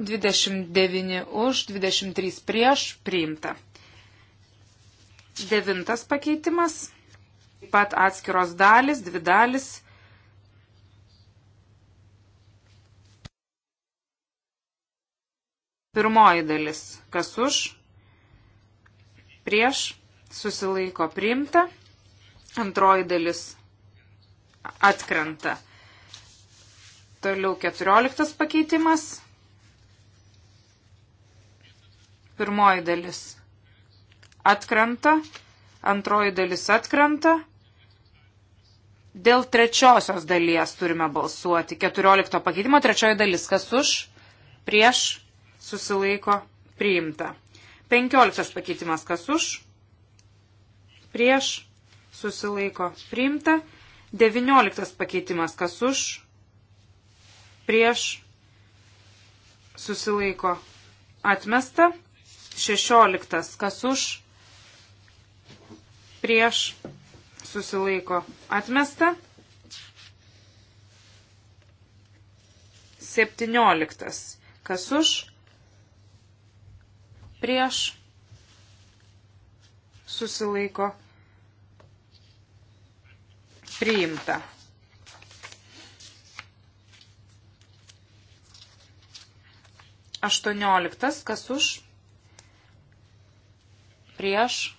29 už, 23 prieš priimta. Devintas pakeitimas. Taip pat atskiros dalis, dvi dalis. Pirmoji dalis. Kas už? Prieš susilaiko priimta. Antroji dalis atkrenta. Toliau 14 pakeitimas. Pirmoji dalis atkrenta, antroji dalis atkrenta. Dėl trečiosios dalies turime balsuoti. 14 pakeitimo trečioji dalis. Kas už? Prieš susilaiko priimta. 15 pakeitimas. Kas už? Prieš susilaiko priimta. 19 pakeitimas. Kas už? Prieš susilaiko atmesta. 16. Kas už? Prieš susilaiko atmesta. 17. Kas už? Prieš susilaiko priimta. Aštuonioliktas, kas už? prieš,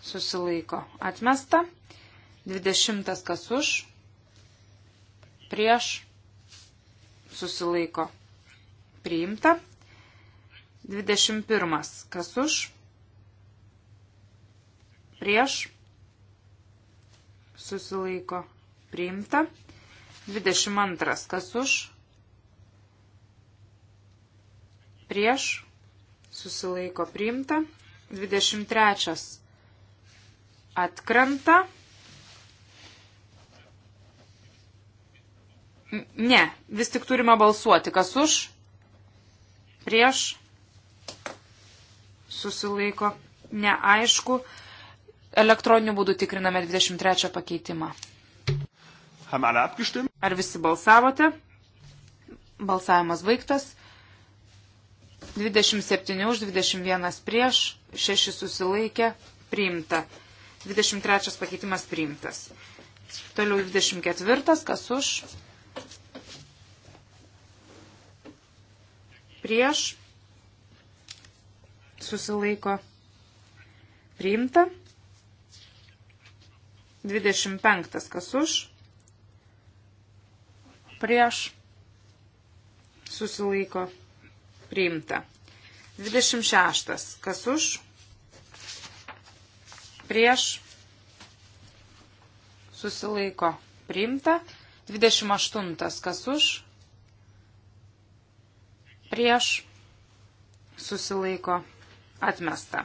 susilaiko atmesta, 20 kas už, prieš, susilaiko priimta, 21 kas už, prieš, susilaiko priimta, 22 kas už, prieš, susilaiko priimta, 23 atkrenta. Ne, vis tik turime balsuoti. Kas už? Prieš? Susilaiko. Neaišku. Elektroniniu būdu tikriname 23 pakeitimą. Ar visi balsavote? Balsavimas baigtas. 27 už 21 prieš, 6 susilaikė, priimta. 23 pakeitimas priimtas. Toliau 24, kas už, prieš, susilaiko, priimta. 25, kas už, prieš, susilaiko, priimta priimta. 26. Kas už? Prieš susilaiko priimta. 28. Kas už? Prieš susilaiko atmesta.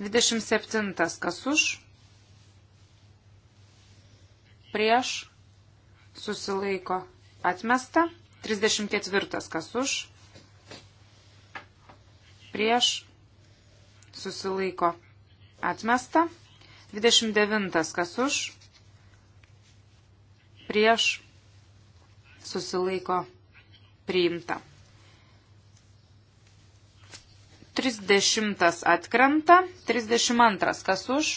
27. Kas už? Prieš susilaiko atmesta. 34. Kas už? prieš, susilaiko atmesta. 29 kas už, prieš, susilaiko priimta. 30 atkrenta, 32 kas už,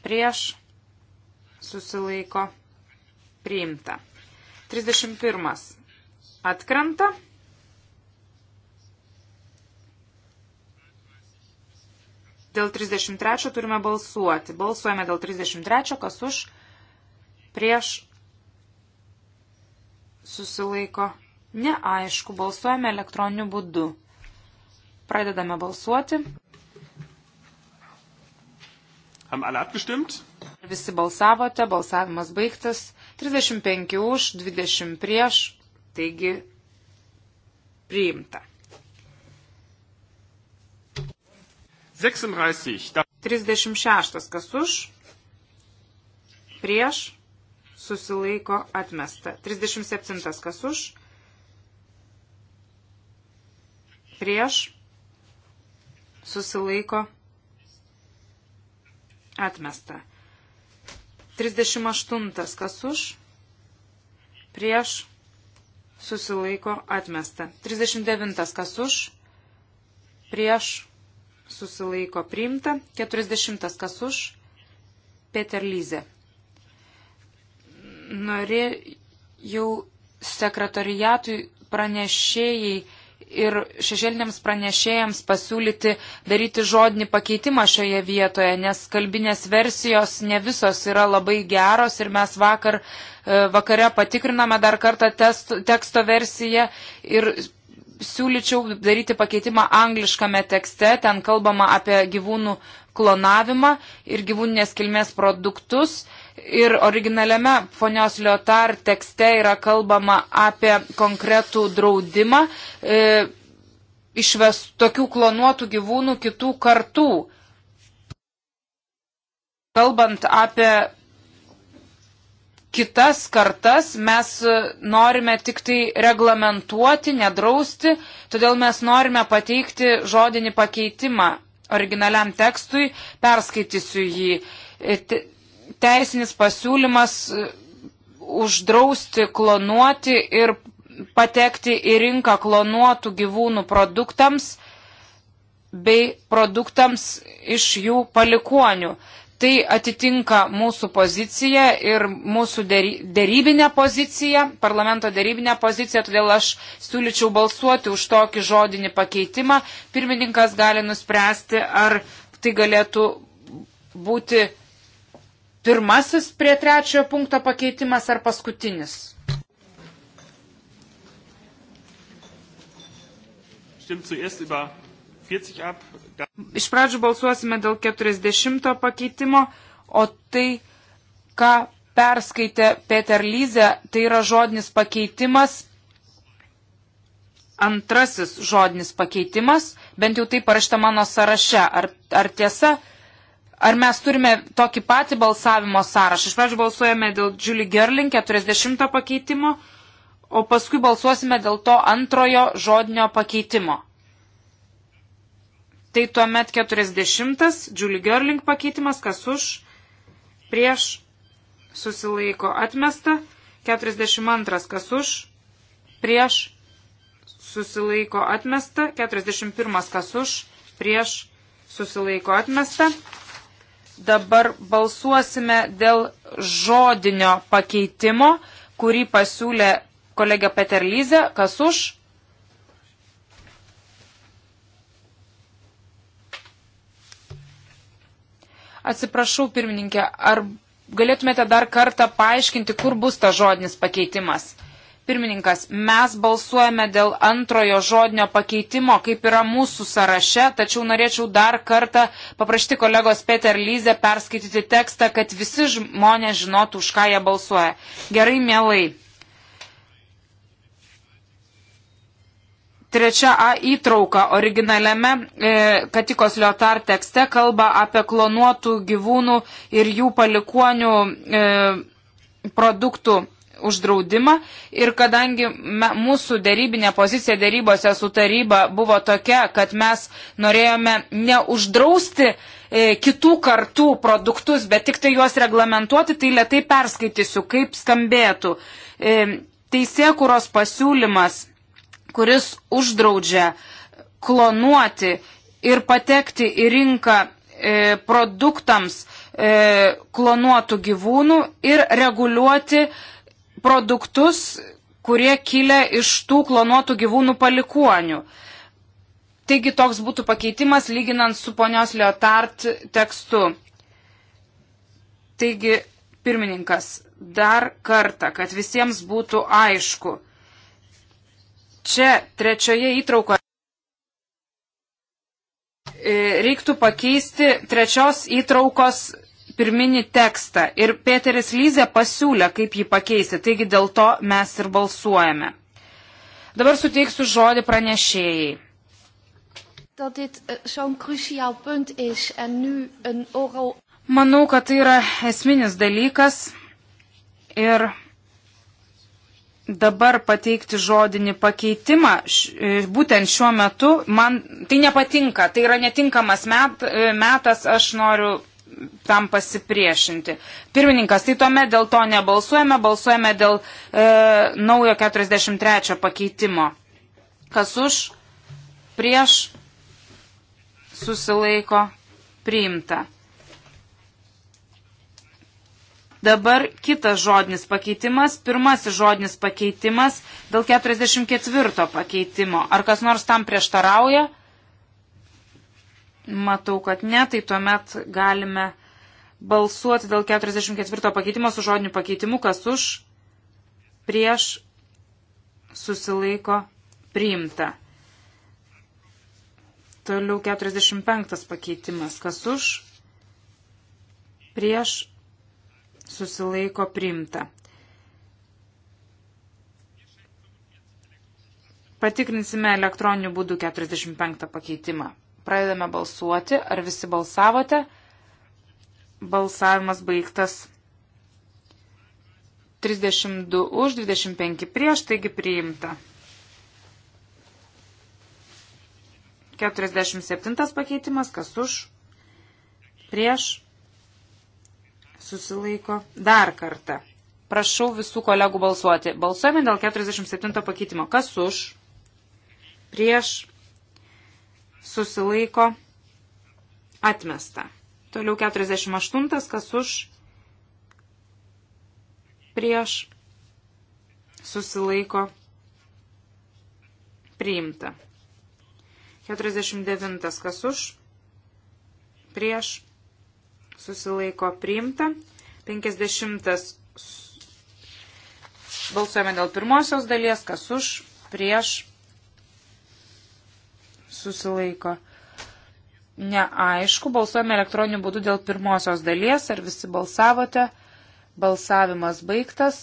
prieš, susilaiko priimta. 31 atkrenta, Dėl 33 turime balsuoti. Balsuojame dėl 33, kas už, prieš, susilaiko. Neaišku, balsuojame elektroniniu būdu. Pradedame balsuoti. Visi balsavote, balsavimas baigtas. 35 už, 20 prieš, taigi priimta. 36. 36. Kas už? Prieš? Susilaiko atmesta. 37. Kas už? Prieš? Susilaiko atmesta. 38. Kas už? Prieš? Susilaiko atmesta. 39. Kas už? Prieš? susilaiko priimta, 40 kas už, Peter Lyze. Norėjau sekretariatui pranešėjai ir šešėliniams pranešėjams pasiūlyti daryti žodinį pakeitimą šioje vietoje, nes kalbinės versijos ne visos yra labai geros ir mes vakar, e, vakare patikriname dar kartą test, teksto versiją ir siūlyčiau daryti pakeitimą angliškame tekste, ten kalbama apie gyvūnų klonavimą ir gyvūninės kilmės produktus. Ir originaliame ponios Liotar tekste yra kalbama apie konkretų draudimą e, išves tokių klonuotų gyvūnų kitų kartų. Kalbant apie kitas kartas mes e, norime tik tai reglamentuoti, nedrausti, todėl mes norime pateikti žodinį pakeitimą originaliam tekstui, perskaitysiu jį. E, teisinis pasiūlymas e, uždrausti klonuoti ir patekti į rinką klonuotų gyvūnų produktams bei produktams iš jų palikonių. Tai atitinka mūsų poziciją ir mūsų dėrybinę poziciją, parlamento dėrybinę poziciją, todėl aš siūlyčiau balsuoti už tokį žodinį pakeitimą. Pirmininkas gali nuspręsti, ar tai galėtų būti pirmasis prie trečiojo punkto pakeitimas ar paskutinis. Stimmt zuerst über 40 ab, Iš pradžių balsuosime dėl 40 pakeitimo, o tai, ką perskaitė Peter Lyze, tai yra žodinis pakeitimas, antrasis žodinis pakeitimas, bent jau tai parašta mano sąraše. Ar, ar tiesa, ar mes turime tokį patį balsavimo sąrašą? Iš pradžių balsuojame dėl Julie Gerling 40 pakeitimo, o paskui balsuosime dėl to antrojo žodinio pakeitimo. Tai tuomet 40. Julie Gerling pakeitimas, kas už, prieš, susilaiko atmesta. 42. Kas už, prieš, susilaiko atmesta. 41. Kas už, prieš, susilaiko atmesta. Dabar balsuosime dėl žodinio pakeitimo, kurį pasiūlė kolegė Peterlyzė. Kas už, Atsiprašau, pirmininkė, ar galėtumėte dar kartą paaiškinti, kur bus ta žodinis pakeitimas? Pirmininkas, mes balsuojame dėl antrojo žodinio pakeitimo, kaip yra mūsų sąraše, tačiau norėčiau dar kartą paprašyti kolegos Peter Lyze perskaityti tekstą, kad visi žmonės žinotų, už ką jie balsuoja. Gerai, mielai. Trečia A įtrauka originaliame e, Katikos Liotar tekste kalba apie klonuotų gyvūnų ir jų palikuonių e, produktų uždraudimą ir kadangi me, mūsų dėrybinė pozicija dėrybose su taryba buvo tokia, kad mes norėjome neuždrausti e, kitų kartų produktus, bet tik tai juos reglamentuoti, tai lietai perskaitysiu, kaip skambėtų. E, Teisėkuros pasiūlymas kuris uždraudžia klonuoti ir patekti į rinką e, produktams e, klonuotų gyvūnų ir reguliuoti produktus, kurie kilia iš tų klonuotų gyvūnų palikuonių. Taigi toks būtų pakeitimas lyginant su ponios Leotard tekstu. Taigi, pirmininkas, dar kartą, kad visiems būtų aišku. Čia trečioje įtraukoje e, reiktų pakeisti trečios įtraukos pirminį tekstą. Ir Peteris Lyzė pasiūlė, kaip jį pakeisti. Taigi dėl to mes ir balsuojame. Dabar suteiksiu žodį pranešėjai. Eh, nu Manau, kad tai yra esminis dalykas ir dabar pateikti žodinį pakeitimą š, e, būtent šiuo metu, man tai nepatinka, tai yra netinkamas met, e, metas, aš noriu tam pasipriešinti. Pirmininkas, tai tuomet dėl to nebalsuojame, balsuojame dėl e, naujo 43 pakeitimo. Kas už, prieš, susilaiko, priimta. Dabar kitas žodinis pakeitimas, pirmasis žodinis pakeitimas dėl 44 pakeitimo. Ar kas nors tam prieštarauja? Matau, kad ne, tai tuomet galime balsuoti dėl 44 pakeitimo su žodiniu pakeitimu, kas už, prieš, susilaiko, priimta. Toliau 45 pakeitimas, kas už, prieš, susilaiko priimta. Patikrinsime elektroniniu būdu 45 pakeitimą. Pradedame balsuoti. Ar visi balsavote? Balsavimas baigtas. 32 už, 25 prieš, taigi priimta. 47 pakeitimas, kas už, prieš, susilaiko dar kartą. Prašau visų kolegų balsuoti. Balsuojame dėl 47 pakeitimo. Kas už? Prieš susilaiko atmesta. Toliau 48. Kas už? Prieš susilaiko priimta. 49. Kas už? Prieš susilaiko priimta. 50 balsuojame dėl pirmosios dalies, kas už, prieš, susilaiko. Neaišku, balsuojame elektroniniu būdu dėl pirmosios dalies, ar visi balsavote. Balsavimas baigtas.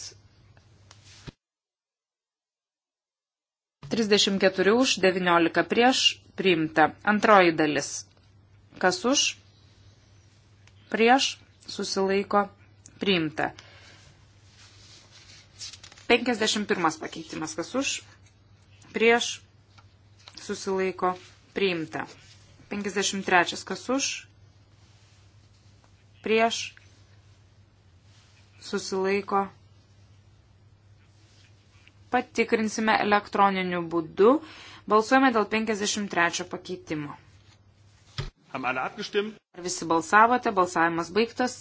34 už, 19 prieš, priimta. Antroji dalis. Kas už? prieš, susilaiko priimta. 51 pakeitimas, kas už, prieš, susilaiko priimta. 53 kas už, prieš, susilaiko priimta patikrinsime elektroniniu būdu. Balsuojame dėl 53 pakeitimo. Ar visi balsavote? Balsavimas baigtas.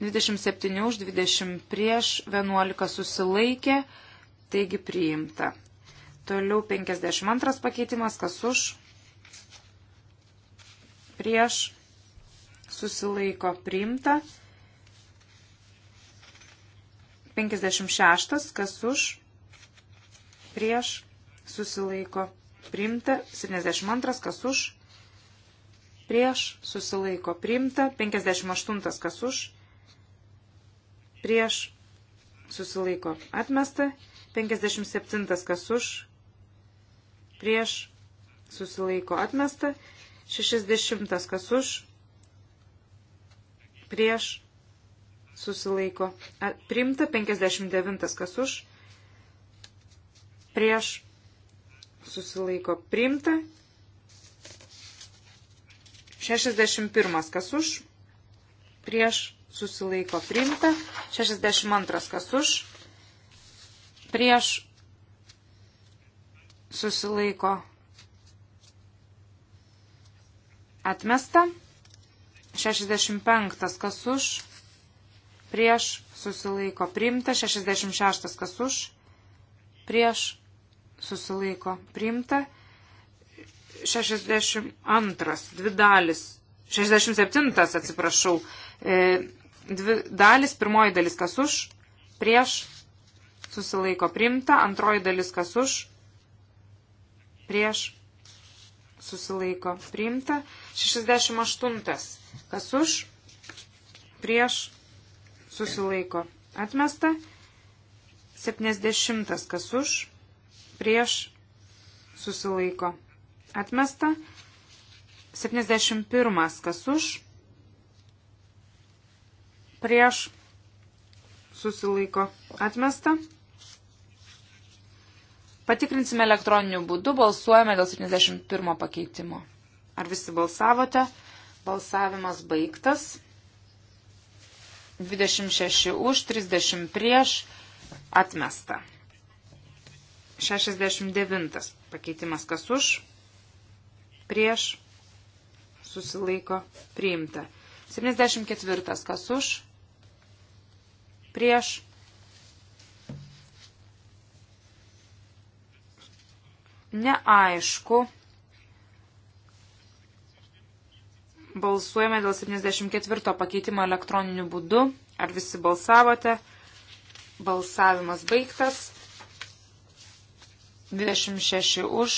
27 už 20 prieš 11 susilaikė, taigi priimta. Toliau 52 pakeitimas, kas už, prieš, susilaiko priimta. 56, kas už, prieš, susilaiko priimta. 72, kas už, prieš, susilaiko priimta, 58 kas už, prieš, susilaiko atmesta, 57 kas už, prieš, susilaiko atmesta, 60 kas už, prieš, susilaiko priimta, 59 kas už, prieš, susilaiko priimta, 61. Kas už? Prieš susilaiko priimta. 62. Kas už? Prieš susilaiko atmesta. 65. Kas už? Prieš susilaiko priimta. 66. Kas už? Prieš susilaiko priimta. 62, dvi dalis, 67, atsiprašau, e, dvi dalis, pirmoji dalis kas už, prieš, susilaiko primta, antroji dalis kas už, prieš, susilaiko primta, 68, kas už, prieš, susilaiko atmesta, 70, kas už, prieš, susilaiko Atmesta. 71. Kas už? Prieš. Susilaiko. Atmesta. Patikrinsime elektroniniu būdu. Balsuojame dėl 71 pakeitimo. Ar visi balsavote? Balsavimas baigtas. 26 už, 30 prieš. Atmesta. 69 pakeitimas kas už prieš, susilaiko, priimta. 74. Kas už, prieš, neaišku. Balsuojame dėl 74 pakeitimo elektroniniu būdu. Ar visi balsavote? Balsavimas baigtas. 26 už,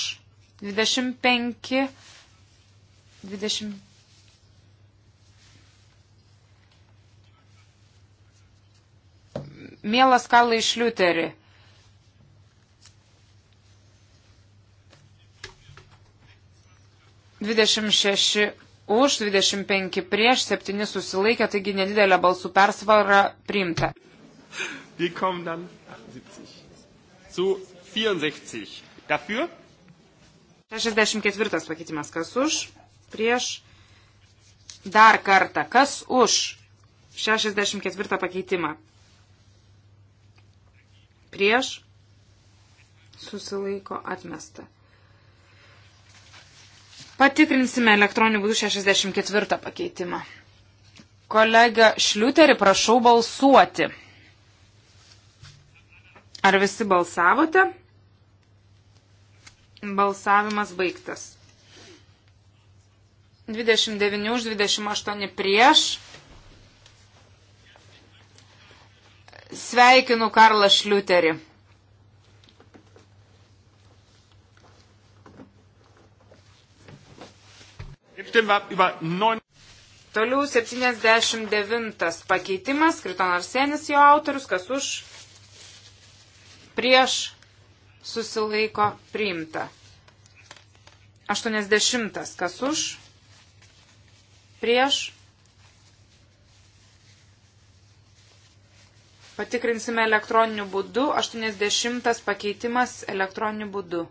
25, 20. Mielas Karlai Šliuteri. Dvidešimt šeši už, 25 prieš, 7 susilaikė, taigi nedidelė balsų persvara priimta. Wir kommen dann 78 zu 64. Dafür? 64 pakeitimas. Kas už? Prieš. Dar kartą. Kas už 64 pakeitimą? Prieš. Susilaiko atmesta. Patikrinsime elektroniniu būdu 64 pakeitimą. Kolega Šliuterį prašau balsuoti. Ar visi balsavote? Balsavimas baigtas. 29 už 28 prieš. Sveikinu Karlą Šliuterį. Toliau 79 pakeitimas, Kriton Arsenis jo autorius, kas už prieš susilaiko priimta. 80. Kas už? Prieš? Patikrinsime elektroniniu būdu. 80. pakeitimas elektroniniu būdu.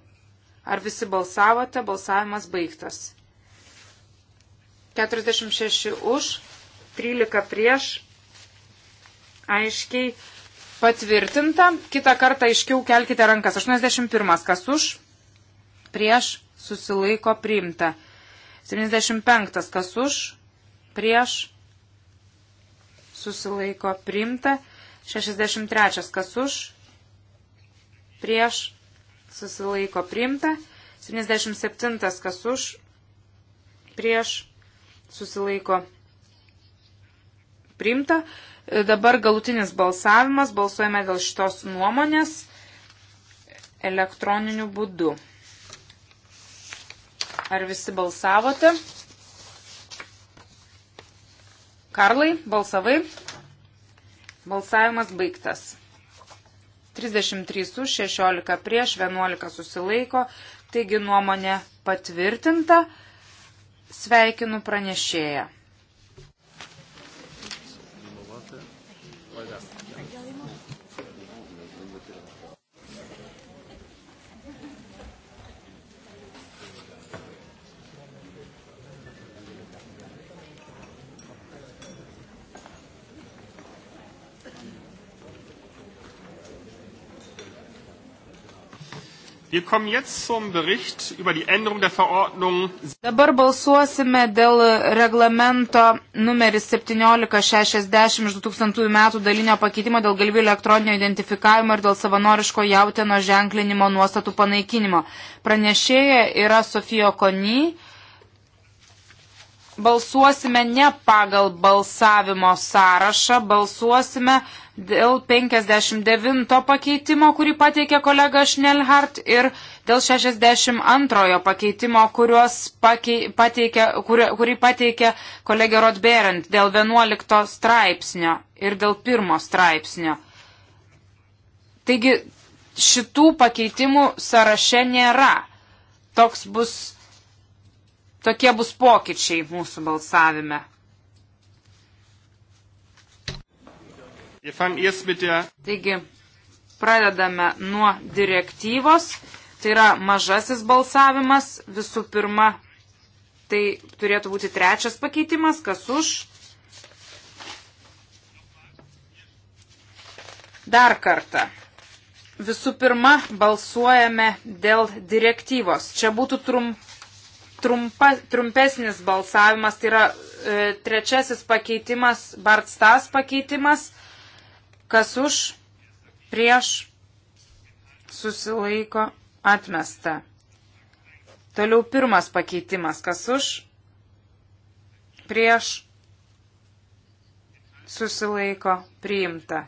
Ar visi balsavote? Balsavimas baigtas. 46 už, 13 prieš. Aiškiai Patvirtinta. Kita kartą aiškiau kelkite rankas. 81. Kas už? Prieš susilaiko priimta. 75. Kas už? Prieš susilaiko priimta. 63. Kas už? Prieš susilaiko priimta. 77. Kas už? Prieš susilaiko priimta priimta. Dabar galutinis balsavimas. Balsuojame dėl šitos nuomonės elektroniniu būdu. Ar visi balsavote? Karlai, balsavai. Balsavimas baigtas. 33 už, 16 prieš, 11 susilaiko, taigi nuomonė patvirtinta. Sveikinu pranešėją. Dabar balsuosime dėl reglamento numeris 1760 iš 2000 metų dalinio pakeitimo dėl galvių elektroninio identifikavimo ir dėl savanoriško jautino ženklinimo nuostatų panaikinimo. Pranešėja yra Sofija Kony balsuosime ne pagal balsavimo sąrašą, balsuosime dėl 59 pakeitimo, kurį pateikė kolega Schnellhardt ir dėl 62 pakeitimo, pakei, pateikė, kuri, kurį pateikė kolegė Rodberant dėl 11 straipsnio ir dėl 1 straipsnio. Taigi šitų pakeitimų sąraše nėra. Toks bus Tokie bus pokyčiai mūsų balsavime. Taigi, pradedame nuo direktyvos. Tai yra mažasis balsavimas. Visų pirma, tai turėtų būti trečias pakeitimas. Kas už? Dar kartą. Visų pirma, balsuojame dėl direktyvos. Čia būtų trumpa trumpa, trumpesnis balsavimas, tai yra e, trečiasis pakeitimas, Bartstas pakeitimas, kas už, prieš, susilaiko, atmesta. Toliau pirmas pakeitimas, kas už, prieš, susilaiko, priimta.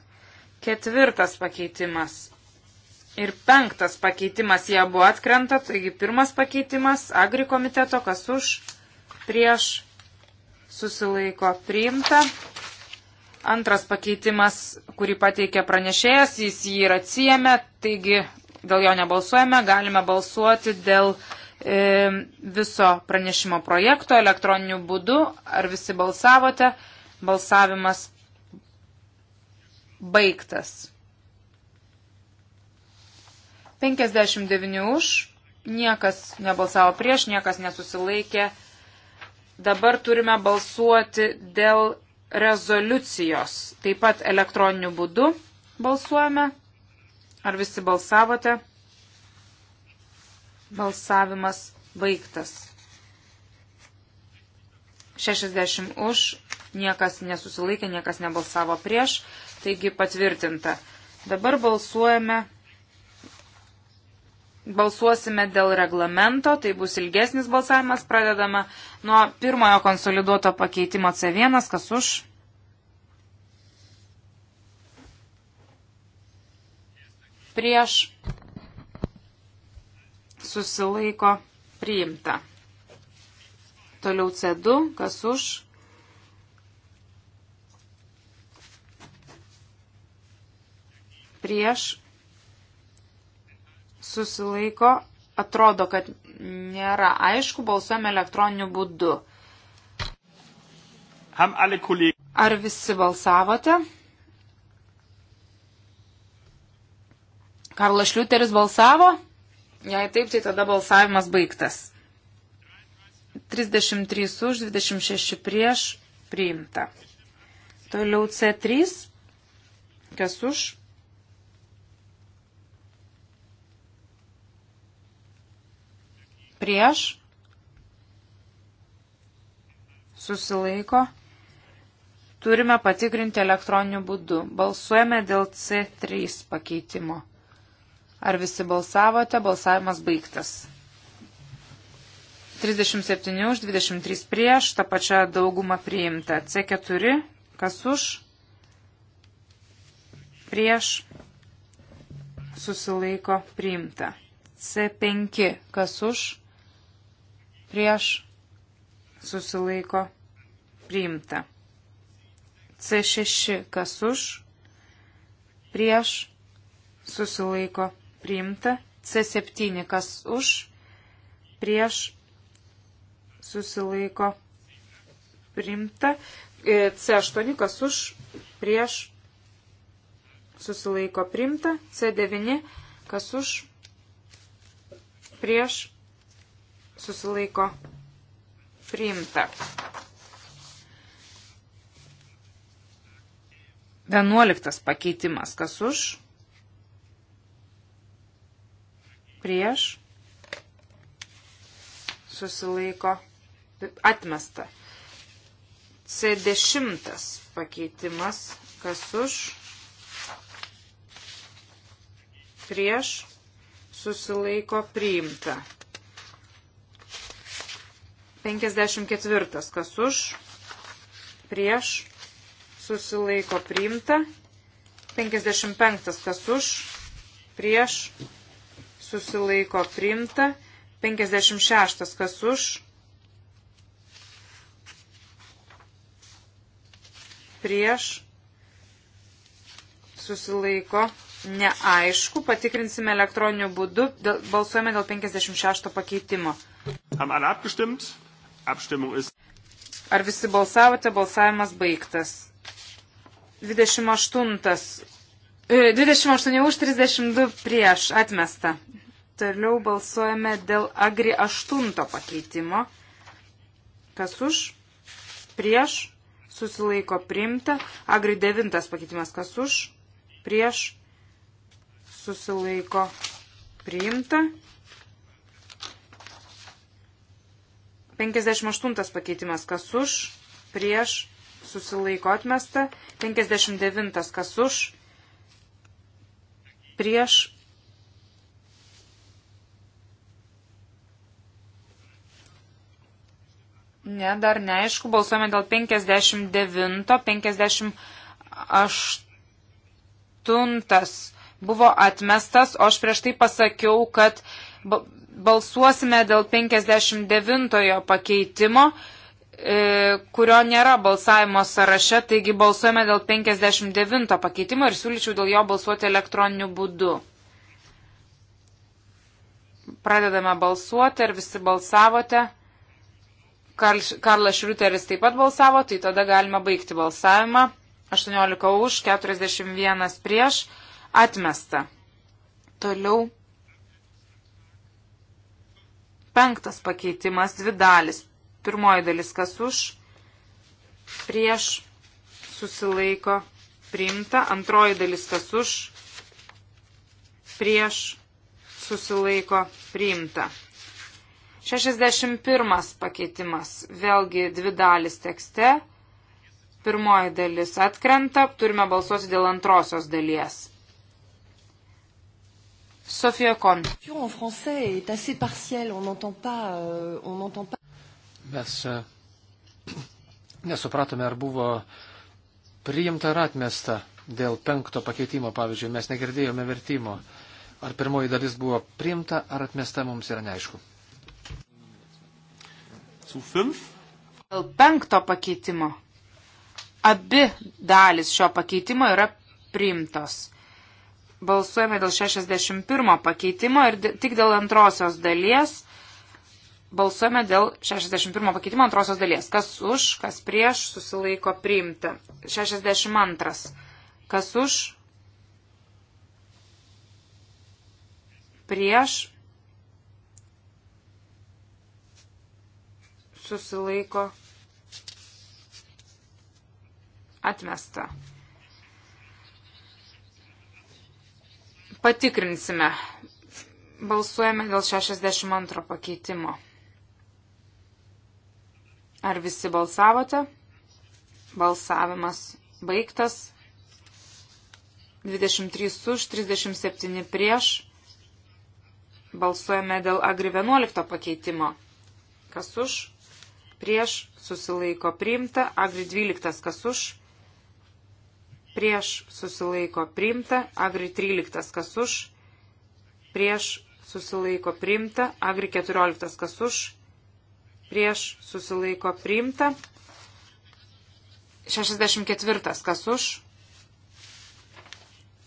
Ketvirtas pakeitimas, ir penktas pakeitimas jie buvo atkrenta, taigi pirmas pakeitimas agri komiteto, kas už, prieš, susilaiko priimta. Antras pakeitimas, kurį pateikė pranešėjas, jis jį ir atsijėmė, taigi dėl jo nebalsuojame, galime balsuoti dėl e, viso pranešimo projekto elektroniniu būdu. Ar visi balsavote? Balsavimas baigtas. 59 už, niekas nebalsavo prieš, niekas nesusilaikė. Dabar turime balsuoti dėl rezoliucijos. Taip pat elektroniniu būdu balsuojame. Ar visi balsavote? Balsavimas baigtas. 60 už, niekas nesusilaikė, niekas nebalsavo prieš, taigi patvirtinta. Dabar balsuojame Balsuosime dėl reglamento, tai bus ilgesnis balsavimas, pradedame nuo pirmojo konsoliduoto pakeitimo C1, kas už. Prieš susilaiko priimta. Toliau C2, kas už. Prieš susilaiko, atrodo, kad nėra aišku, balsuojame elektroniniu būdu. Ar visi balsavote? Karlas Šliuteris balsavo? Jei taip, tai tada balsavimas baigtas. 33 už, 26 prieš, priimta. Toliau C3, kas už, prieš, susilaiko. Turime patikrinti elektroniniu būdu. Balsuojame dėl C3 pakeitimo. Ar visi balsavote? Balsavimas baigtas. 37 už, 23 prieš, ta pačia dauguma priimta. C4, kas už, prieš, susilaiko priimta. C5, kas už, prieš susilaiko priimta. C6 kas už, prieš susilaiko priimta. C7 kas už, prieš susilaiko priimta. E, C8 kas už, prieš susilaiko priimta. C9 kas už, prieš susilaiko priimta. 11 pakeitimas. Kas už? Prieš. Susilaiko. Atmesta. C10 pakeitimas. Kas už? Prieš. Susilaiko priimta. 54. Kas už, prieš, susilaiko priimta. 55. Kas už, prieš, susilaiko priimta. 56. Kas už, prieš, susilaiko neaišku. Patikrinsime elektroniniu būdu. Balsuojame dėl 56 pakeitimo. Haben alle abgestimmt? Ar visi balsavote? Balsavimas baigtas. 28, 28 e, už 32 prieš atmesta. Toliau balsuojame dėl agri 8 pakeitimo. Kas už? Prieš. Susilaiko priimta. Agri 9 pakeitimas. Kas už? Prieš. Susilaiko priimta. 58 pakeitimas kas už, prieš, susilaiko atmesta. 59 kas už, prieš. Ne, dar neaišku, balsuojame dėl 59, 58 buvo atmestas, o aš prieš tai pasakiau, kad balsuosime dėl 59 pakeitimo, e, kurio nėra balsavimo sąraše, taigi balsuojame dėl 59 pakeitimo ir siūlyčiau dėl jo balsuoti elektroniniu būdu. Pradedame balsuoti, ar visi balsavote. Karlas Šriuteris taip pat balsavo, tai tada galime baigti balsavimą. 18 už, 41 prieš, atmesta. Toliau Penktas pakeitimas, dvi dalis. Pirmoji dalis, kas už, prieš, susilaiko, priimta. Antroji dalis, kas už, prieš, susilaiko, priimta. 61 pakeitimas, vėlgi dvi dalis tekste. Pirmoji dalis atkrenta, turime balsuoti dėl antrosios dalies. Sofija Kon. Euh, mes euh, nesupratome, ar buvo priimta ar atmesta dėl penkto pakeitimo, pavyzdžiui, mes negirdėjome vertimo. Ar pirmoji dalis buvo priimta ar atmesta, mums yra neaišku. Dėl penkto pakeitimo. Abi dalis šio pakeitimo yra priimtos. Balsuojame dėl 61 pakeitimo ir tik dėl antrosios dalies. Balsuojame dėl 61 pakeitimo antrosios dalies. Kas už, kas prieš, susilaiko priimta. 62. Kas už, prieš, susilaiko atmesta. Patikrinsime. Balsuojame dėl 62 pakeitimo. Ar visi balsavote? Balsavimas baigtas. 23 už, 37 prieš. Balsuojame dėl agri 11 pakeitimo. Kas už? Prieš susilaiko priimta. Agri 12 kas už? prieš susilaiko priimta, agri 13 kas už, prieš susilaiko priimta, agri 14 kas už, prieš susilaiko priimta, 64 kas už,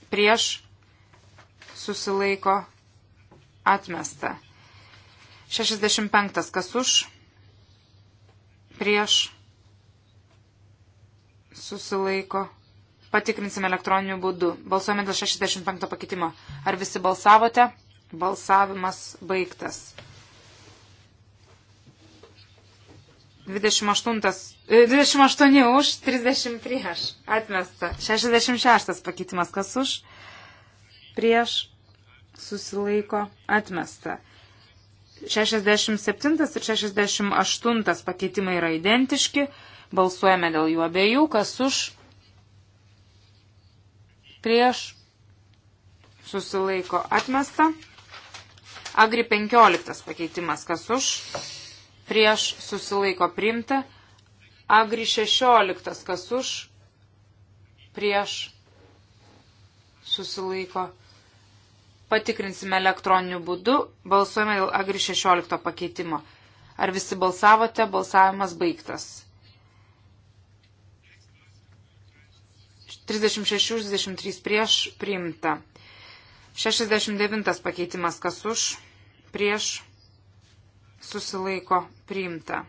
prieš susilaiko atmesta, 65 kas už, prieš susilaiko atmesta Patikrinsime elektroniniu būdu. Balsuojame dėl 65 pakeitimo. Ar visi balsavote? Balsavimas baigtas. 28, 28 e, už, 30 prieš. Atmesta. 66 pakeitimas. Kas už? Prieš. Susilaiko. Atmesta. 67 ir 68 pakeitimai yra identiški. Balsuojame dėl jų abiejų. Kas už? prieš susilaiko atmesta. Agri 15 pakeitimas, kas už, prieš susilaiko priimta. Agri 16, kas už, prieš susilaiko. Patikrinsime elektroniniu būdu, balsuojame dėl Agri 16 pakeitimo. Ar visi balsavote, balsavimas baigtas. 36 už 23 prieš priimta. 69 pakeitimas kas už prieš susilaiko priimta.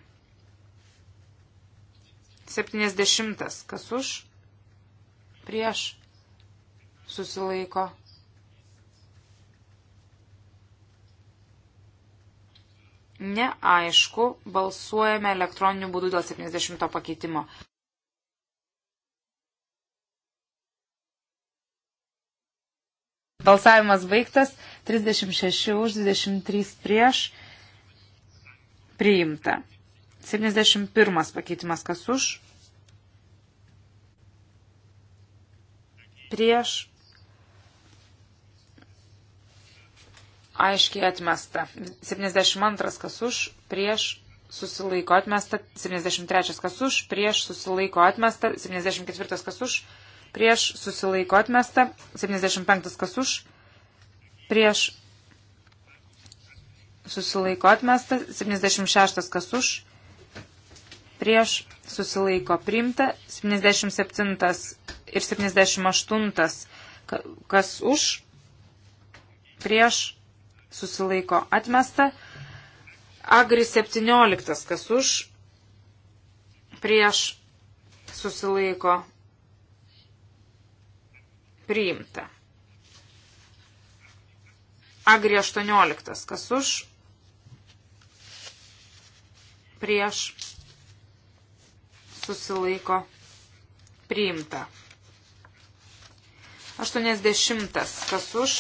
70 kas už prieš susilaiko priimta. Neaišku, balsuojame elektroniniu būdu dėl 70 pakeitimo. Balsavimas baigtas. 36 už, 23 prieš. Priimta. 71 pakeitimas kas už. Prieš. Aiškiai atmesta. 72 kas už, prieš susilaiko atmesta. 73 kas už, prieš susilaiko atmesta. 74 kas už, prieš susilaiko atmesta, 75 kas už, prieš susilaiko atmesta, 76 kas už, prieš susilaiko priimta, 77 ir 78 kas už, prieš susilaiko atmesta, agri 17 kas už, prieš susilaiko atmesta priimta. Agri 18, kas už, prieš, susilaiko, priimta. 80, kas už,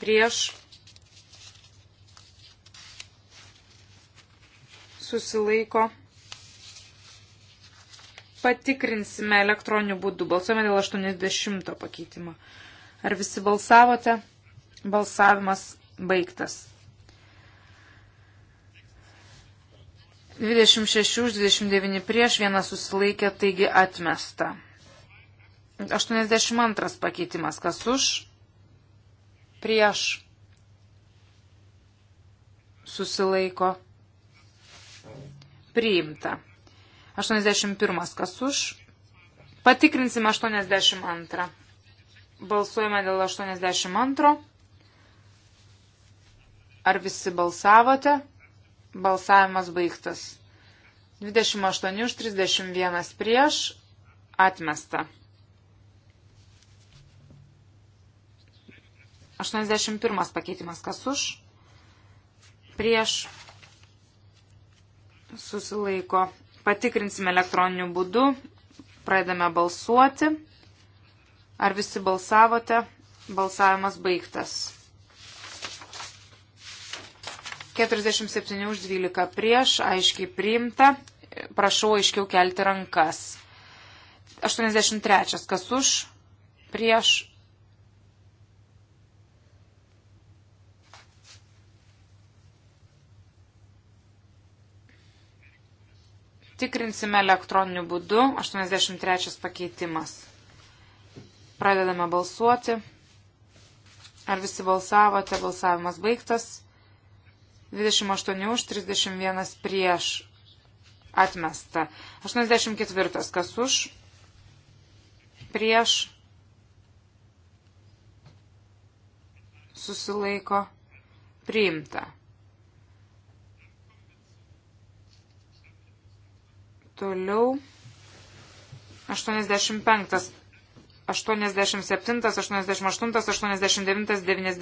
prieš, susilaiko, priimta patikrinsime elektroniniu būdu. Balsuojame dėl 80 pakeitimo. Ar visi balsavote? Balsavimas baigtas. 26 už 29 prieš, vienas susilaikė, taigi atmesta. 82 pakeitimas. Kas už? Prieš. Susilaiko. Priimta. 81. Kas už? Patikrinsime 82. Balsuojame dėl 82. Ar visi balsavote? Balsavimas baigtas. 28 už 31 prieš atmesta. 81 pakeitimas kas už? Prieš susilaiko Patikrinsime elektroniniu būdu. Pradedame balsuoti. Ar visi balsavote? Balsavimas baigtas. 47 už 12 prieš, aiškiai priimta. Prašau aiškiau kelti rankas. 83. Kas už? Prieš Tikrinsime elektroniniu būdu 83 pakeitimas. Pradedame balsuoti. Ar visi balsavote? Balsavimas baigtas. 28 už, 31 prieš atmesta. 84. Kas už? Prieš. Susilaiko. Priimta. Toliau 85. 87, 88, 89, 90, 91,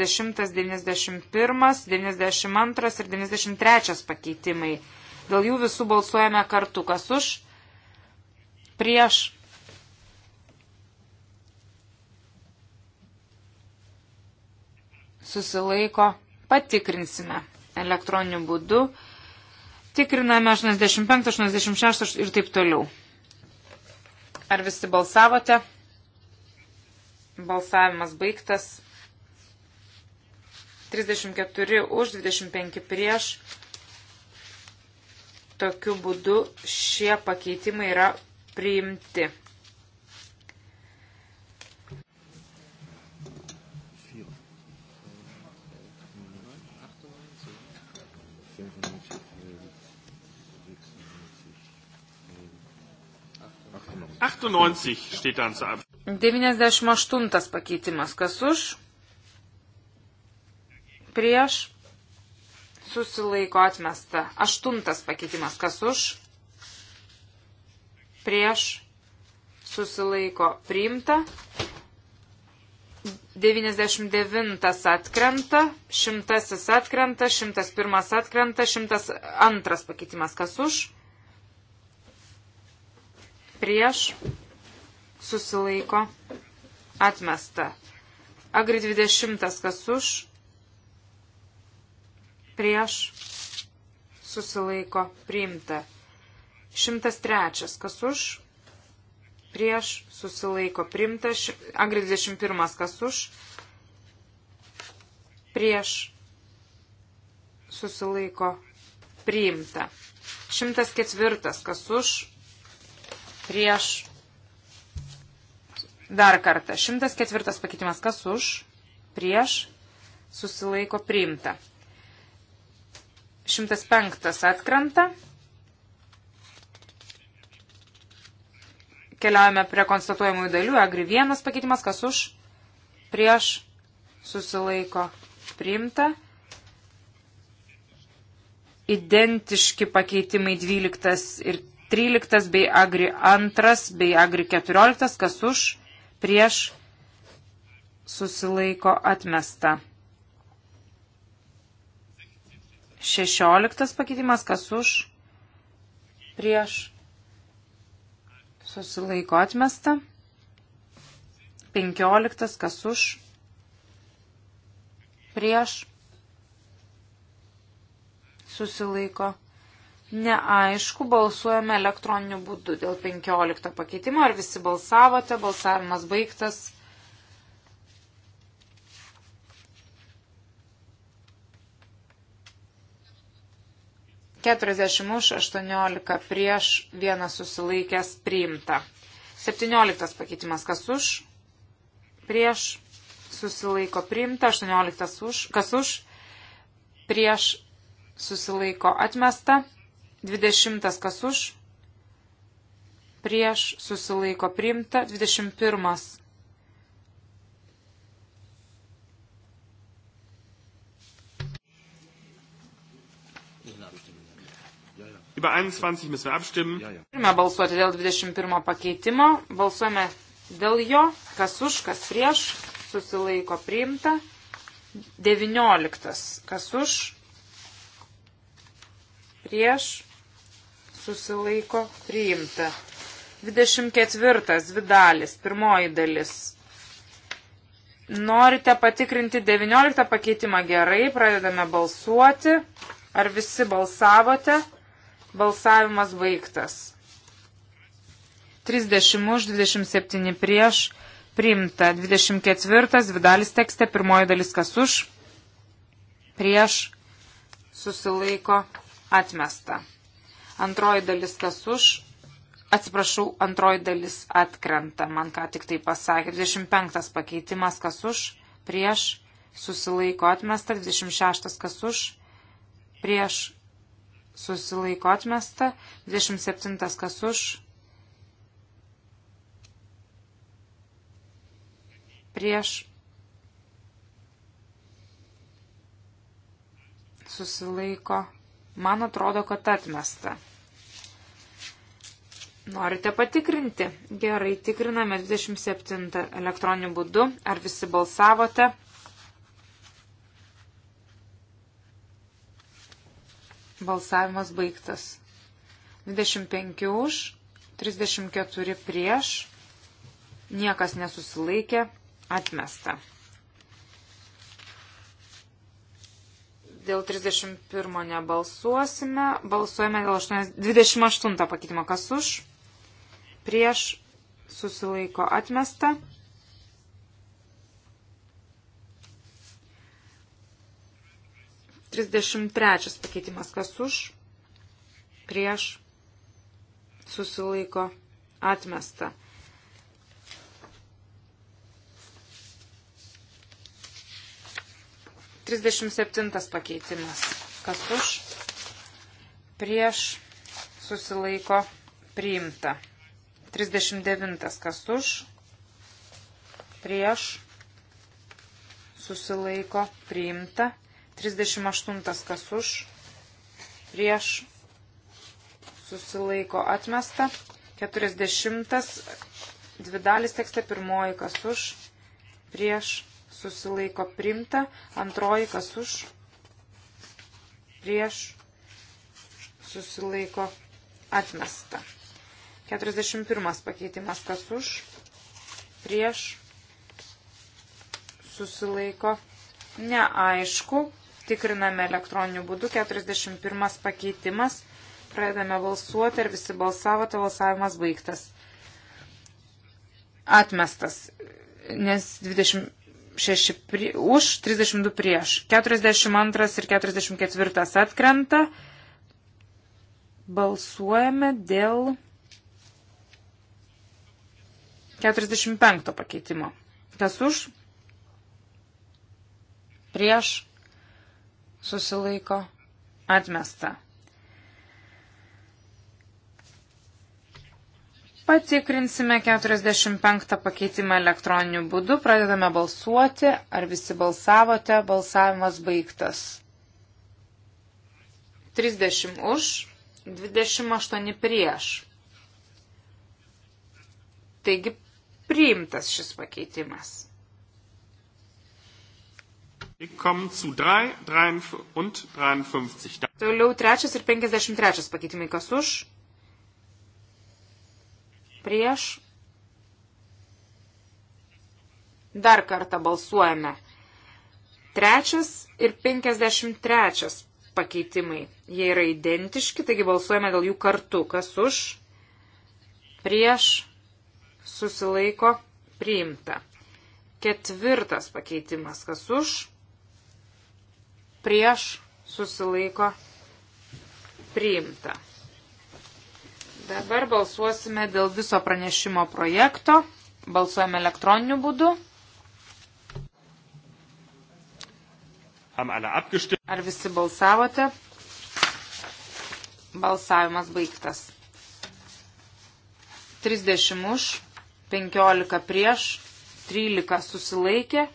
92 ir 93 pakeitimai. Dėl jų visų balsuojame kartu. Kas už? Prieš. Susilaiko. Patikrinsime elektroniniu būdu. Tikriname 85, 86 ir taip toliau. Ar visi balsavote? Balsavimas baigtas. 34 už, 25 prieš. Tokiu būdu šie pakeitimai yra priimti. 98 steht dann zur Abstimmung. 98 pakeitimas. Kas už? Prieš. Susilaiko atmesta. Aštuntas pakeitimas. Kas už? Prieš. Susilaiko priimta. 99 atkrenta, 100 atkrenta, 101 atkrenta, 102 pakeitimas. Kas už? prieš, susilaiko, atmesta. Agri 20, kas už, prieš, susilaiko, priimta. 103, kas už, prieš, susilaiko, priimta. Agri 21, kas už, prieš, susilaiko, priimta. 104, kas už, prieš dar kartą. 104 pakeitimas kas už, prieš, susilaiko priimta. 105 atkrenta. Keliaujame prie konstatuojamųjų dalių. Agri vienas pakeitimas kas už, prieš, susilaiko priimta identiški pakeitimai 12 ir 13 bei Agri 2 bei Agri 14, kas už, prieš, susilaiko atmesta. 16 pakeitimas, kas už, prieš, susilaiko atmesta. 15, kas už, prieš, susilaiko atmesta susilaiko neaišku, balsuojame elektroniniu būdu dėl 15 pakeitimo. Ar visi balsavote? Balsavimas baigtas. Keturiasdešimt už, aštuoniolika prieš, vienas susilaikęs priimta. Septynioliktas pakeitimas kas už, prieš, susilaiko priimta, aštuonioliktas už, kas už, prieš, susilaiko atmesta. 20 kas už, prieš susilaiko priimta, 21 Über 21 müssen wir abstimmen. Turime balsuoti dėl 21 pakeitimo. Balsuojame dėl jo, kas už, kas prieš, susilaiko priimta. 19. Kas už, prieš, susilaiko priimta. 24. Dvi dalis. Pirmoji dalis. Norite patikrinti 19 pakeitimą gerai, pradedame balsuoti. Ar visi balsavote? Balsavimas baigtas. 30 už, 27 prieš, priimta. 24, dvi dalis tekste, pirmoji dalis kas už, prieš, susilaiko, atmesta. Antroji dalis kas už. Atsiprašau, antroji dalis atkrenta, man ką tik tai pasakė. 25 pakeitimas kas už, prieš, susilaiko atmesta. 26 kas už, prieš, susilaiko atmesta. 27 kas už, prieš susilaiko Man atrodo, kad atmesta. Norite patikrinti? Gerai, tikriname 27 elektroniniu būdu. Ar visi balsavote? Balsavimas baigtas. 25 už, 34 prieš, niekas nesusilaikė, atmesta. Dėl 31 nebalsuosime. Balsuojame dėl 8, 28 pakeitimo. Kas už? Prieš susilaiko atmesta. Trisdešimt trečias pakeitimas, kas už, prieš, susilaiko, atmesta. 37 pakeitimas. Kas už? Prieš susilaiko priimta. 39. Kas už? Prieš susilaiko priimta. 38. Kas už? Prieš susilaiko atmesta. 40. Dvi dalis tekste pirmoji kas už, prieš susilaiko primta, antroji kas už, prieš, susilaiko atmesta. 41 pakeitimas kas už, prieš, susilaiko neaišku, tikriname elektroniniu būdu, 41 pakeitimas, pradedame balsuoti, ar visi balsavote, balsavimas baigtas. Atmestas, nes 20 6 prie, už, 32 prieš. 42 ir 44 atkrenta. Balsuojame dėl 45 pakeitimo. Kas už? Prieš susilaiko atmesta. Patikrinsime 45 pakeitimą elektroniniu būdu, pradedame balsuoti, ar visi balsavote, balsavimas baigtas. 30 už, 28 prieš. Taigi priimtas šis pakeitimas. Toliau trečias ir 53 pakeitimai kas už, prieš. Dar kartą balsuojame. Trečias ir 53 pakeitimai. Jie yra identiški, taigi balsuojame dėl jų kartu. Kas už, prieš, susilaiko, priimta. Ketvirtas pakeitimas. Kas už, prieš, susilaiko, priimta. Dabar balsuosime dėl viso pranešimo projekto. Balsuojame elektroniniu būdu. Ar visi balsavote? Balsavimas baigtas. 30 už, 15 prieš, 13 susilaikė.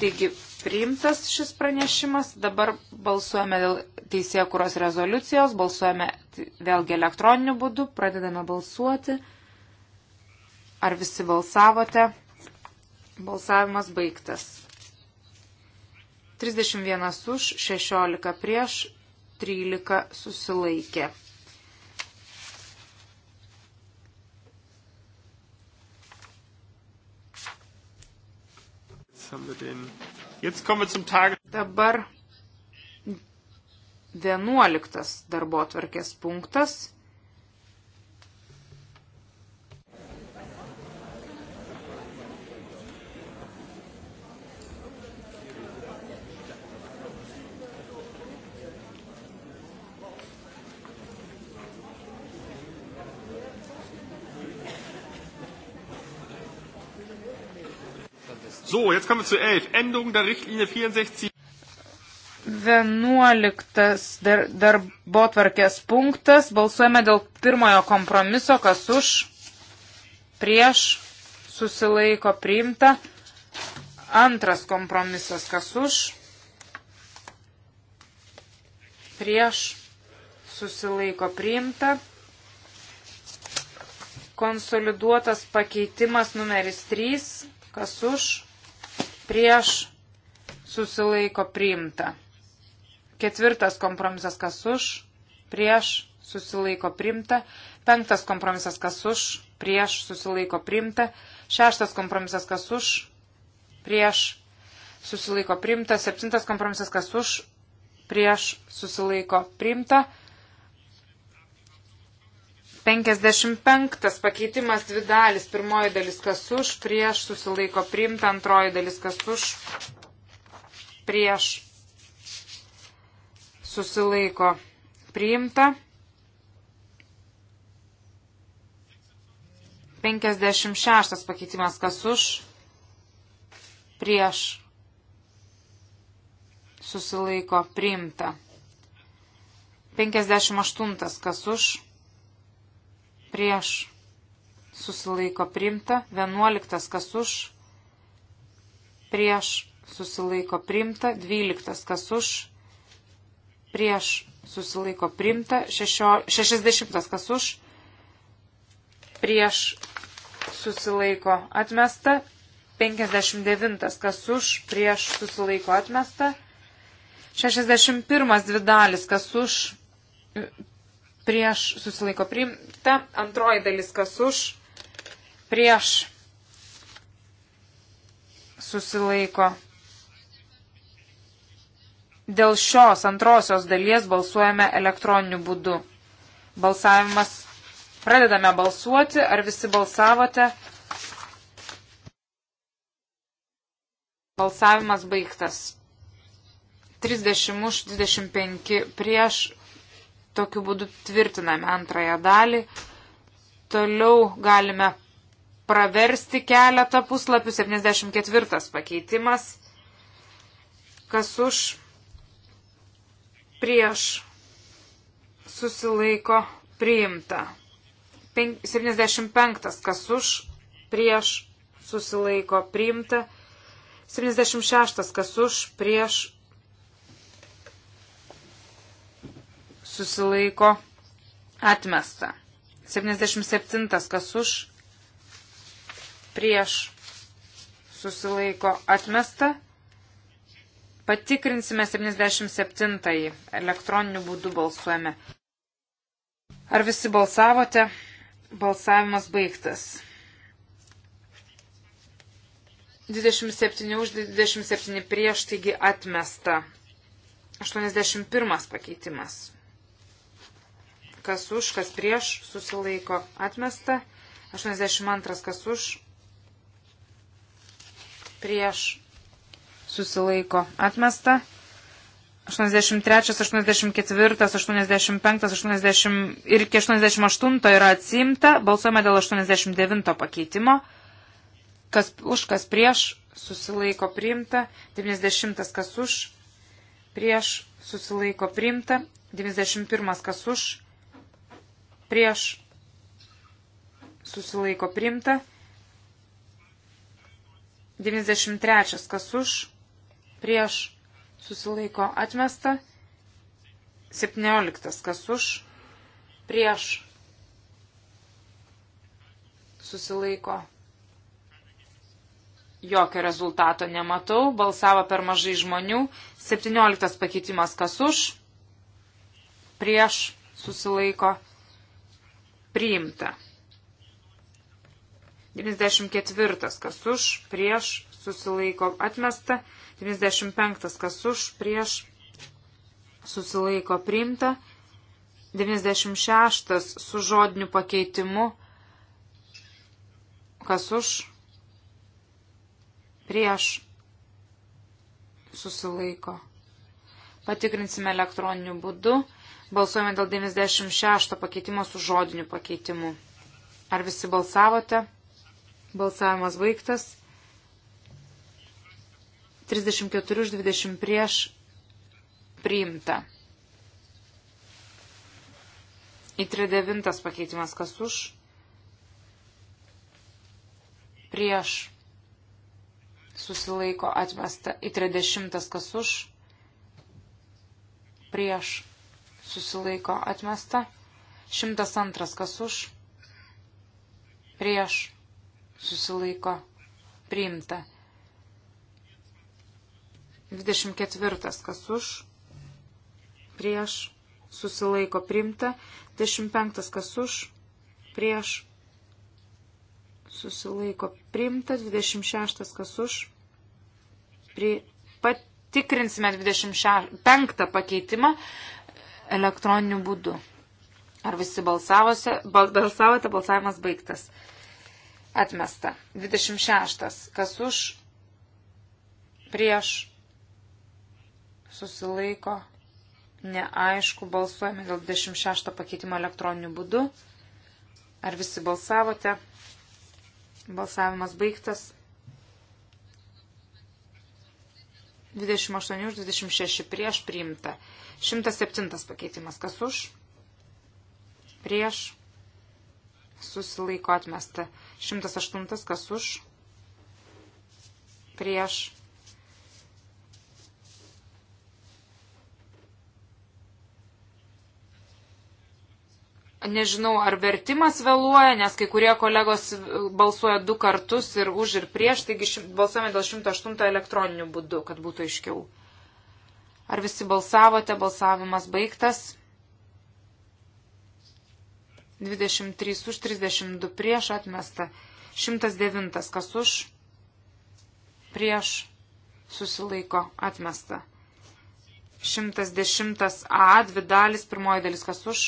Taigi priimtas šis pranešimas. Dabar balsuojame dėl teisėkuros rezoliucijos, balsuojame vėlgi elektroniniu būdu, pradedame balsuoti. Ar visi balsavote? Balsavimas baigtas. 31 už, 16 prieš, 13 susilaikė. haben wir den Dabar 11 darbo atvarkės punktas. So, jetzt kommen wir zu 11. Änderung der Richtlinie 64. 11 dar, darbo tvarkės punktas. Balsuojame dėl pirmojo kompromiso, kas už, prieš, susilaiko priimta. Antras kompromisas, kas už, prieš, susilaiko priimta. Konsoliduotas pakeitimas numeris 3, kas už, prieš, susilaiko priimta. Ketvirtas kompromisas kas už, prieš, susilaiko priimta. Penktas kompromisas kas už, prieš, susilaiko priimta. Šeštas kompromisas kas už, prieš, susilaiko priimta. Septintas kompromisas kas už, prieš, susilaiko priimta. 55 pakeitimas dvi dalis. Pirmoji dalis kas už, prieš susilaiko priimta, antroji dalis kas už, prieš susilaiko priimta. 56 pakeitimas kas už, prieš susilaiko priimta. 58 kas už prieš susilaiko primta, 11 kas už, prieš susilaiko primta, 12 kas už, prieš susilaiko primta, 60 kas už, prieš susilaiko atmesta, 59 kas už, prieš susilaiko atmesta, 61 dvi dalis kas už, prieš susilaiko priimta, antroji dalis kas už, prieš susilaiko. Dėl šios antrosios dalies balsuojame elektroniniu būdu. Balsavimas. Pradedame balsuoti. Ar visi balsavote? Balsavimas baigtas. 30 už 25 prieš Tokiu būdu tvirtiname antrąją dalį. Toliau galime praversti keletą puslapių. 74 pakeitimas. Kas už prieš susilaiko priimta. 75 kas už prieš susilaiko priimta. 76 kas už prieš susilaiko atmesta. 77 kas už, prieš susilaiko atmesta. Patikrinsime 77-ąjį. Elektroniniu būdu balsuojame. Ar visi balsavote? Balsavimas baigtas. 27 už 27 prieš, taigi atmesta. 81 pakeitimas kas už, kas prieš, susilaiko atmesta. 82 kas už, prieš, susilaiko atmesta. 83, 84, 85, 80 ir 88 yra atsimta. Balsuojame dėl 89 pakeitimo. Kas už, kas prieš, susilaiko priimta. 90 kas už, prieš, susilaiko priimta. 91 kas už, prieš susilaiko primta. 93. Kas už, prieš susilaiko atmesta. 17. Kas už, prieš susilaiko. Jokio rezultato nematau, balsavo per mažai žmonių. 17 pakeitimas kas už, prieš susilaiko atmesta priimta. 94. Kas už, prieš, susilaiko atmesta. 95. Kas už, prieš, susilaiko priimta. 96. Su žodiniu pakeitimu. Kas už, prieš, susilaiko. Patikrinsime elektroniniu būdu. Balsuojame dėl 96 pakeitimo su žodiniu pakeitimu. Ar visi balsavote? Balsavimas baigtas. 34 už 20 prieš priimta. Į 39 pakeitimas kas už? Prieš susilaiko atmesta. Į 30 kas už? Prieš susilaiko atmesta, 102 kas už, prieš susilaiko priimta, 24 kas už, prieš susilaiko priimta, 25 kas už, prieš susilaiko priimta, 26 kas už, pri, patikrinsime 25 pakeitimą, elektroniniu būdu. Ar visi balsavote? Balsavote, balsavimas baigtas. Atmesta. 26. Kas už? Prieš? Susilaiko? Neaišku, balsuojame dėl 26 pakeitimo elektroniniu būdu. Ar visi balsavote? Balsavimas baigtas. 28 už 26 prieš priimta. 107 pakeitimas. Kas už? Prieš. Susilaiko atmesta. 108. Kas už? Prieš. Nežinau, ar vertimas vėluoja, nes kai kurie kolegos balsuoja du kartus ir už ir prieš, taigi balsuojame dėl 108 elektroninių būdų, kad būtų aiškiau. Ar visi balsavote? Balsavimas baigtas. 23 už, 32 prieš atmesta. 109 kas už, prieš susilaiko atmesta. 110 A, dvi dalis, pirmoji dalis kas už,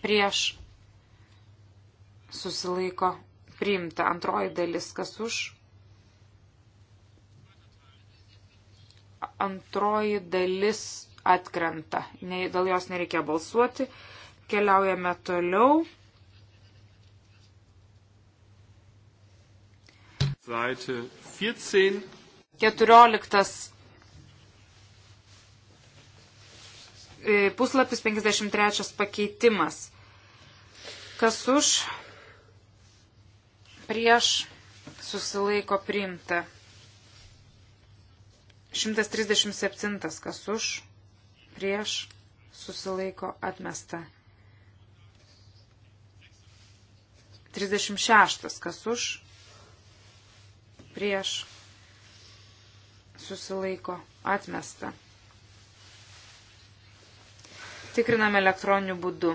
prieš susilaiko priimta. Antroji dalis kas už, antroji dalis atkrenta. Ne, dėl jos nereikia balsuoti. Keliaujame toliau. Seite 14. 14. E, puslapis 53 pakeitimas. Kas už prieš susilaiko priimta. 137. Kas už, prieš, susilaiko atmesta. 36. Kas už, prieš, susilaiko atmesta. Tikriname elektroniniu būdu.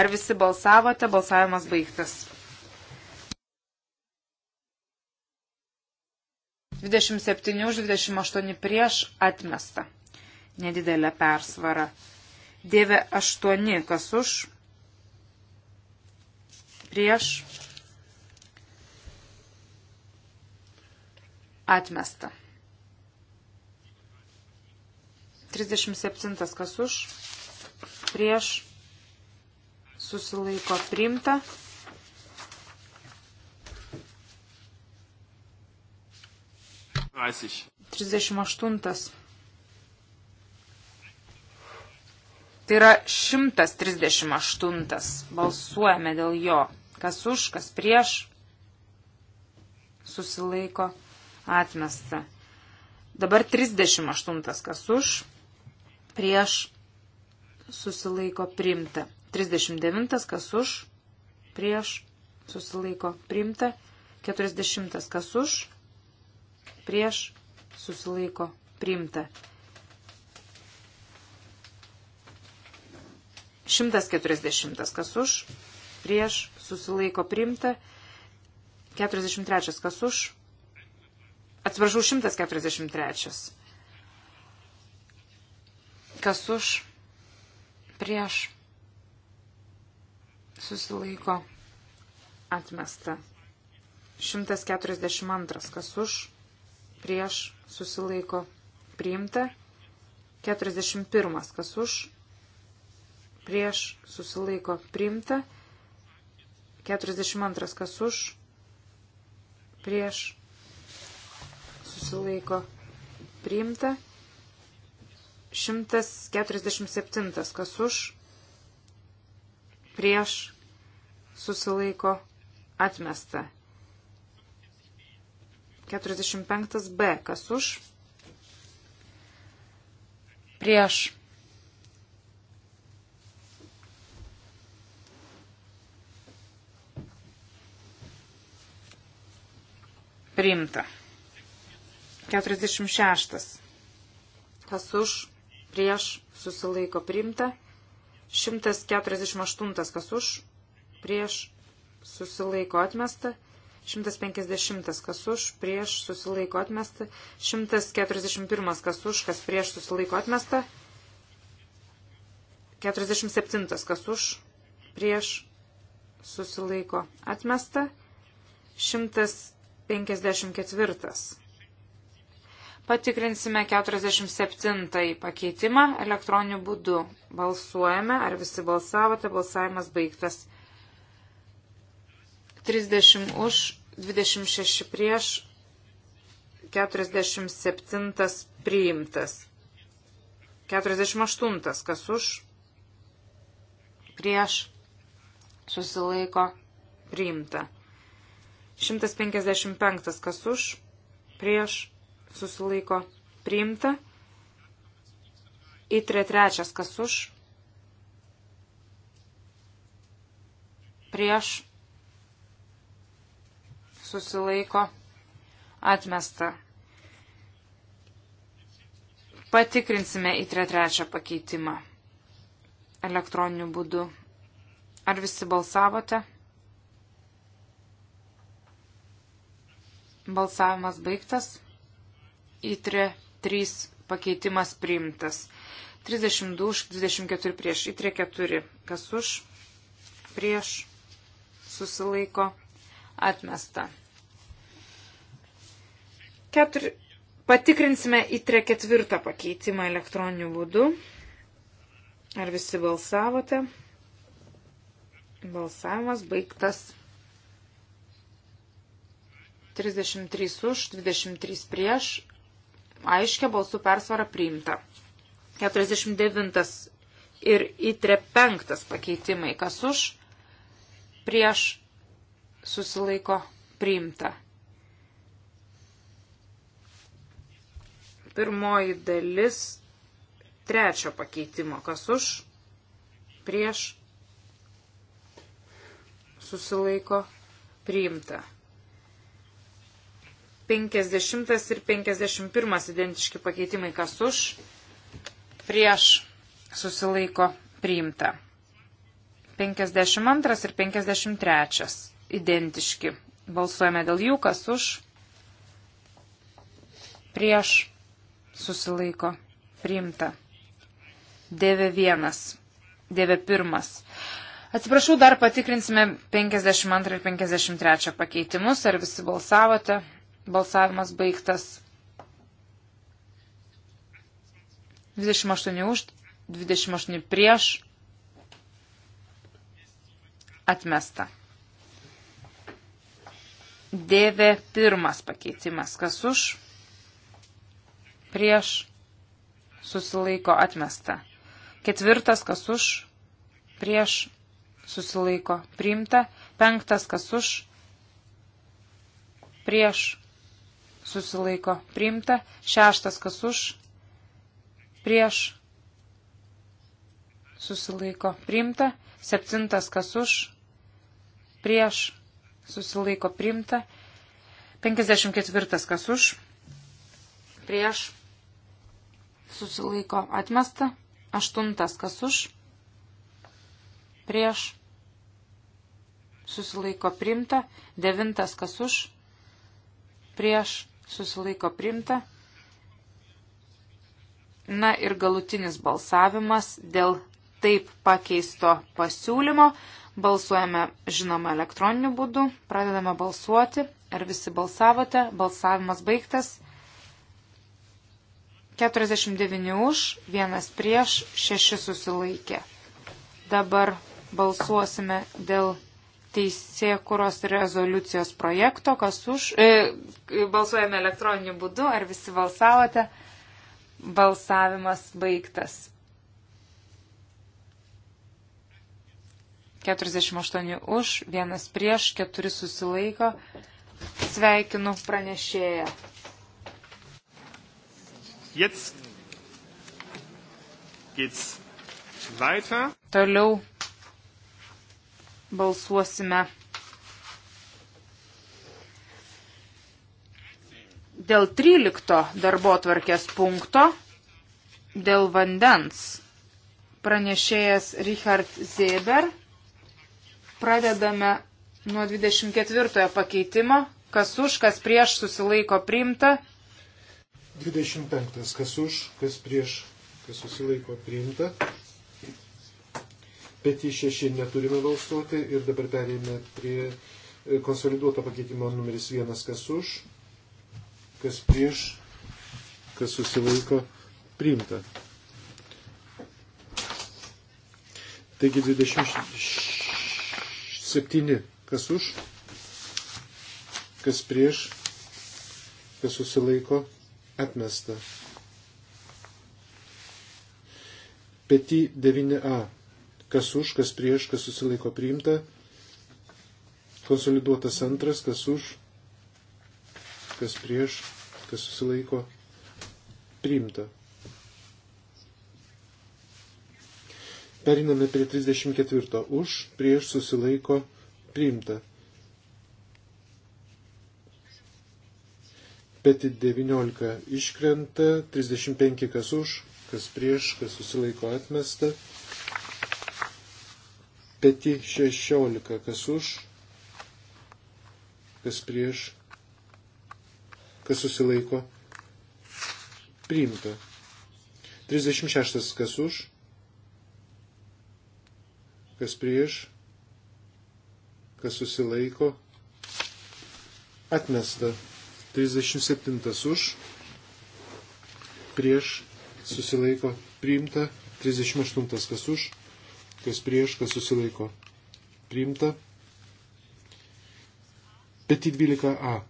Ar visi balsavote? Balsavimas baigtas. 27 už 28 prieš atmesta. Nedidelė persvara. Dėvė 8, kas už, prieš atmesta. 37 kas už, prieš susilaiko primta. 38. Tai yra 138. Balsuojame dėl jo. Kas už, kas prieš. Susilaiko. Atmesta. Dabar 38. Kas už, prieš. Susilaiko primta. 39. Kas už, prieš. Susilaiko primta. 40. Kas už, prieš, susilaiko, priimta. 140 kas už, prieš, susilaiko, priimta. 43 kas už, atsiprašau, 143. Kas už, prieš, susilaiko, atmesta. 142 kas už, prieš susilaiko priimta. 41. Kas už prieš susilaiko priimta. 42. Kas už prieš susilaiko priimta. 147. Kas už prieš susilaiko atmesta. 45 B. Kas už? Prieš. Priimta. 46. Kas už? Prieš. Susilaiko priimta. 148. Kas už? Prieš. Susilaiko atmesta. 150 kas už, prieš susilaiko atmesta, 141 kas už, kas prieš susilaiko atmesta, 47 kas už, prieš susilaiko atmesta, 154. Patikrinsime 47 pakeitimą elektroniniu būdu. Balsuojame, ar visi balsavote, balsavimas baigtas. 30 už, 26 prieš, 47 priimtas. 48 kas už, prieš, susilaiko, priimta. 155 kas už, prieš, susilaiko, priimta. Į tre trečias kas už, prieš, susilaiko, atmesta. Patikrinsime į trečią pakeitimą elektroniniu būdu. Ar visi balsavote? Balsavimas baigtas. Į 3 pakeitimas priimtas. 32 už, 24 prieš, į 3 4. Kas už? Prieš susilaiko atmesta. Ketur... Patikrinsime į tre ketvirtą pakeitimą elektroniniu būdu. Ar visi balsavote? Balsavimas baigtas. 33 už, 23 prieš. Aiškia balsų persvara priimta. 49 ir įtre penktas pakeitimai. Kas už? Prieš susilaiko priimta. Pirmoji dalis trečio pakeitimo. Kas už? Prieš? Susilaiko? Priimta. 50 ir 51 identiški pakeitimai. Kas už? Prieš? Susilaiko? Priimta. 52 ir 53 identiški. Balsuojame dėl jų, kas už, prieš susilaiko priimta. DV1, DV1. Atsiprašau, dar patikrinsime 52 ir 53 pakeitimus, ar visi balsavote. Balsavimas baigtas. 28 už, 28 prieš. Atmesta. Dėvė pirmas pakeitimas. Kas už? prieš susilaiko atmesta. Ketvirtas, kas už, prieš susilaiko priimta. Penktas, kas už, prieš susilaiko priimta. Šeštas, kas už, prieš susilaiko priimta. Septintas, kas už, prieš susilaiko priimta. 54 kas už, prieš susilaiko atmesta, aštuntas kas už, prieš, susilaiko primta, devintas kas už, prieš, susilaiko primta. Na ir galutinis balsavimas dėl taip pakeisto pasiūlymo. Balsuojame, žinoma, elektroniniu būdu, pradedame balsuoti. Ar visi balsavote? Balsavimas baigtas. 49 už, vienas prieš, šeši susilaikė. Dabar balsuosime dėl teisėkuros rezoliucijos projekto, kas už. E, balsuojame elektroniniu būdu, ar visi balsavote. Balsavimas baigtas. 48 už, vienas prieš, keturi susilaiko. Sveikinu pranešėją. Jetzt geht's weiter. Toliau balsuosime dėl 13 darbo tvarkės punkto, dėl vandens. Pranešėjas Richard Zeber. Pradedame nuo 24 pakeitimo. Kas už, kas prieš susilaiko priimta. 25. Kas už, kas prieš, kas susilaiko priimta. Peti 6 neturime balsuoti ir dabar perėjame prie e, konsoliduoto pakeitimo numeris 1. Kas už, kas prieš, kas susilaiko priimta. Taigi 27. Kas už, kas prieš, kas susilaiko priimta Atmesta. Peti 9a. Kas už, kas prieš, kas susilaiko priimta. Konsoliduotas antras, kas už, kas prieš, kas susilaiko priimta. Periname prie 34. Už, prieš susilaiko priimta. Peti 19 iškrenta, 35 kas už, kas prieš, kas susilaiko atmesta. Peti 16 kas už, kas prieš, kas susilaiko. Priimta. 36 kas už, kas prieš, kas susilaiko. Atmesta. 37 už, prieš susilaiko priimta, 38 kas už, kas prieš, kas susilaiko priimta. Peti 12a.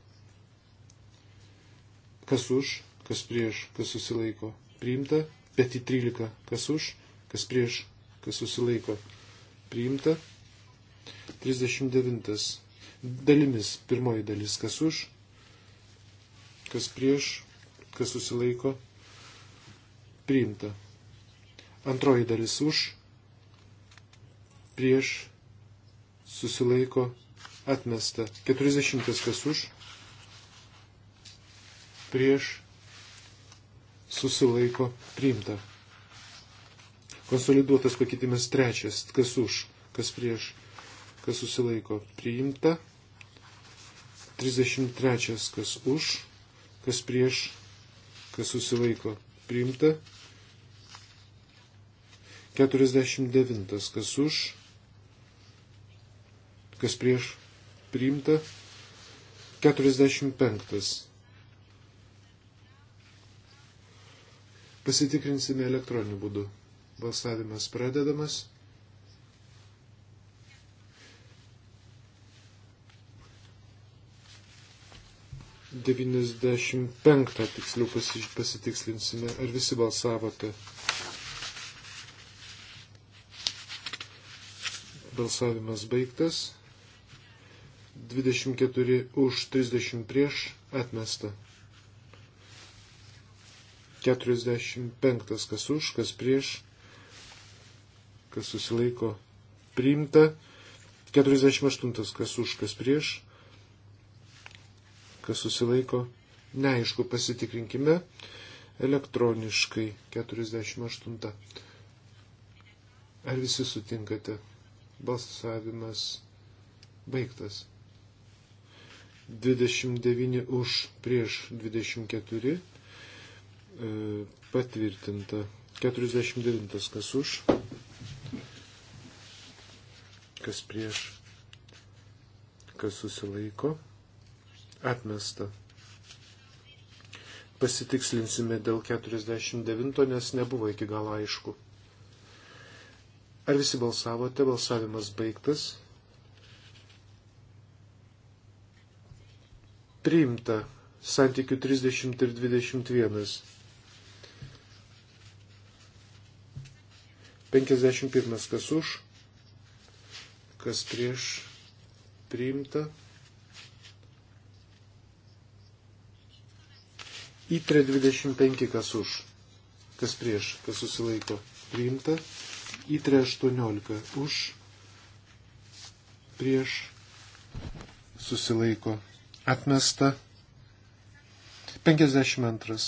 Kas už, kas prieš, kas susilaiko priimta. Peti 13 kas už, kas prieš, kas susilaiko priimta. 39 dalimis pirmoji dalis kas už, kas prieš, kas susilaiko, priimta. Antroji dalis už, prieš, susilaiko, atmesta. 40 kas už, prieš, susilaiko, priimta. Konsoliduotas pakeitimas trečias, kas už, kas prieš, kas susilaiko, priimta. 33 kas už, kas prieš, kas susilaiko priimta. 49. Kas už, kas prieš priimta. 45. Pasitikrinsime elektroniniu būdu. Balsavimas pradedamas. 95 tiksliau pasitikslinsime, ar visi balsavote. Balsavimas baigtas. 24 už 30 prieš atmesta. 45 kas už, kas prieš, kas susilaiko priimta. 48 kas už, kas prieš, kas susilaiko, neaišku, pasitikrinkime elektroniškai 48. Ar visi sutinkate? Balsavimas baigtas. 29 už prieš 24 e, patvirtinta. 49 kas už, kas prieš, kas susilaiko Atmesta. Pasitikslinsime dėl 49, nes nebuvo iki galo aišku. Ar visi balsavote? Balsavimas baigtas. Priimta santykių 30 ir 21. 51. Kas už, kas prieš priimta. Įtre 25 kas už, kas prieš, kas susilaiko priimta. Įtre 18 už, prieš, susilaiko atmesta. 52.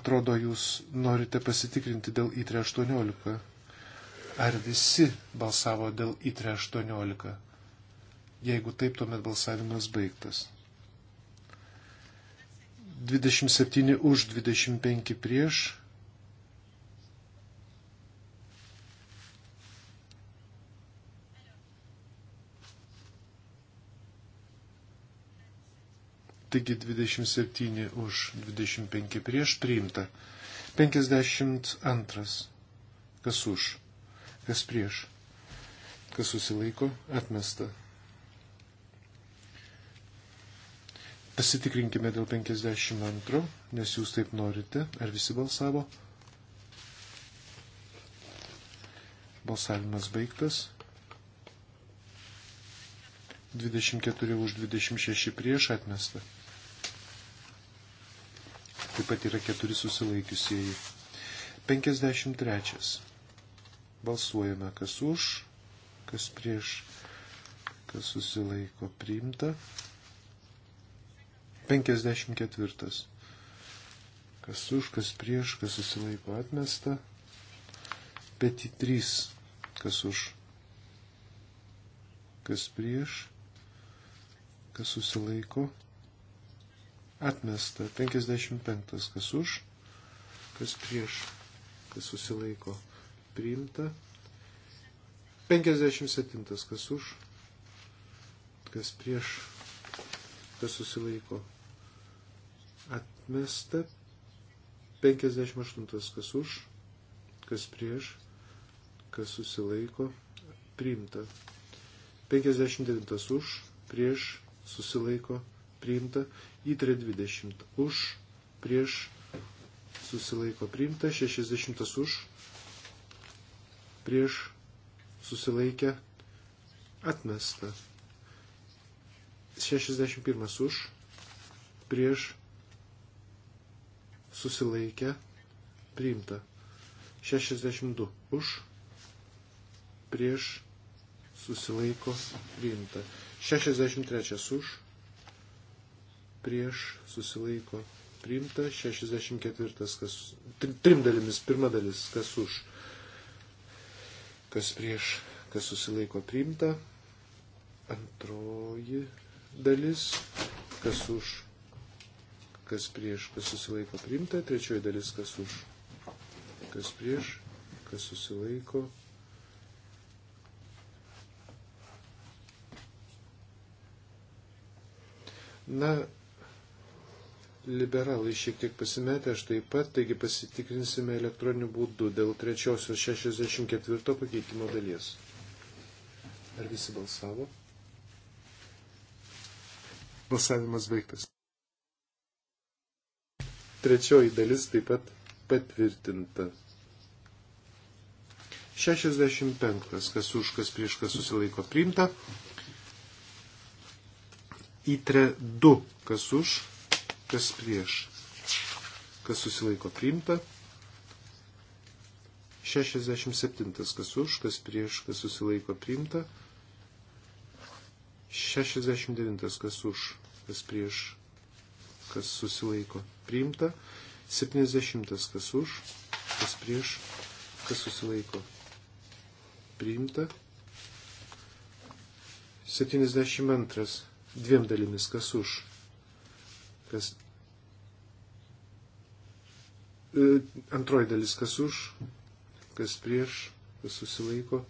Atrodo, jūs norite pasitikrinti dėl įtre 18. Ar visi balsavo dėl įtre 18? Jeigu taip, tuomet balsavimas baigtas. 27 už 25 prieš. Taigi 27 už 25 prieš priimta. 52. Kas už? Kas prieš? Kas susilaiko? Atmesta. Pasitikrinkime dėl 52, nes jūs taip norite. Ar visi balsavo? Balsavimas baigtas. 24 už 26 prieš atmestą. Taip pat yra keturi susilaikiusieji. 53. Balsuojame, kas už, kas prieš, kas susilaiko priimta. 54. Kas už, kas prieš, kas susilaiko atmesta. Peti 3. Kas už, kas prieš, kas susilaiko. Atmesta. 55. Kas už, kas prieš, kas susilaiko. Priimta. 57. Kas už, kas prieš, kas susilaiko atmesta. 58 kas už, kas prieš, kas susilaiko, priimta. 59 už, prieš, susilaiko, priimta. Įtrė 20 už, prieš, susilaiko, priimta. 60 už, prieš, susilaikę, atmesta. 61 už, prieš, susilaikė, priimta. 62 už, prieš, susilaiko, priimta. 63 už, prieš, susilaiko, priimta. 64 kas, trim dalimis, pirma dalis, kas už, kas prieš, kas susilaiko, priimta. Antroji dalis, kas už, kas prieš, kas susilaiko priimta, trečioji dalis kas už, kas prieš, kas susilaiko. Na, liberalai šiek tiek pasimetę, aš taip pat, taigi pasitikrinsime elektroniniu būdu dėl trečiosios 64 pakeitimo dalies. Ar visi balsavo? Balsavimas baigtas. Trečioji dalis taip pat patvirtinta. 65. Kas už, kas prieš, kas susilaiko priimta. Įtre 2. Kas už, kas prieš, kas susilaiko priimta. 67. Kas už, kas prieš, kas susilaiko priimta. 69. Kas už, kas prieš, kas susilaiko priimta, 70 kas už, kas prieš, kas susilaiko priimta, 72 dviem dalimis kas už, kas e, antroji dalis kas už, kas prieš, kas susilaiko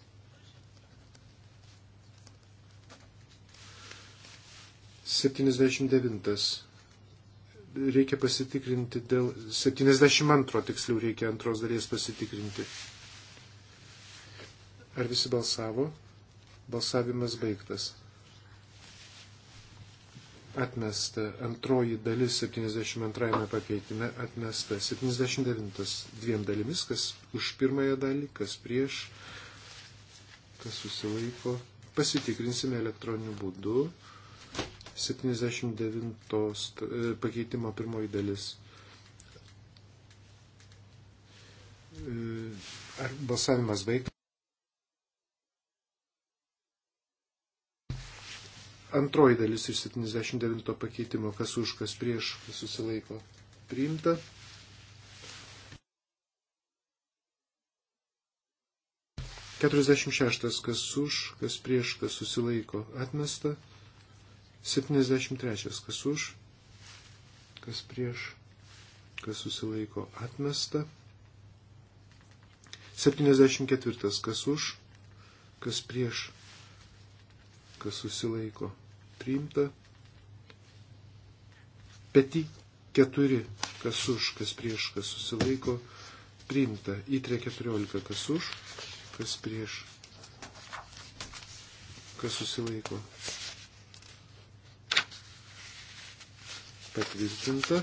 septyniasdešimt devintas reikia pasitikrinti dėl 72 tiksliau reikia antros dalies pasitikrinti. Ar visi balsavo? Balsavimas baigtas. Atmesta antroji dalis 72 pakeitime, atmesta 79 dviem dalimis, kas už pirmąją dalį, kas prieš, kas susilaiko. Pasitikrinsime elektroniniu būdu. 79 e, pakeitimo pirmoji dalis. E, ar balsavimas baigtas? Antroji dalis iš 79 pakeitimo, kas už, kas prieš, kas susilaiko, priimta. Keturiasdešimt šeštas, kas už, kas prieš, kas susilaiko, atmesta. 73. Kas už, kas prieš, kas susilaiko atmesta. 74. Kas už, kas prieš, kas susilaiko priimta. Peti 4. Kas už, kas prieš, kas susilaiko priimta. Įtrė 14. Kas už, kas prieš, kas susilaiko patvirtinta.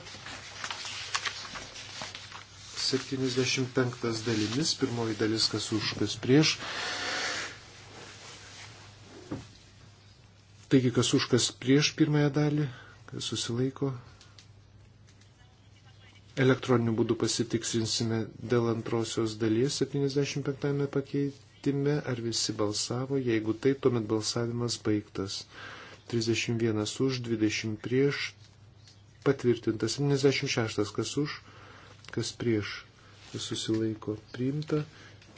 75 dalimis, pirmoji dalis kas už, kas prieš. Taigi kas už, kas prieš pirmąją dalį, kas susilaiko. Elektroniniu būdu pasitiksinsime dėl antrosios dalies 75 pakeitime, ar visi balsavo, jeigu taip, tuomet balsavimas baigtas. 31 už, 20 prieš, patvirtintas. 76 kas už, kas prieš, kas susilaiko priimta.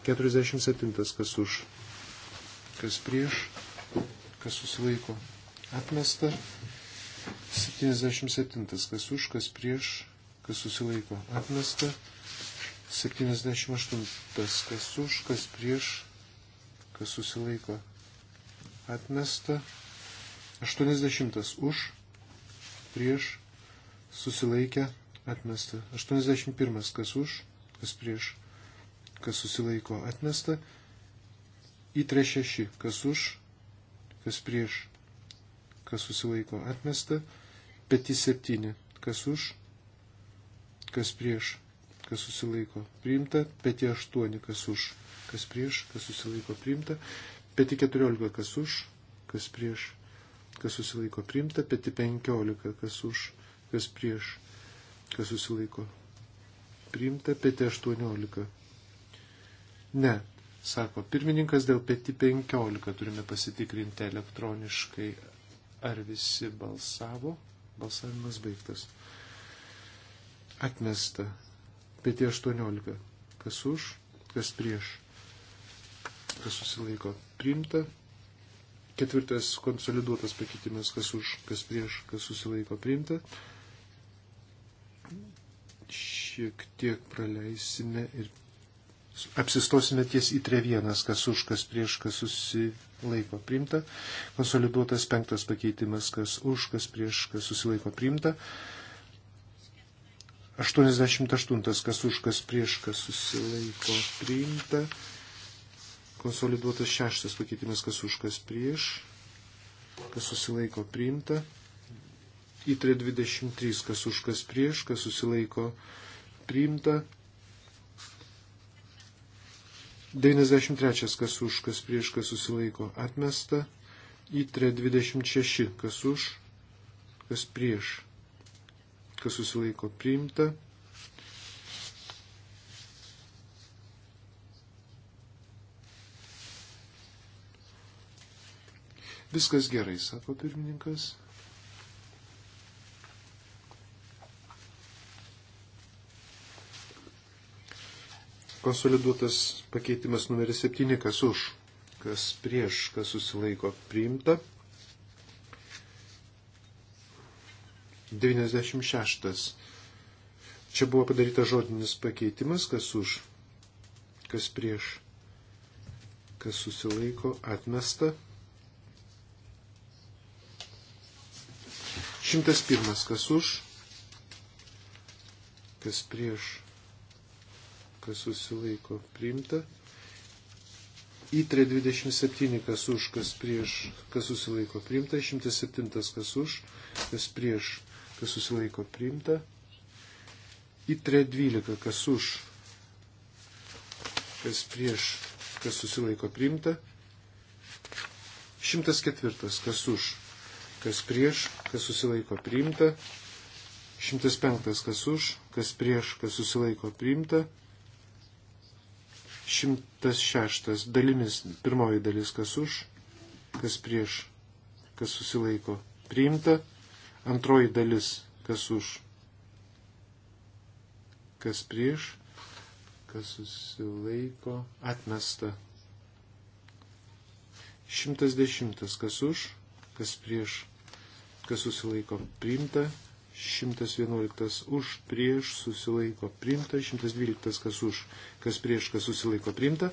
47 kas už, kas prieš, kas susilaiko atmesta. 77 kas už, kas prieš, kas susilaiko atmesta. 78 kas už, kas prieš, kas susilaiko atmesta. 80 už, prieš, susilaikė, atmesta. 81. Kas už, kas prieš, kas susilaiko, atmesta. Įtre 6. Kas už, kas prieš, kas susilaiko, atmesta. Peti 7. Kas už, kas prieš, kas susilaiko, priimta. Peti 8. Kas už, kas prieš, kas susilaiko, priimta. Peti 14. Kas už, kas prieš, kas susilaiko, priimta. Peti 15. Kas už, kas prieš, kas susilaiko. Priimta peti 18. Ne, sako pirmininkas, dėl peti 15 turime pasitikrinti elektroniškai, ar visi balsavo. Balsavimas baigtas. Atmesta. Peti 18. Kas už, kas prieš, kas susilaiko. Priimta ketvirtas konsoliduotas pakeitimas, kas už, kas prieš, kas susilaiko priimta šiek tiek praleisime ir apsistosime ties į tre vienas, kas už, kas prieš, kas susilaiko primta. Konsoliduotas penktas pakeitimas, kas už, kas prieš, kas susilaiko primta. 88, kas už, kas prieš, kas susilaiko primta. Konsoliduotas šeštas pakeitimas, kas už, kas prieš, kas susilaiko primta į 323, kas už, kas prieš, kas susilaiko priimta. 93, kas už, kas prieš, kas susilaiko atmesta. Į 326, kas už, kas prieš, kas susilaiko priimta. Viskas gerai, sako pirmininkas. Konsoliduotas pakeitimas numeris 7, kas už, kas prieš, kas susilaiko priimta. 96. Čia buvo padaryta žodinis pakeitimas, kas už, kas prieš, kas susilaiko atmesta. 101. Kas už, kas prieš, kas susilaiko priimta. Įtrė 27, kas už, kas prieš, kas susilaiko priimta. 107, kas už, kas prieš, kas susilaiko priimta. Įtrė 12, kas už, kas prieš, kas susilaiko priimta. 104, kas už, kas prieš, kas susilaiko priimta. 105, kas už, kas prieš, kas susilaiko priimta. 106 dalimis, pirmoji dalis, kas už, kas prieš, kas susilaiko, priimta, antroji dalis, kas už, kas prieš, kas susilaiko, atmesta. 110 kas už, kas prieš, kas susilaiko, priimta, 111 už, prieš susilaiko primta, 112 kas už, kas prieš, kas susilaiko primta,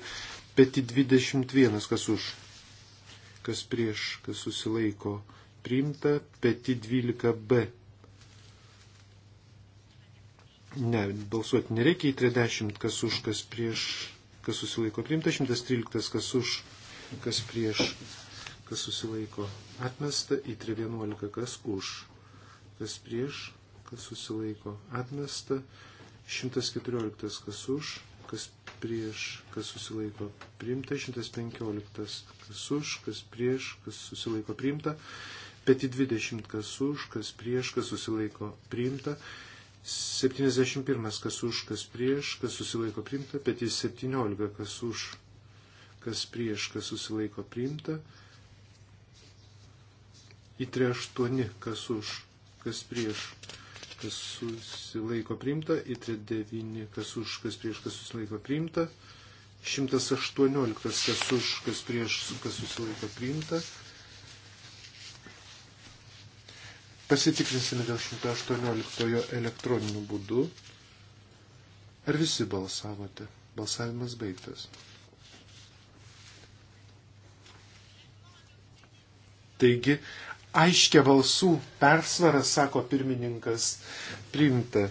peti 21 kas už, kas prieš, kas susilaiko primta, peti 12b. Ne, balsuoti nereikia į 30 kas už, kas prieš, kas susilaiko primta, 113 kas už, kas prieš, kas susilaiko atmesta, į 311 kas už kas prieš, kas susilaiko atmesta, 114 kas už, kas prieš, kas susilaiko priimta, 115 kas už, kas prieš, kas susilaiko priimta, peti 20 kas už, kas prieš, kas susilaiko priimta, 71 kas už, kas prieš, kas susilaiko priimta, peti 17 kas už, kas prieš, kas susilaiko priimta, į 3 8 kas už, kas prieš, kas susilaiko priimta, įtrė 9, kas už, kas prieš, kas susilaiko priimta, 118, kas už, kas prieš, kas susilaiko priimta. Pasitikrinsime dėl 118 elektroniniu būdu. Ar visi balsavote? Balsavimas baigtas. Taigi aiškia balsų persvara, sako pirmininkas, priimta.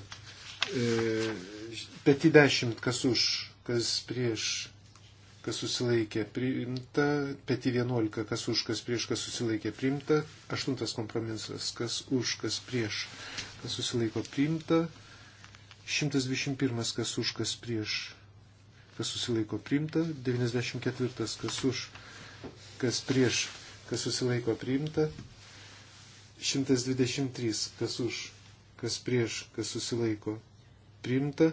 E, peti dešimt, kas už, kas prieš, kas susilaikė, priimta. Peti vienuolika, kas už, kas prieš, kas susilaikė, priimta. Aštuntas kompromisas, kas už, kas prieš, kas susilaiko, priimta. 121, kas už, kas prieš, kas susilaiko, priimta. 94, kas už, kas prieš, kas susilaiko, priimta. 123, kas už, kas prieš, kas susilaiko, priimta.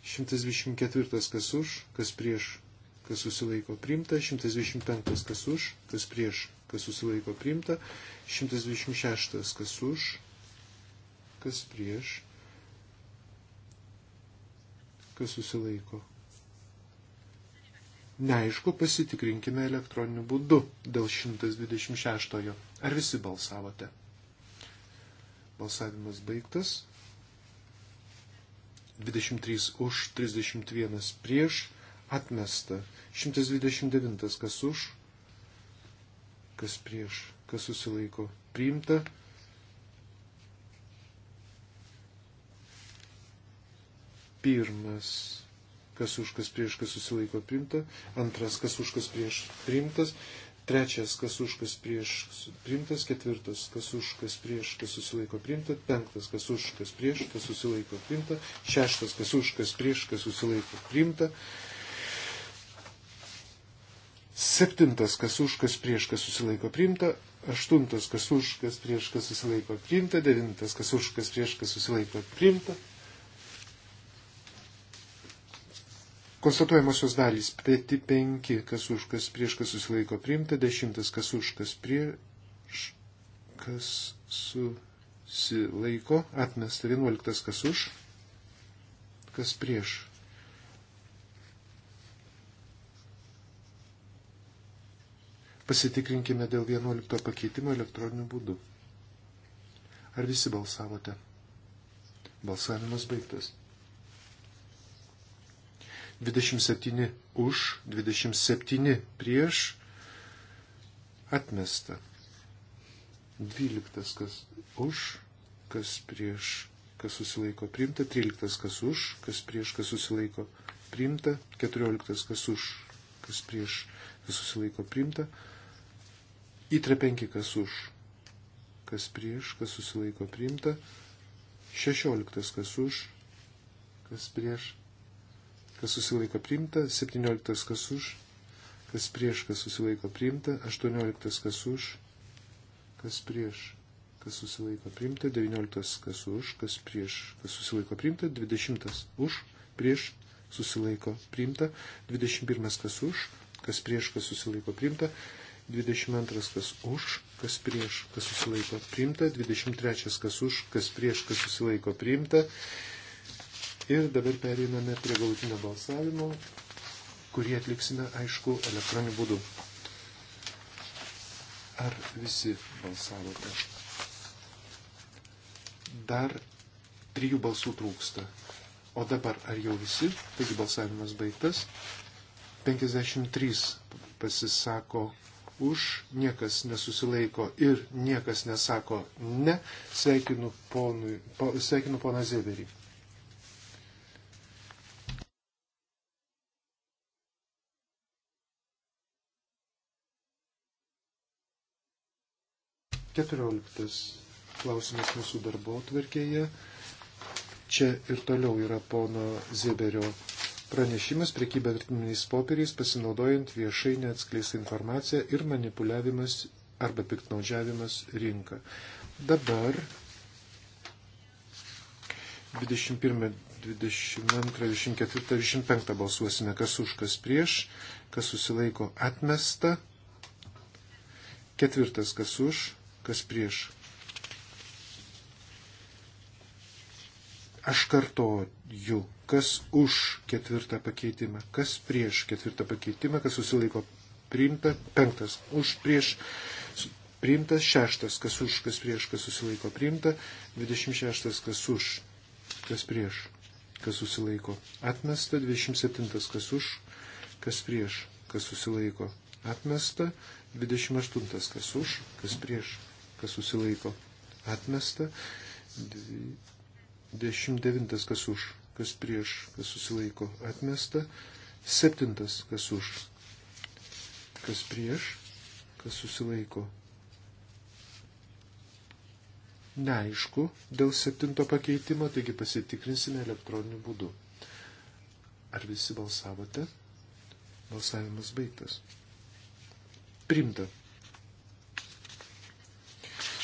124, kas už, kas prieš, kas susilaiko, priimta. 125, kas už, kas prieš, kas susilaiko, priimta. 126, kas už, kas prieš, kas susilaiko. Neaišku, pasitikrinkime elektroniniu būdu dėl 126. -ojo. Ar visi balsavote? Balsavimas baigtas. 23 už, 31 prieš, atmesta. 129 kas už, kas prieš, kas susilaiko. Priimta. Pirmas, kas už, kas prieš, kas susilaiko. Priimta. Antras, kas už, kas prieš, priimtas. Trečias, kas už, kas prieš priimtas. Ketvirtas, kas už, kas prieš, kas susilaiko priimta. Penktas, kas už, kas prieš, kas susilaiko priimta. Šeštas, kas už, kas prieš, kas susilaiko priimta. Septintas, kas už, kas prieš, kas susilaiko priimta. Aštuntas, kas už, kas prieš, kas susilaiko priimta. Devintas, kas už, kas prieš, kas susilaiko priimta. Konstatuojamosios dalys. Peti 5, kas už, kas prieš, kas susilaiko priimta. 10, kas už, kas prieš, kas susilaiko. Atmesta 11, kas už, kas prieš. Pasitikrinkime dėl 11 pakeitimo elektroniniu būdu. Ar visi balsavote? Balsavimas baigtas. 27 už, 27 prieš, atmesta. 12 kas už, kas prieš, kas susilaiko priimta, 13 kas už, kas prieš, kas susilaiko priimta, 14 kas už, kas prieš, kas susilaiko priimta, įtre 5 kas už, kas prieš, kas susilaiko priimta, 16 kas už, kas prieš, kas susilaiko priimta, 17 kas už, kas prieš, kas susilaiko priimta, 18 kas už, kas prieš, kas susilaiko priimta, 19 kas už, kas prieš, kas susilaiko priimta, 20 už, prieš, susilaiko priimta, 21 kas už, kas prieš, kas susilaiko priimta, 22 kas už, kas prieš, kas susilaiko priimta, 23 kas už, kas prieš, kas susilaiko priimta, Ir dabar pereiname prie galutinio balsavimo, kurį atliksime, aišku, elektroniniu būdu. Ar visi balsavote? Dar trijų balsų trūksta. O dabar ar jau visi? Taigi balsavimas baigtas. 53 pasisako už, niekas nesusilaiko ir niekas nesako ne. Sveikinu, ponui, po, sveikinu poną Zeverį. Keturioliktas klausimas mūsų darbo tvarkėje. Čia ir toliau yra pono Zeberio pranešimas priekyba vertiminiais popieriais, pasinaudojant viešai neatskleistą informaciją ir manipuliavimas arba piktnaudžiavimas rinka. Dabar 21, 22, 24, 25 balsuosime, kas už, kas prieš, kas susilaiko atmesta, ketvirtas, kas už, kas prieš. Aš kartoju, kas už ketvirtą pakeitimą, kas prieš ketvirtą pakeitimą, kas susilaiko priimta, penktas už prieš priimtas, šeštas kas už, kas prieš, kas susilaiko priimta, dvidešimt šeštas kas už, kas prieš, kas susilaiko atmesta, dvidešimt septintas kas už, kas prieš, kas susilaiko atmesta, 28 kas už, kas prieš, kas susilaiko atmesta, 29 kas už, kas prieš, kas susilaiko atmesta, 7 kas už, kas prieš, kas susilaiko. Neaišku, dėl septinto pakeitimo, taigi pasitikrinsime elektroniniu būdu. Ar visi balsavote? Balsavimas baigtas. Primta.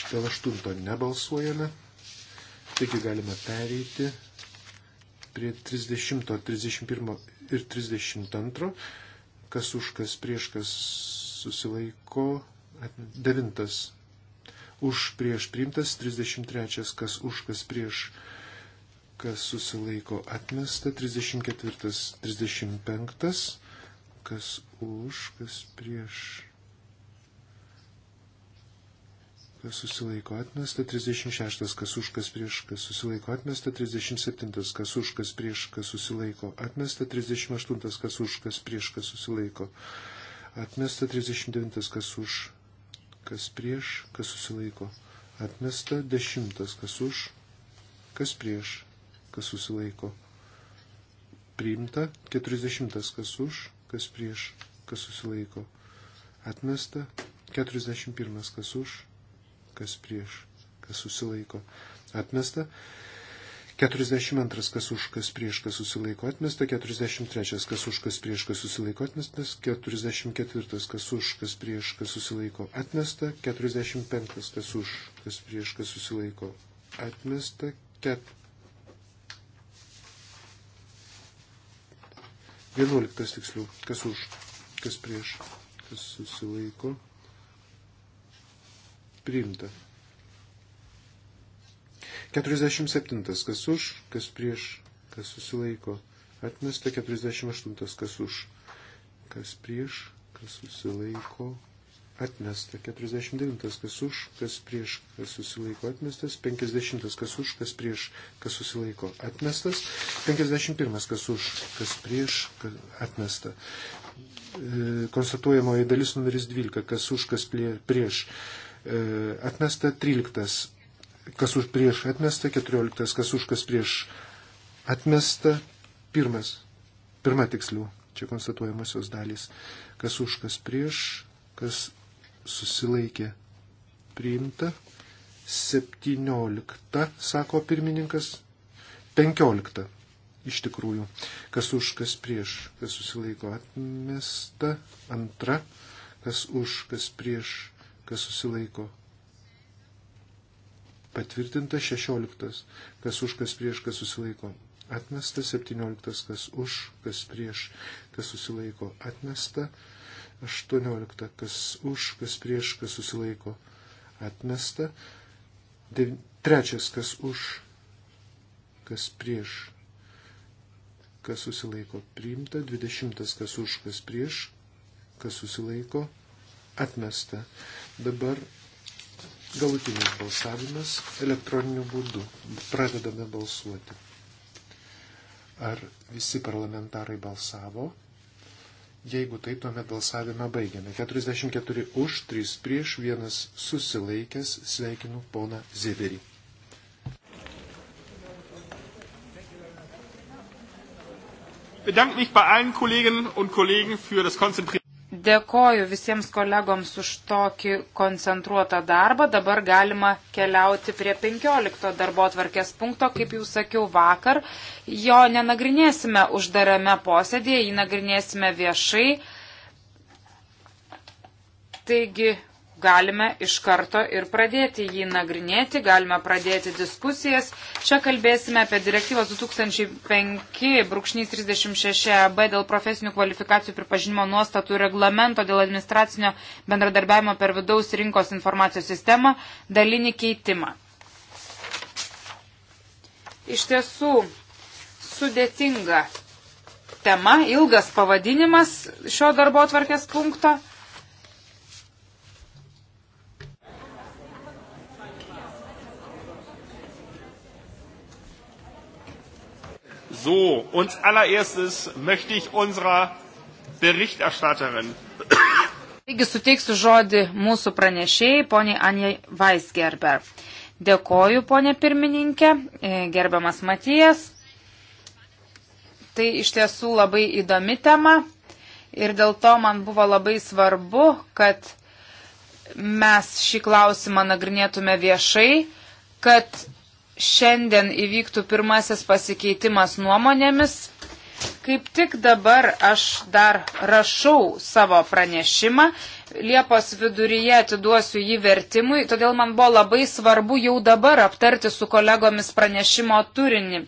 Dėl aštunto nebalsuojame. Taigi galime pereiti prie 30, 31 ir 32. Kas už, kas prieš, kas susilaiko. Devintas. Už prieš priimtas. 33. Kas už, kas prieš, kas susilaiko atmesta. 34. 35. Kas už, kas prieš kas susilaiko atmesta, 36, kas už, kas prieš, kas susilaiko atmesta, 37, kas už, kas prieš, kas susilaiko atmesta, 38, kas už, kas prieš, kas susilaiko atmesta, 39, kas už, kas prieš, kas susilaiko atmesta, 10, kas už, kas prieš, kas susilaiko priimta, 40, kas už, kas prieš, kas susilaiko atmesta, 41, kas už, kas prieš, kas susilaiko atmesta. 42 kas už, kas prieš, kas susilaiko atmesta, 43 kas už, kas prieš, kas susilaiko atmestas, 44 kas už, kas prieš, kas susilaiko atmesta, 45 kas už, kas prieš, kas susilaiko atmesta, 11 tiksliau, kas už, kas prieš, kas susilaiko atmesta priimta. 47. Kas už, kas prieš, kas susilaiko. Atmesta 48. Kas už, kas prieš, kas susilaiko. Atmesta 49. Kas už, kas prieš, kas susilaiko. Atmestas 50. Kas už, kas prieš, kas susilaiko. Atmestas 51. Kas už, kas prieš, kas atmesta e, konstatuojamoji dalis numeris 12, kas už, kas prieš, atmesta 13, kas už prieš atmesta 14, kas už kas prieš atmesta pirmas, pirma tiksliau, čia konstatuojamosios dalys, kas už kas prieš, kas susilaikė priimta. 17, sako pirmininkas, 15 iš tikrųjų, kas už, kas prieš, kas susilaiko atmesta, antra, kas už, kas prieš kas susilaiko. Patvirtinta 16, kas už, kas prieš, kas susilaiko. Atmesta 17, kas už, kas prieš, kas susilaiko. Atmesta 18, kas už, kas prieš, kas susilaiko. Atmesta 9, trečias, kas už, kas prieš, kas susilaiko priimta, dvidešimtas kas už, kas prieš, kas susilaiko atmesta, Dabar galutinis balsavimas elektroniniu būdu. Pradedame balsuoti. Ar visi parlamentarai balsavo? Jeigu taip, tuomet balsavimą baigiame. 44 už, 3 prieš, 1 susilaikęs. Sveikinu poną Zeberį. bedanke mich bei allen Kolleginnen und Kollegen für das konzentrierte Dėkoju visiems kolegoms už tokį koncentruotą darbą. Dabar galima keliauti prie 15 darbo atvarkės punkto, kaip jau sakiau vakar. Jo nenagrinėsime uždarame posėdėje, jį nagrinėsime viešai. Taigi galime iš karto ir pradėti jį nagrinėti, galime pradėti diskusijas. Čia kalbėsime apie direktyvos 2005-36B dėl profesinių kvalifikacijų pripažinimo nuostatų reglamento dėl administracinio bendradarbiavimo per vidaus rinkos informacijos sistemą dalinį keitimą. Iš tiesų sudėtinga tema, ilgas pavadinimas šio darbo atvarkės punkto. So, uns allererstes möchte ich unserer Berichterstatterin. Taigi suteiksiu žodį mūsų pranešėjai, poniai Anjai Weisgerber. Dėkoju, ponė pirmininkė, e, gerbiamas Matijas. Tai iš tiesų labai įdomi tema ir dėl to man buvo labai svarbu, kad mes šį klausimą nagrinėtume viešai, kad šiandien įvyktų pirmasis pasikeitimas nuomonėmis. Kaip tik dabar aš dar rašau savo pranešimą. Liepos viduryje atiduosiu jį vertimui, todėl man buvo labai svarbu jau dabar aptarti su kolegomis pranešimo turinį.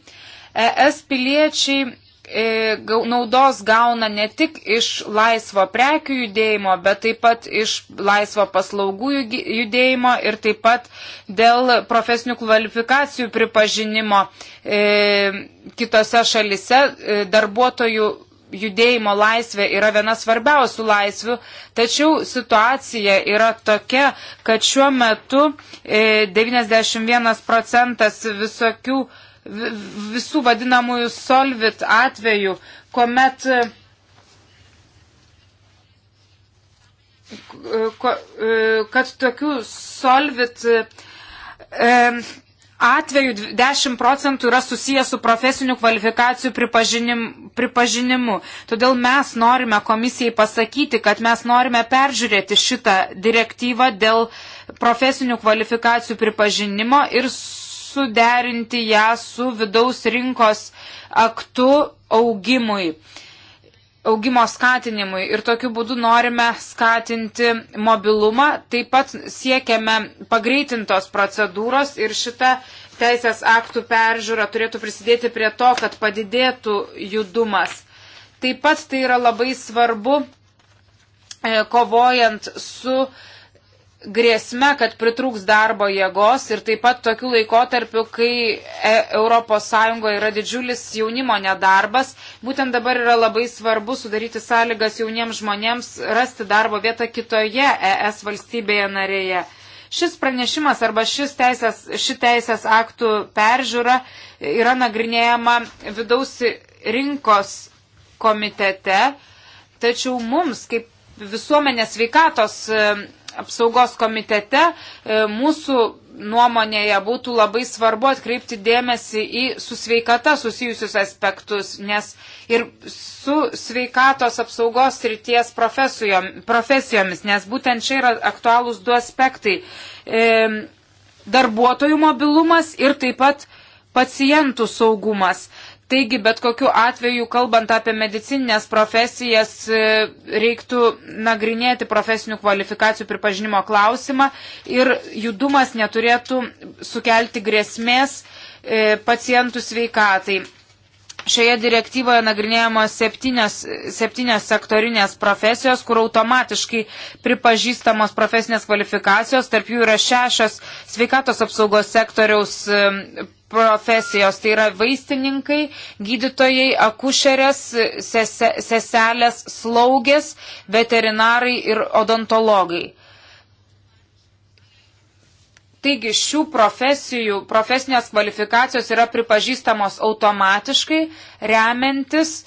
ES piliečiai E, naudos gauna ne tik iš laisvo prekių judėjimo, bet taip pat iš laisvo paslaugų judėjimo ir taip pat dėl profesinių kvalifikacijų pripažinimo e, kitose šalise e, darbuotojų judėjimo laisvė yra viena svarbiausių laisvių, tačiau situacija yra tokia, kad šiuo metu 91 procentas visokių visų vadinamųjų solvit atvejų, kuomet e, e, e, kad tokių solvit atveju 10 procentų yra susijęs su profesinių kvalifikacijų pripažinim, pripažinimu. Todėl mes norime komisijai pasakyti, kad mes norime peržiūrėti šitą direktyvą dėl profesinių kvalifikacijų pripažinimo ir suderinti ją su vidaus rinkos aktu augimui augimo skatinimui ir tokiu būdu norime skatinti mobilumą, taip pat siekiame pagreitintos procedūros ir šita teisės aktų peržiūra turėtų prisidėti prie to, kad padidėtų judumas. Taip pat tai yra labai svarbu e, kovojant su uh, grėsme, kad pritrūks darbo jėgos ir taip pat tokiu laikotarpiu, kai ES yra didžiulis jaunimo nedarbas, būtent dabar yra labai svarbu sudaryti sąlygas jauniems žmonėms rasti darbo vietą kitoje ES valstybėje narėje. Šis pranešimas arba šis teisės, ši teisės aktų peržiūra yra nagrinėjama vidaus rinkos komitete, tačiau mums kaip visuomenės veikatos apsaugos komitete e, mūsų nuomonėje būtų labai svarbu atkreipti dėmesį į su sveikata susijusius aspektus, nes ir su sveikatos apsaugos ryties profesijomis, nes būtent čia yra aktualūs du aspektai. E, darbuotojų mobilumas ir taip pat pacientų saugumas. Taigi, bet kokiu atveju, kalbant apie medicinės profesijas, e, reiktų nagrinėti profesinių kvalifikacijų pripažinimo klausimą ir judumas neturėtų sukelti grėsmės e, pacientų sveikatai. Šioje direktyvoje nagrinėjamos septynios, septynios sektorinės profesijos, kur automatiškai pripažįstamos profesinės kvalifikacijos, tarp jų yra šešios sveikatos apsaugos sektoriaus e, profesijos, tai yra vaistininkai, gydytojai, akušerės, sese, seselės, slaugės, veterinarai ir odontologai. Taigi šių profesijų, profesinės kvalifikacijos yra pripažįstamos automatiškai, remiantis,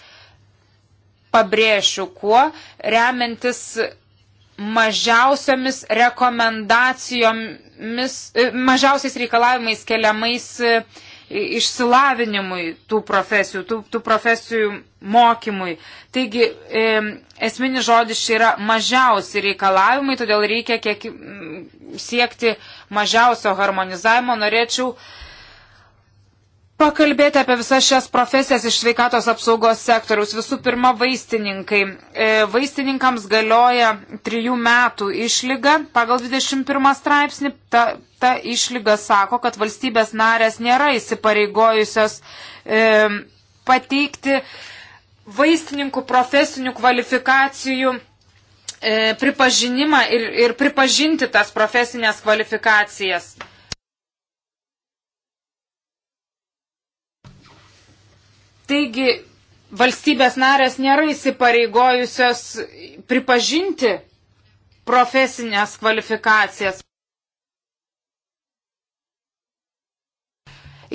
pabrėšiu kuo, remiantis mažiausiamis rekomendacijomis, e, mažiausiais reikalavimais keliamais e, išsilavinimui tų profesijų, tų, tų profesijų mokymui. Taigi e, esminis žodis čia yra mažiausi reikalavimai, todėl reikia kiek, siekti mažiausio harmonizavimo. Norėčiau e, pakalbėti apie visas šias profesijas iš sveikatos apsaugos sektoriaus. Visų pirma, vaistininkai. E, vaistininkams galioja trijų metų išlyga. Pagal 21 straipsnį ta, ta išlyga sako, kad valstybės narės nėra įsipareigojusios e, pateikti vaistininkų profesinių kvalifikacijų e, pripažinimą ir, ir pripažinti tas profesinės kvalifikacijas. Taigi valstybės narės nėra įsipareigojusios pripažinti profesinės kvalifikacijas.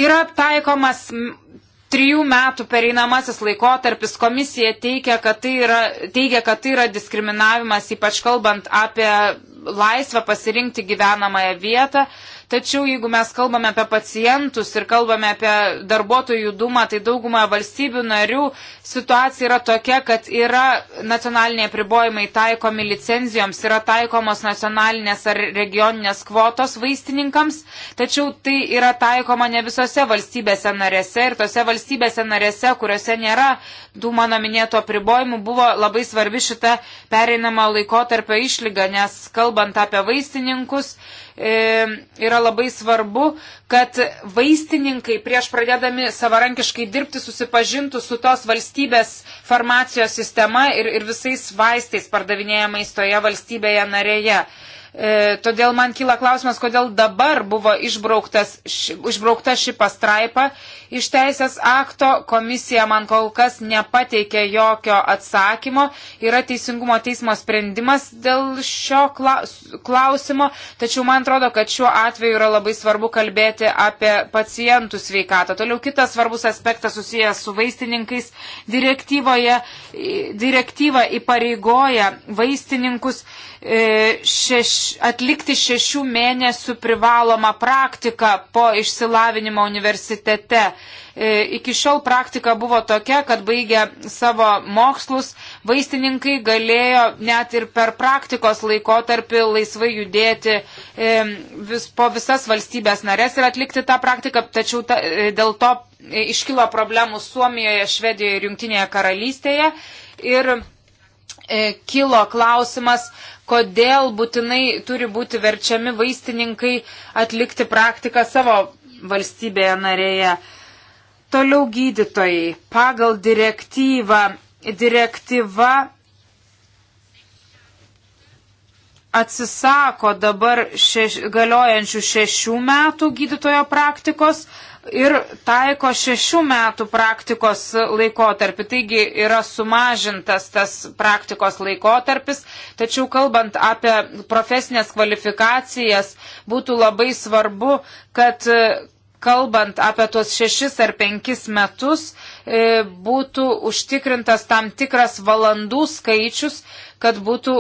Yra taikomas trijų metų pereinamasis laikotarpis. Komisija teikia, kad tai yra, teigia, kad tai yra diskriminavimas, ypač kalbant apie laisvę pasirinkti gyvenamąją vietą. Tačiau jeigu mes kalbame apie pacientus ir kalbame apie darbuotojų judumą, tai dauguma valstybių narių situacija yra tokia, kad yra nacionaliniai pribojimai taikomi licenzijoms, yra taikomos nacionalinės ar regioninės kvotos vaistininkams, tačiau tai yra taikoma ne visose valstybėse narėse ir tose valstybėse narėse, kuriuose nėra tų mano minėto pribojimų, buvo labai svarbi šita pereinama laikotarpio išlyga, nes kalbant apie vaistininkus, E, yra labai svarbu, kad vaistininkai prieš pradėdami savarankiškai dirbti susipažintų su tos valstybės farmacijos sistema ir, ir visais vaistais pardavinėjamais toje valstybėje narėje. E, todėl man kyla klausimas, kodėl dabar buvo ši, išbraukta ši pastraipa iš teisės akto. Komisija man kol kas nepateikė jokio atsakymo. Yra teisingumo teismo sprendimas dėl šio klausimo. Tačiau man atrodo, kad šiuo atveju yra labai svarbu kalbėti apie pacientų sveikatą. Toliau kitas svarbus aspektas susijęs su vaistininkais. Direktyva įpareigoja vaistininkus E, šeš, atlikti šešių mėnesių privalomą praktiką po išsilavinimo universitete. E, iki šiol praktika buvo tokia, kad baigę savo mokslus vaistininkai galėjo net ir per praktikos laikotarpį laisvai judėti e, vis, po visas valstybės narės ir atlikti tą praktiką, tačiau ta, dėl to iškilo problemų Suomijoje, Švedijoje ir Junktinėje karalystėje. Ir kilo klausimas, kodėl būtinai turi būti verčiami vaistininkai atlikti praktiką savo valstybėje narėje. Toliau gydytojai. Pagal direktyvą, direktyva atsisako dabar šeš, galiojančių šešių metų gydytojo praktikos, ir taiko šešių metų praktikos laikotarpį. Taigi yra sumažintas tas praktikos laikotarpis, tačiau kalbant apie profesinės kvalifikacijas, būtų labai svarbu, kad e, kalbant apie tuos šešis ar penkis metus, e, būtų užtikrintas tam tikras valandų skaičius, kad būtų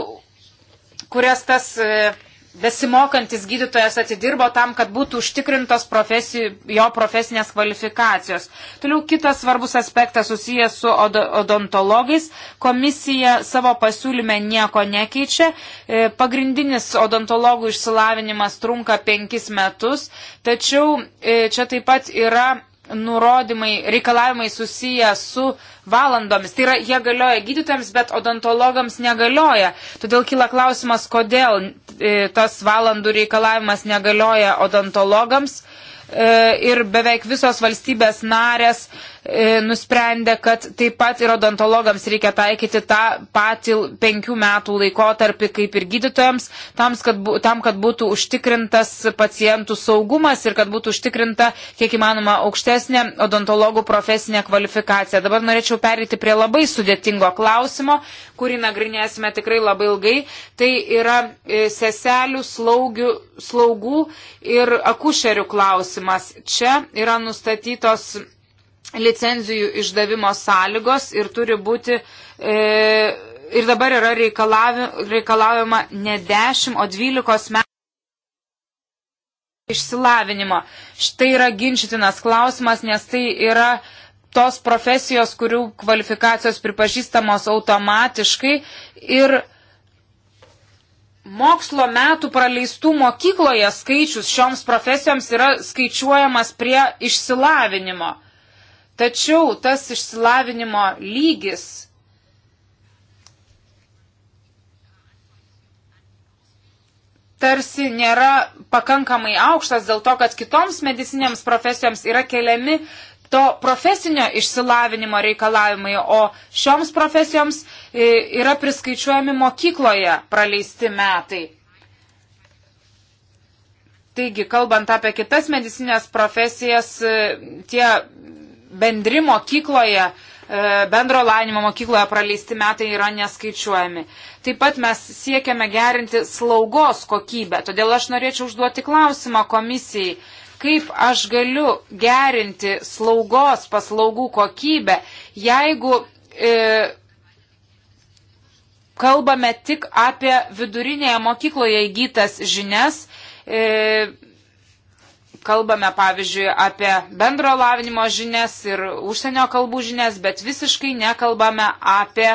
kurias tas e, besimokantis gydytojas atidirbo tam, kad būtų užtikrintos profesijų, jo profesinės kvalifikacijos. Toliau kitas svarbus aspektas susijęs su odontologais. Komisija savo pasiūlyme nieko nekeičia. E, pagrindinis odontologų išsilavinimas trunka penkis metus, tačiau e, čia taip pat yra nurodymai, reikalavimai susiję su valandomis. Tai yra, jie galioja gydytojams, bet odontologams negalioja. Todėl kyla klausimas, kodėl e, tas valandų reikalavimas negalioja odontologams. E, E, ir beveik visos valstybės narės e, nusprendė, kad taip pat ir odontologams reikia taikyti tą patį penkių metų laikotarpį kaip ir gydytojams, tam kad, tam, kad būtų užtikrintas pacientų saugumas ir kad būtų užtikrinta kiek įmanoma aukštesnė odontologų profesinė kvalifikacija. Dabar norėčiau perėti prie labai sudėtingo klausimo, kurį nagrinėsime tikrai labai ilgai. Tai yra e, seselių slaugių slaugų ir akušerių klausimas. Čia yra nustatytos licenzijų išdavimo sąlygos ir turi būti. E, ir dabar yra reikalaujama ne 10, o 12 metų išsilavinimo. Štai yra ginčytinas klausimas, nes tai yra tos profesijos, kurių kvalifikacijos pripažįstamos automatiškai ir mokslo metų praleistų mokykloje skaičius šioms profesijoms yra skaičiuojamas prie išsilavinimo. Tačiau tas išsilavinimo lygis tarsi nėra pakankamai aukštas dėl to, kad kitoms medicinėms profesijoms yra keliami to profesinio išsilavinimo reikalavimai, o šioms profesijoms e, yra priskaičiuojami mokykloje praleisti metai. Taigi, kalbant apie kitas medicinės profesijas, e, tie bendri mokykloje, e, bendro lavinimo mokykloje praleisti metai yra neskaičiuojami. Taip pat mes siekiame gerinti slaugos kokybę, todėl aš norėčiau užduoti klausimą komisijai kaip aš galiu gerinti slaugos paslaugų kokybę, jeigu e, kalbame tik apie vidurinėje mokykloje įgytas žinias, e, kalbame pavyzdžiui apie bendro lavinimo žinias ir užsienio kalbų žinias, bet visiškai nekalbame apie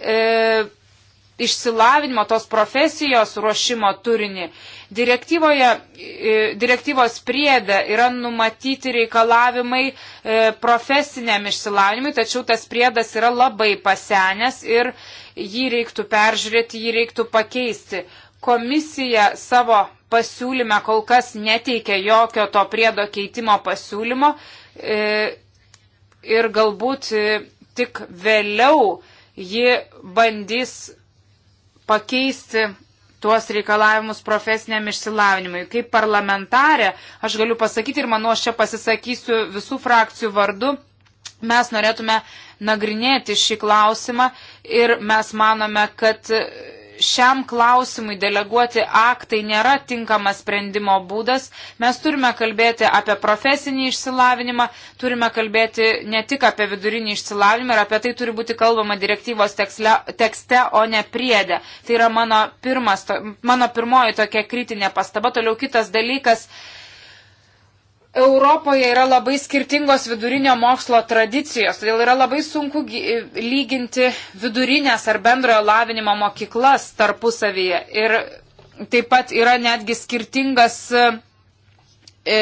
e, išsilavinimo, tos profesijos ruošimo turinį. Direktyvoje, e, direktyvos priedė yra numatyti reikalavimai e, profesiniam išsilavinimui, tačiau tas priedas yra labai pasenęs ir jį reiktų peržiūrėti, jį reiktų pakeisti. Komisija savo pasiūlyme kol kas neteikia jokio to priedo keitimo pasiūlymo e, ir galbūt tik vėliau ji bandys pakeisti tuos reikalavimus profesiniam išsilavinimui. Kaip parlamentarė, aš galiu pasakyti ir manau, aš čia pasisakysiu visų frakcijų vardu, mes norėtume nagrinėti šį klausimą ir mes manome, kad šiam klausimui deleguoti aktai nėra tinkamas sprendimo būdas. Mes turime kalbėti apie profesinį išsilavinimą, turime kalbėti ne tik apie vidurinį išsilavinimą ir apie tai turi būti kalbama direktyvos teksle, tekste, o ne priedė. Tai yra mano, pirmas, mano pirmoji tokia kritinė pastaba. Toliau kitas dalykas. Uh, Europoje yra labai skirtingos vidurinio mokslo tradicijos, todėl yra labai sunku e, lyginti vidurinės ar bendrojo lavinimo mokyklas tarpusavyje. Ir taip pat yra netgi skirtingas e,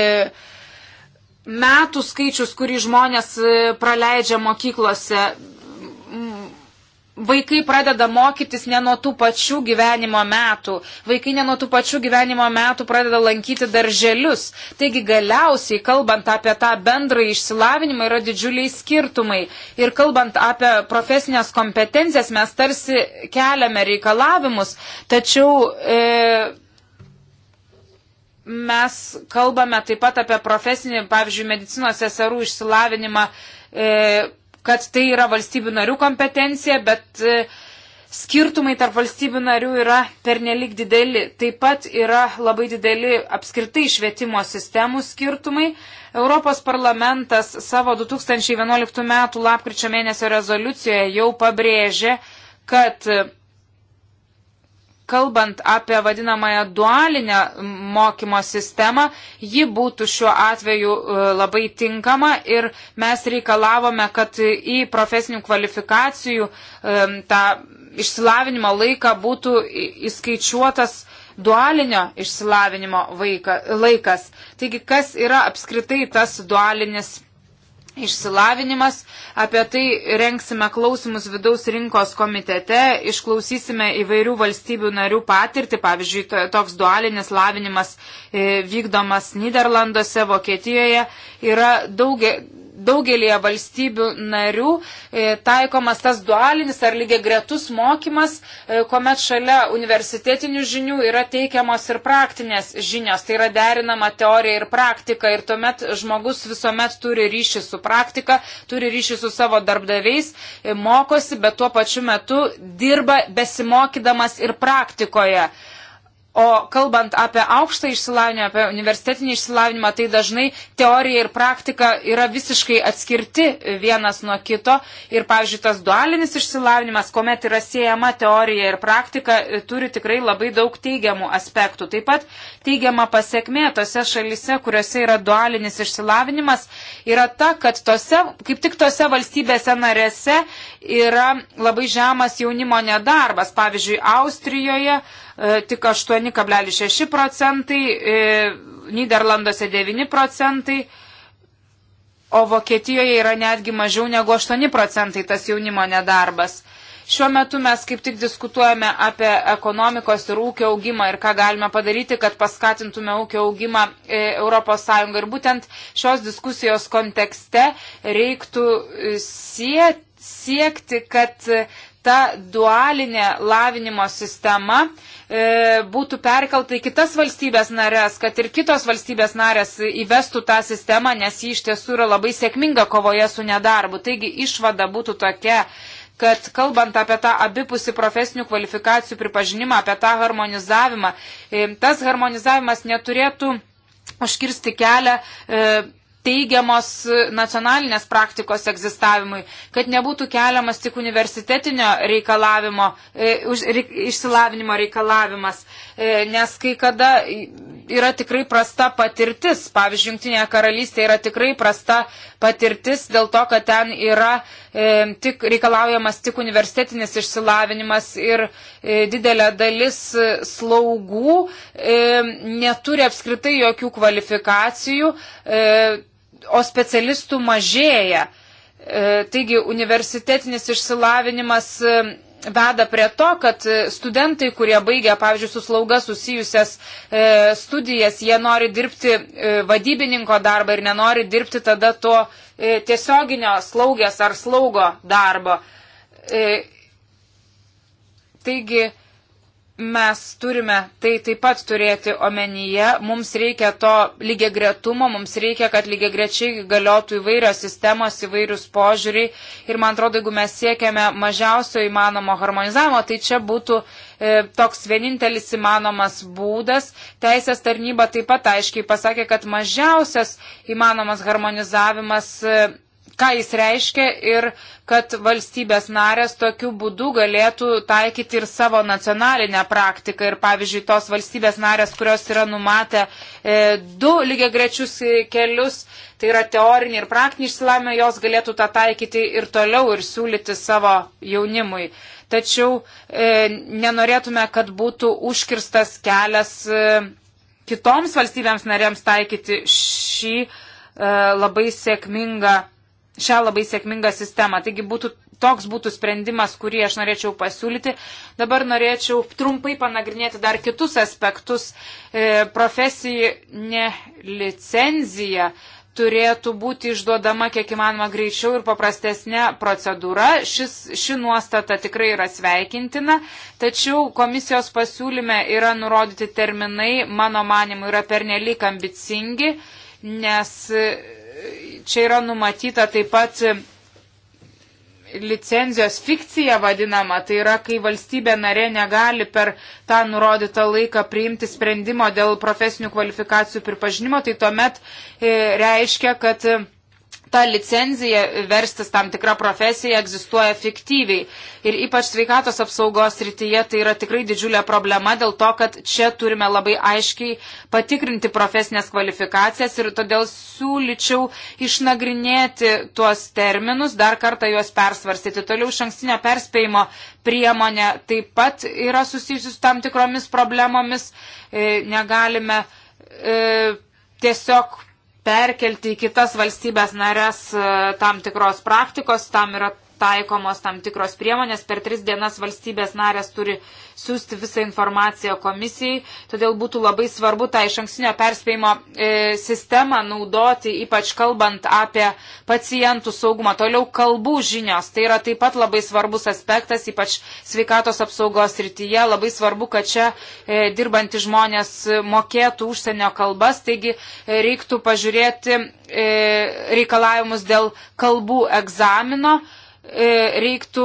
metų skaičius, kurį žmonės e, praleidžia mokyklose Vaikai pradeda mokytis ne nuo tų pačių gyvenimo metų. Vaikai ne nuo tų pačių gyvenimo metų pradeda lankyti darželius. Taigi galiausiai, kalbant apie tą bendrąjį išsilavinimą, yra didžiuliai skirtumai. Ir kalbant apie profesinės kompetencijas, mes tarsi keliame reikalavimus, tačiau. E, Mes kalbame taip pat apie profesinį, pavyzdžiui, medicinos seserų išsilavinimą e, kad tai yra valstybių narių kompetencija, bet e, skirtumai tarp valstybių narių yra pernelik dideli. Taip pat yra labai dideli apskritai švietimo sistemų skirtumai. Europos parlamentas savo 2011 m. lapkričio mėnesio rezoliucijoje jau pabrėžė, kad kalbant apie vadinamąją dualinę mokymo sistemą, ji būtų šiuo atveju e, labai tinkama ir mes reikalavome, kad į profesinių kvalifikacijų e, tą išsilavinimo laiką būtų įskaičiuotas dualinio išsilavinimo vaikas. Taigi, kas yra apskritai tas dualinis Išsilavinimas, apie tai renksime klausimus vidaus rinkos komitete, išklausysime įvairių valstybių narių patirtį, pavyzdžiui, toks dualinis lavinimas e, vykdomas Niderlanduose, Vokietijoje, yra daugia, daugelie valstybių narių e, taikomas tas dualinis ar lygiai gretus mokymas, e, kuomet šalia universitetinių žinių yra teikiamos ir praktinės žinios. Tai yra derinama teorija ir praktika ir tuomet žmogus visuomet turi ryšį su praktika, turi ryšį su savo darbdaviais, e, mokosi, bet tuo pačiu metu dirba besimokydamas ir praktikoje. O kalbant apie aukštą išsilavinimą, apie universitetinį išsilavinimą, tai dažnai teorija ir praktika yra visiškai atskirti vienas nuo kito. Ir, pavyzdžiui, tas dualinis išsilavinimas, kuomet yra siejama teorija ir praktika, turi tikrai labai daug teigiamų aspektų. Taip pat teigiama pasiekmė tose šalise, kuriuose yra dualinis išsilavinimas, yra ta, kad tose, kaip tik tose valstybėse narėse yra labai žemas jaunimo nedarbas. Pavyzdžiui, Austrijoje E, tik 8,6 procentai, e, Niderlanduose 9 procentai, o Vokietijoje yra netgi mažiau negu 8 procentai tas jaunimo nedarbas. Šiuo metu mes kaip tik diskutuojame apie ekonomikos ir ūkio augimą ir ką galime padaryti, kad paskatintume ūkio augimą ES. Ir būtent šios diskusijos kontekste reiktų e, sieti siekti, kad ta dualinė lavinimo sistema e, būtų perkelta į kitas valstybės narės, kad ir kitos valstybės narės įvestų tą sistemą, nes ji iš tiesų yra labai sėkminga kovoje su nedarbu. Taigi išvada būtų tokia, kad kalbant apie tą abipusį profesinių kvalifikacijų pripažinimą, apie tą harmonizavimą, e, tas harmonizavimas neturėtų užkirsti kelią. E, teigiamos nacionalinės praktikos egzistavimui, kad nebūtų keliamas tik universitetinio reikalavimo, e, išsilavinimo reikalavimas, e, nes kai kada yra tikrai prasta patirtis, pavyzdžiui, Junktinėje karalystėje yra tikrai prasta patirtis dėl to, kad ten yra e, tik reikalaujamas tik universitetinis išsilavinimas ir didelė dalis slaugų neturi apskritai jokių kvalifikacijų o specialistų mažėja. E, taigi universitetinis išsilavinimas e, veda prie to, kad studentai, kurie baigia, pavyzdžiui, su slauga susijusias e, studijas, jie nori dirbti vadybininko darbą ir nenori dirbti tada to tiesioginio slaugės ar slaugo darbo. Taigi, mes turime tai taip pat turėti omenyje, mums reikia to lygiai gretumo, mums reikia, kad lygiai grečiai galiotų įvairios sistemos, įvairius požiūriai ir man atrodo, jeigu mes siekiame mažiausio įmanomo harmonizavimo, tai čia būtų e, toks vienintelis įmanomas būdas. Teisės tarnyba taip pat aiškiai pasakė, kad mažiausias įmanomas harmonizavimas e, ką jis reiškia ir kad valstybės narės tokiu būdu galėtų taikyti ir savo nacionalinę praktiką. Ir pavyzdžiui, tos valstybės narės, kurios yra numatę e, du lygiai grečius kelius, tai yra teorinį ir praktinį išsilavimą, jos galėtų tą taikyti ir toliau ir siūlyti savo jaunimui. Tačiau e, nenorėtume, kad būtų užkirstas kelias e, kitoms valstybėms narėms taikyti šį e, labai sėkmingą šią labai sėkmingą sistemą. Taigi būtų, toks būtų sprendimas, kurį aš norėčiau pasiūlyti. Dabar norėčiau trumpai panagrinėti dar kitus aspektus. E, profesinė licenzija turėtų būti išduodama kiek įmanoma greičiau ir paprastesnė procedūra. Šis, ši nuostata tikrai yra sveikintina, tačiau komisijos pasiūlyme yra nurodyti terminai, mano manimu, yra pernelyg ambicingi, nes čia yra numatyta taip pat e, licenzijos fikcija vadinama, tai yra, kai valstybė narė negali per tą nurodytą laiką priimti sprendimo dėl profesinių kvalifikacijų pripažinimo, tai tuomet e, reiškia, kad e, ta licenzija verstis tam tikrą profesiją egzistuoja fiktyviai. Ir ypač sveikatos apsaugos rytyje tai yra tikrai didžiulė problema dėl to, kad čia turime labai aiškiai patikrinti profesinės kvalifikacijas ir todėl siūlyčiau išnagrinėti tuos terminus, dar kartą juos persvarstyti. Toliau iš ankstinio perspėjimo priemonė taip pat yra susijusi su tam tikromis problemomis. E, negalime e, tiesiog perkelti į kitas valstybės narės e, tam tikros praktikos, tam yra taikomos tam tikros priemonės. Per tris dienas valstybės narės turi siūsti visą informaciją komisijai. Todėl būtų labai svarbu tą iš anksinio perspėjimo e, sistemą naudoti, ypač kalbant apie pacientų saugumą. Toliau kalbų žinios. Tai yra taip pat labai svarbus aspektas, ypač sveikatos apsaugos rytyje. Labai svarbu, kad čia e, dirbantys žmonės mokėtų užsienio kalbas. Taigi e, reiktų pažiūrėti e, reikalavimus dėl kalbų egzamino. E, E, reiktų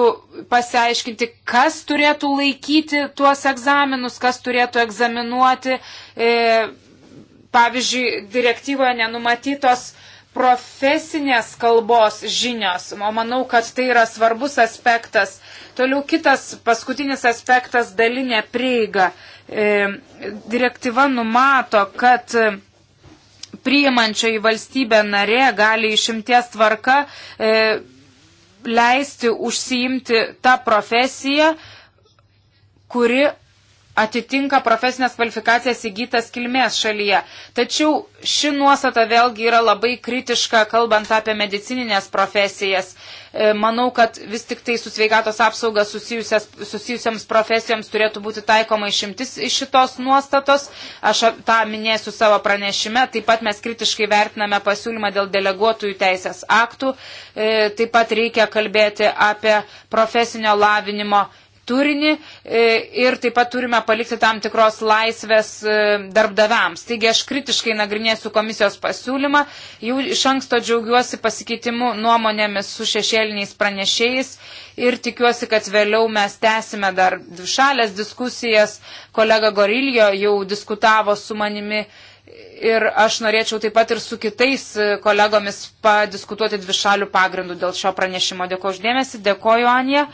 pasiaiškinti, kas turėtų laikyti tuos egzaminus, kas turėtų egzaminuoti. E, pavyzdžiui, direktyvoje nenumatytos profesinės kalbos žinios, o manau, kad tai yra svarbus aspektas. Toliau kitas paskutinis aspektas - dalinė prieiga. E, direktyva numato, kad priimančioji valstybė narė gali išimties tvarka e, leisti užsiimti tą profesiją, kuri atitinka profesinės kvalifikacijas įgytas kilmės šalyje. Tačiau ši nuostata vėlgi yra labai kritiška, kalbant apie medicininės profesijas. E, manau, kad vis tik tai su sveikatos apsauga susijusiams profesijoms turėtų būti taikoma išimtis iš šitos nuostatos. Aš tą minėsiu savo pranešime. Taip pat mes kritiškai vertiname pasiūlymą dėl deleguotųjų teisės aktų. E, taip pat reikia kalbėti apie profesinio lavinimo turinį e, ir taip pat turime palikti tam tikros laisvės e, darbdaviams. Taigi aš kritiškai nagrinėsiu komisijos pasiūlymą, jau iš anksto džiaugiuosi pasikeitimu nuomonėmis su šešėliniais pranešėjais ir tikiuosi, kad vėliau mes tęsime dar dvišalės diskusijas. Kolega Gorilio jau diskutavo su manimi. Ir aš norėčiau taip pat ir su kitais e, kolegomis padiskutuoti dvišalių pagrindų dėl šio pranešimo. Dėkuoju uždėmesi, dėkuoju Anija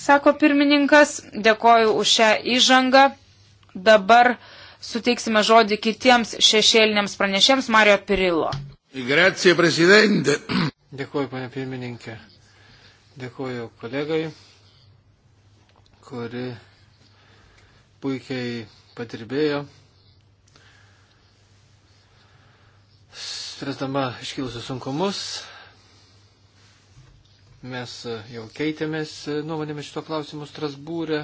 sako pirmininkas. Dėkoju už šią įžangą. Dabar suteiksime žodį kitiems šešėliniams pranešėms Mario Pirilo. Grazie, prezidente. Dėkuoju, panė pirmininkė. Dėkuoju kolegai, kuri puikiai padirbėjo, spręsdama iškilusius sunkumus, Mes e, jau keitėmės e, nuomonėmis šito klausimu Strasbūrė,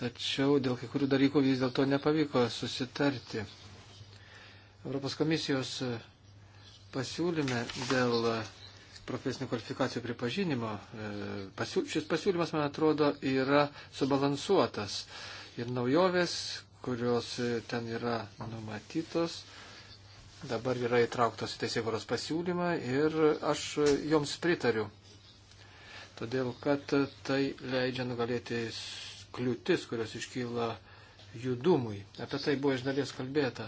tačiau dėl kai kurių dalykų vis dėlto nepavyko susitarti. Europos komisijos e, pasiūlyme dėl profesinių kvalifikacijų pripažinimo, šis pasiūlymas, man atrodo, yra subalansuotas. Ir naujovės, kurios ten yra numatytos, dabar yra įtrauktos į teisėvaros pasiūlymą ir aš joms pritariu. Todėl, kad tai leidžia nugalėti kliūtis, kurios iškyla judumui. Apie tai buvo iš dalies kalbėta.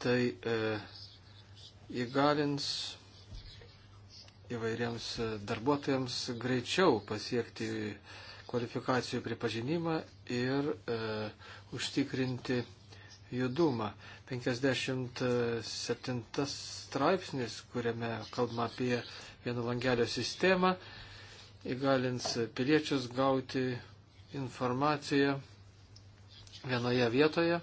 Tai e, įgalins įvairiems darbuotojams greičiau pasiekti kvalifikacijų pripažinimą ir e, užtikrinti judumą. 57 straipsnis, kuriame kalbama apie vieno langelio sistemą, įgalins piliečius gauti informaciją vienoje vietoje,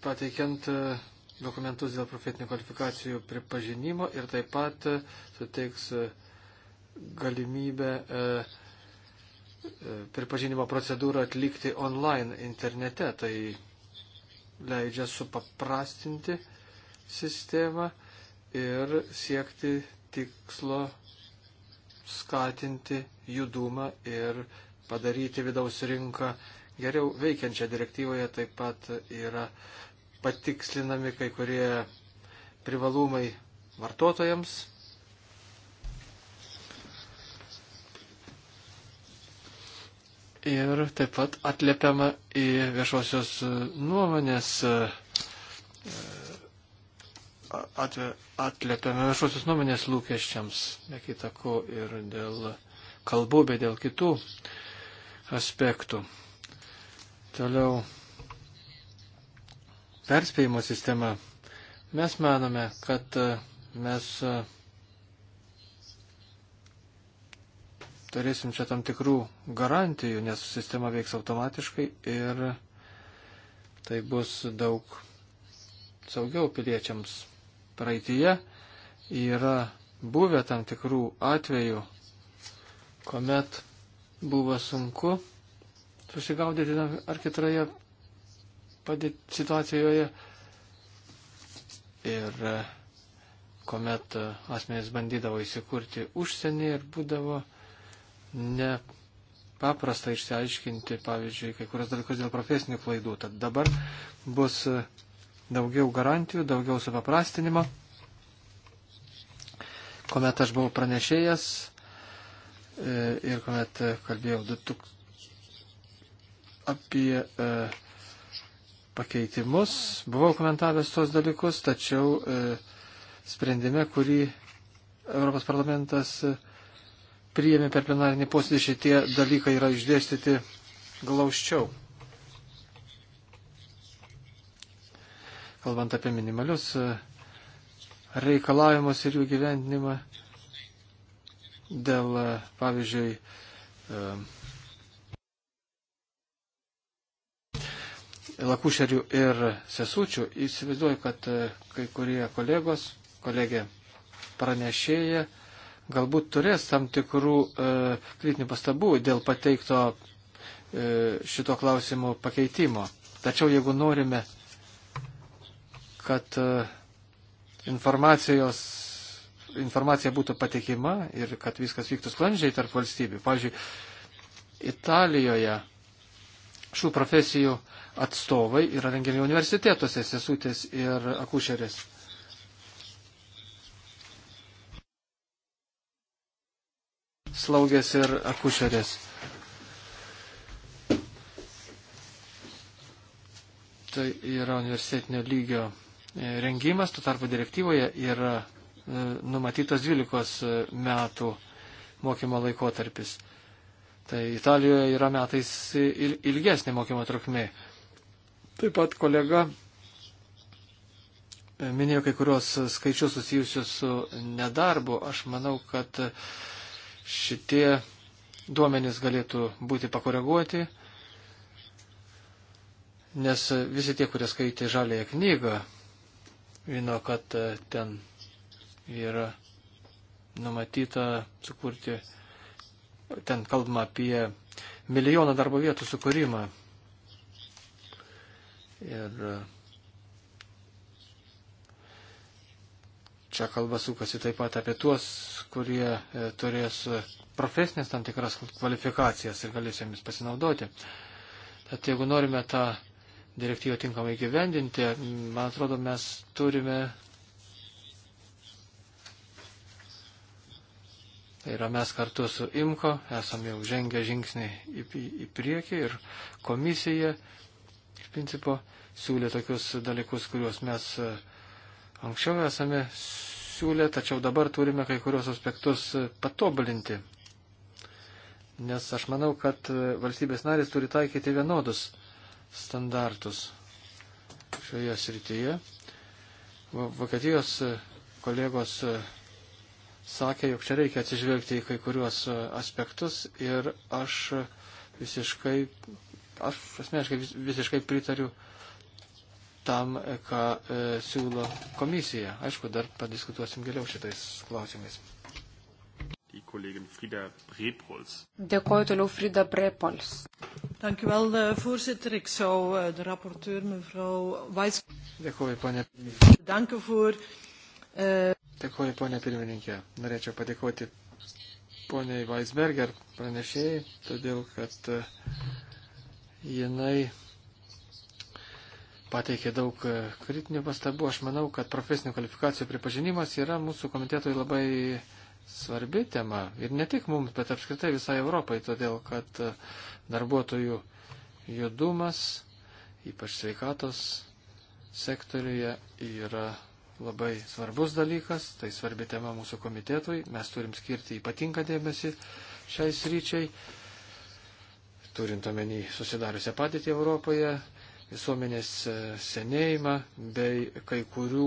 pateikiant dokumentus dėl profetinių kvalifikacijų pripažinimo ir taip pat suteiks galimybę e, pripažinimo procedūrą atlikti online internete. Tai leidžia supaprastinti sistemą ir siekti tikslo skatinti judumą ir padaryti vidaus rinką geriau veikiančią. Direktyvoje taip pat yra patikslinami kai kurie privalumai vartotojams ir taip pat atliepiama į viešosios nuomonės, e, e, atliepiama viešosios nuomonės lūkesčiams, be kitako ir dėl kalbų, bet dėl kitų aspektų. Toliau perspėjimo sistema. Mes manome, kad mes turėsim čia tam tikrų garantijų, nes sistema veiks automatiškai ir tai bus daug saugiau piliečiams. Praeitie yra buvę tam tikrų atvejų, kuomet buvo sunku susigaudyti ar kitoje situacijoje ir e, kuomet e, asmenys bandydavo įsikurti užsienį ir būdavo nepaprasta išsiaiškinti, pavyzdžiui, kai kurios dalykus dėl profesinių klaidų. Tad dabar bus daugiau garantijų, daugiau supaprastinimo. Komet aš buvau pranešėjas e, ir kuomet kalbėjau tuk... apie e, pakeitimus, buvau komentavęs tos dalykus, tačiau e, sprendime, kurį Europos parlamentas e, priėmė per plenarinį posėdį, šitie dalykai yra išdėstyti glaučiau. Kalbant apie minimalius e, reikalavimus ir jų gyvendinimą dėl, e, pavyzdžiui, e, lakušerių ir sesučių, įsivaizduoju, kad kai kurie kolegos, kolegė pranešėja, galbūt turės tam tikrų e, kritinių pastabų dėl pateikto e, šito klausimo pakeitimo. Tačiau jeigu norime, kad e, informacijos informacija būtų patikima ir kad viskas vyktų sklandžiai tarp valstybių. Pavyzdžiui, Italijoje šių profesijų atstovai yra rengiami universitetuose, sesutės ir akušerės. slaugės ir akušerės. Tai yra universitetinio lygio e, rengimas, tuo tarpu direktyvoje yra e, numatytas 12 e, metų mokymo laikotarpis. Tai Italijoje yra metais ilgesnė mokymo trukmė. Taip pat kolega minėjo kai kurios skaičius susijusius su nedarbu. Aš manau, kad šitie duomenys galėtų būti pakoreguoti, nes visi tie, kurie skaitė žalėją knygą, žino, kad e, ten yra numatyta sukurti, ten kalbama apie milijoną darbo vietų sukūrimą. Ir e, Čia kalba sukasi taip pat apie tuos, kurie e, turės e, profesinės tam tikras kvalifikacijas ir galės jomis pasinaudoti. Tad jeigu norime tą direktyvą tinkamai gyvendinti, man atrodo, mes turime. Tai yra mes kartu su IMKO esame jau žengę žingsnį į, į, į priekį ir komisija iš principo siūlė tokius dalykus, kuriuos mes uh, Anksčiau esame siūlę, tačiau dabar turime kai kurios aspektus patobulinti. Nes aš manau, kad valstybės narės turi taikyti vienodus standartus šioje srityje. Vokietijos kolegos sakė, jog čia reikia atsižvelgti į kai kuriuos aspektus ir aš visiškai, aš asmeniškai visiškai pritariu uh, tam, ką e, siūlo komisija. Aišku, dar padiskutuosim giliau šitais klausimais. Dėkoju toliau Frida Brepols. Dankjewel, eh, voorzitter. Ik zou eh, de rapporteur, mevrouw Weiss... Dėkoju, ponė. Danke voor... Eh, Dėkoju, ponė pirmininkė. Norėčiau padėkoti poniai Weisberger pranešėjai, todėl kad jinai pateikė daug e, kritinių pastabų. Aš manau, kad profesinių kvalifikacijų pripažinimas yra mūsų komitetui labai svarbi tema. Ir ne tik mums, bet apskritai visai Europai, todėl kad e, darbuotojų judumas, ypač sveikatos sektoriuje, yra labai svarbus dalykas, tai svarbi tema mūsų komitetui. Mes turim skirti ypatingą dėmesį šiai sryčiai turint omeny susidariusią padėtį Europoje, visuomenės e, senėjimą bei kai kurių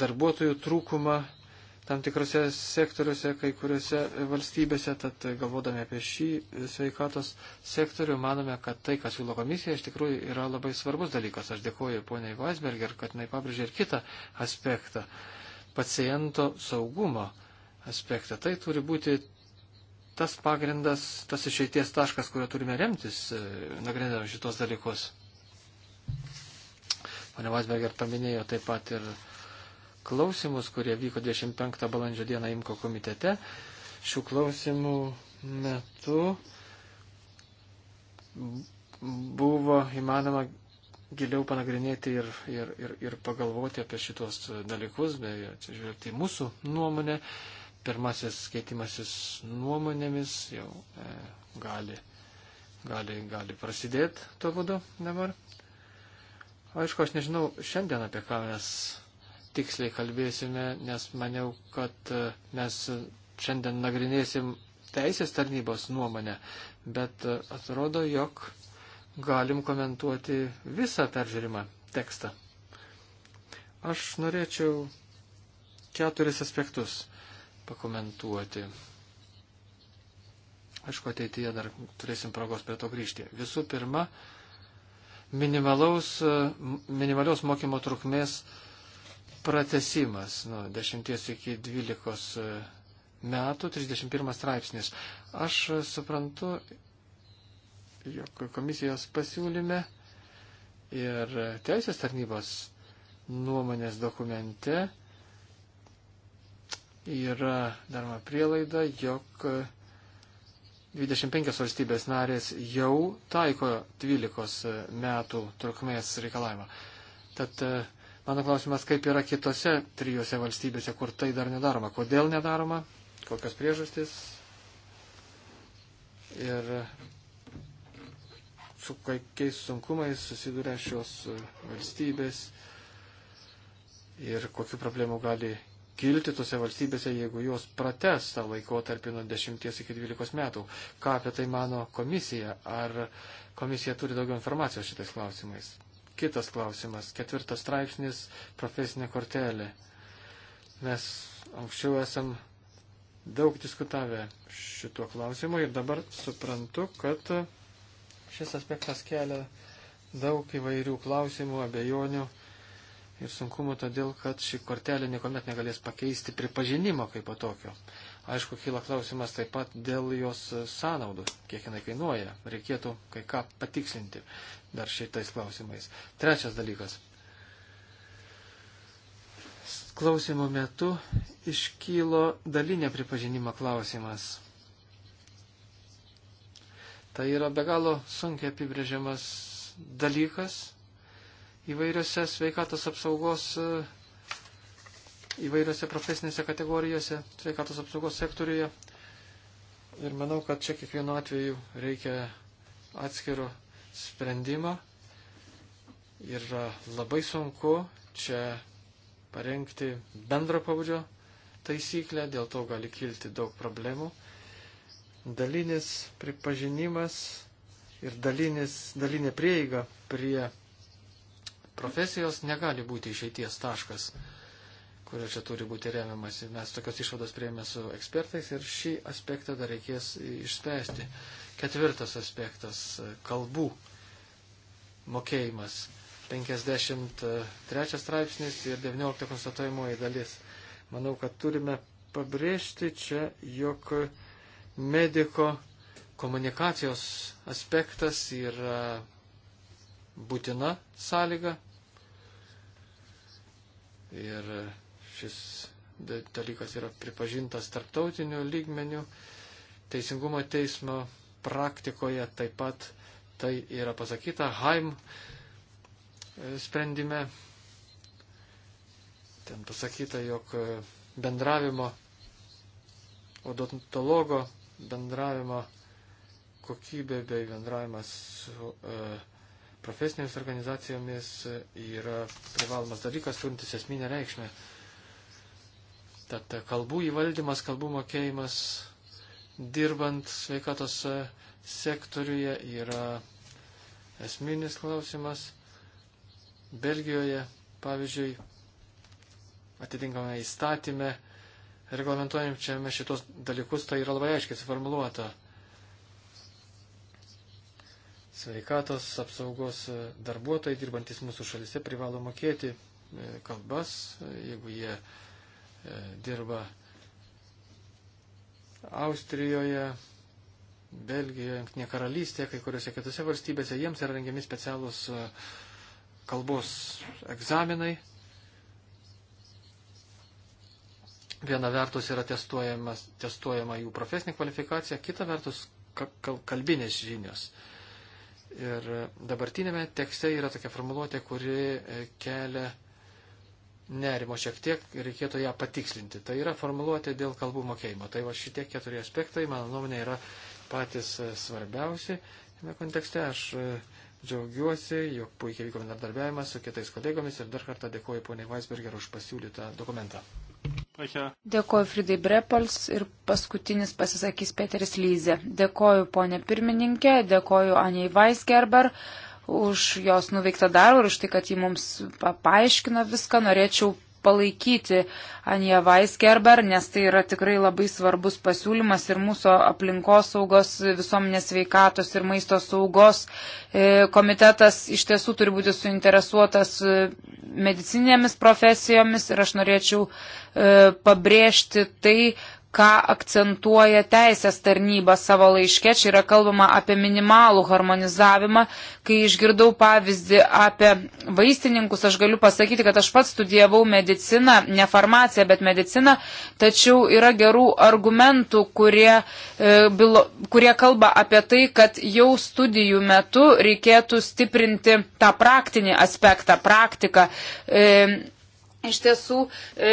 darbuotojų trūkumą tam tikrose sektoriuose, kai kuriuose valstybėse. Tad e, galvodami apie šį sveikatos sektorių, manome, kad tai, kas siūlo komisija, iš tikrųjų yra labai svarbus dalykas. Aš dėkuoju poniai Weisberger, kad jinai pabrėžė ir kitą aspektą - paciento saugumo aspektą. Tai turi būti tas pagrindas, tas išeities taškas, kurio turime remtis, e, nagrinėdami šitos dalykus. Pane Vasberger paminėjo taip pat ir klausimus, kurie vyko 25 balandžio dieną Imko komitete. Šių klausimų metu buvo įmanoma giliau panagrinėti ir, ir, ir, ir pagalvoti apie šitos dalykus, bei atsižvelgti į mūsų nuomonę. Pirmasis keitimasis nuomonėmis jau e, gali, gali, gali prasidėti tuo būdu dabar. Aišku, aš nežinau šiandien apie ką mes tiksliai kalbėsime, nes maniau, kad e, mes šiandien nagrinėsim teisės tarnybos nuomonę, bet e, atrodo, jog galim komentuoti visą peržiūrimą tekstą. Aš norėčiau keturis aspektus pakomentuoti. Aišku, ateityje dar turėsim progos prie to grįžti. Visų pirma, minimalios mokymo trukmės pratesimas nuo 10 iki 12 e, metų, 31 straipsnis. Aš suprantu, jog komisijos pasiūlyme ir teisės tarnybos nuomonės dokumente yra daroma prielaida, jog 25 valstybės narės jau taiko 12 e, metų trukmės reikalavimą. Tad e, mano klausimas, kaip yra kitose trijose valstybėse, kur tai dar nedaroma, kodėl nedaroma, kokios priežastys ir su kokiais sunkumais susiduria šios e, valstybės ir kokiu problemu gali kilti tose valstybėse, jeigu jos prates tą laikotarpį nuo 10 iki 12 metų. Ką apie tai mano komisija? Ar komisija turi daugiau informacijos šitais klausimais? Kitas klausimas, ketvirtas straipsnis, profesinė kortelė. Mes anksčiau esam daug diskutavę šituo klausimu ir dabar suprantu, kad šis aspektas kelia daug įvairių klausimų, abejonių ir sunkumų todėl, kad ši kortelė niekuomet negalės pakeisti pripažinimo kaip po tokio. Aišku, kyla klausimas taip pat dėl jos sąnaudų, kiek jinai kainuoja. Reikėtų kai ką patikslinti dar šitais klausimais. Trečias dalykas. Klausimo metu iškylo dalinė pripažinimo klausimas. Tai yra be galo sunkiai apibrėžiamas dalykas, įvairiose sveikatos apsaugos, e, įvairiose profesinėse kategorijose, sveikatos apsaugos sektoriuje. Ir manau, kad čia kiekvienu atveju reikia atskiro sprendimo. Ir labai sunku čia parengti bendro pabudžio taisyklę, dėl to gali kilti daug problemų. Dalinis pripažinimas ir dalinis, dalinė prieiga prie profesijos negali būti išeities taškas, kurio čia turi būti remiamasi. Mes tokios išvados prieėmė su ekspertais ir šį aspektą dar reikės išspręsti. Ketvirtas aspektas - kalbų mokėjimas. 53 straipsnis ir 19 konstatuojamoji dalis. Manau, kad turime pabrėžti čia, jog mediko komunikacijos aspektas yra būtina sąlyga Ir e, šis dalykas yra pripažintas tarptautiniu lygmeniu. Teisingumo teismo praktikoje taip pat tai yra pasakyta Haim e, sprendime. Ten pasakyta, jog e, bendravimo, odontologo bendravimo kokybė bei bendravimas su. Uh, profesinėmis organizacijomis yra privalomas dalykas, turintis esminę reikšmę. Tad kalbų įvaldymas, kalbų mokėjimas, dirbant sveikatos sektoriuje yra esminis klausimas. Belgijoje, pavyzdžiui, atitinkame įstatymę, reglamentuojančiame šitos dalykus, tai yra labai aiškiai suformuluota sveikatos apsaugos darbuotojai dirbantis mūsų šalise privalo mokėti e, kalbas, jeigu jie e, dirba Austrijoje, Belgijoje, Junktinė karalystė, kai kuriuose kitose valstybėse, jiems yra rengiami specialūs e, kalbos egzaminai. Viena vertus yra testuojama jų profesinė kvalifikacija, kita vertus kalbinės žinios. Ir dabartinėme tekste yra tokia formuluotė, kuri e, kelia nerimo šiek tiek ir reikėtų ją patikslinti. Tai yra formuluotė dėl kalbų mokėjimo. Tai va šitie keturi aspektai, mano nuomonė, yra patys e, svarbiausi. Šiame kontekste aš e, džiaugiuosi, jog puikiai vyko bendradarbiavimas su kitais kolegomis ir dar kartą dėkoju poniai Weisberger už pasiūlytą dokumentą. Dėkoju Fridai Brepals ir paskutinis pasisakys Peteris Lyze. Dėkoju ponė pirmininkė, dėkoju Anijai Weisgerber už jos nuveiktą darbą ir už tai, kad ji mums paaiškino viską. Norėčiau palaikyti Anja Weisgerber, nes tai yra tikrai labai svarbus pasiūlymas ir mūsų aplinkos saugos, visuomenės veikatos ir maisto saugos e, komitetas iš tiesų turi būti suinteresuotas e, medicinėmis profesijomis ir aš norėčiau e, pabrėžti tai, ką akcentuoja teisės tarnyba savo laiške. Čia yra kalbama apie minimalų harmonizavimą. Kai išgirdau pavyzdį apie vaistininkus, aš galiu pasakyti, kad aš pats studijavau mediciną, ne farmaciją, bet mediciną, tačiau yra gerų argumentų, kurie, e, bilo, kurie kalba apie tai, kad jau studijų metu reikėtų stiprinti tą praktinį aspektą, praktiką. E, Iš tiesų, e,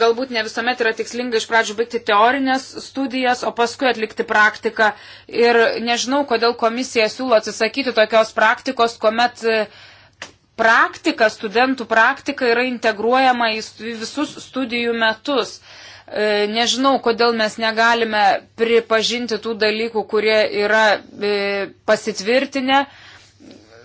galbūt ne visuomet yra tikslinga iš pradžių baigti teorinės studijas, o paskui atlikti praktiką. Ir nežinau, kodėl komisija siūlo atsisakyti tokios praktikos, kuomet e, praktika, studentų praktika yra integruojama į visus studijų metus. E, nežinau, kodėl mes negalime pripažinti tų dalykų, kurie yra pasitvirtinę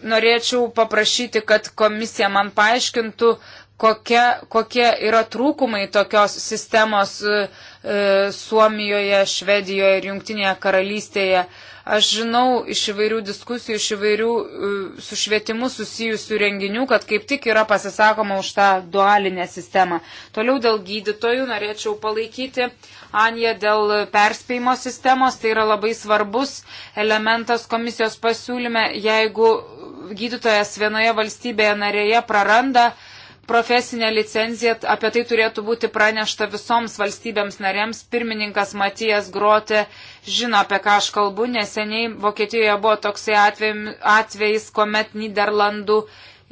norėčiau paprašyti, kad komisija man paaiškintų, kokie, kokie yra trūkumai tokios sistemos e, e Suomijoje, Švedijoje ir Junktinėje karalystėje. Aš žinau iš įvairių diskusijų, iš įvairių e, su švietimu susijusių renginių, kad kaip tik yra pasisakoma už tą dualinę sistemą. Toliau dėl gydytojų norėčiau palaikyti Anja dėl perspėjimo sistemos. Tai yra labai svarbus elementas komisijos pasiūlyme, jeigu gydytojas vienoje valstybėje narėje praranda, profesinę licenciją, apie tai turėtų būti pranešta visoms valstybėms narėms. Pirmininkas Matijas Grote žino, apie ką aš kalbu. Neseniai Vokietijoje buvo toksai atvejis, kuomet Niderlandų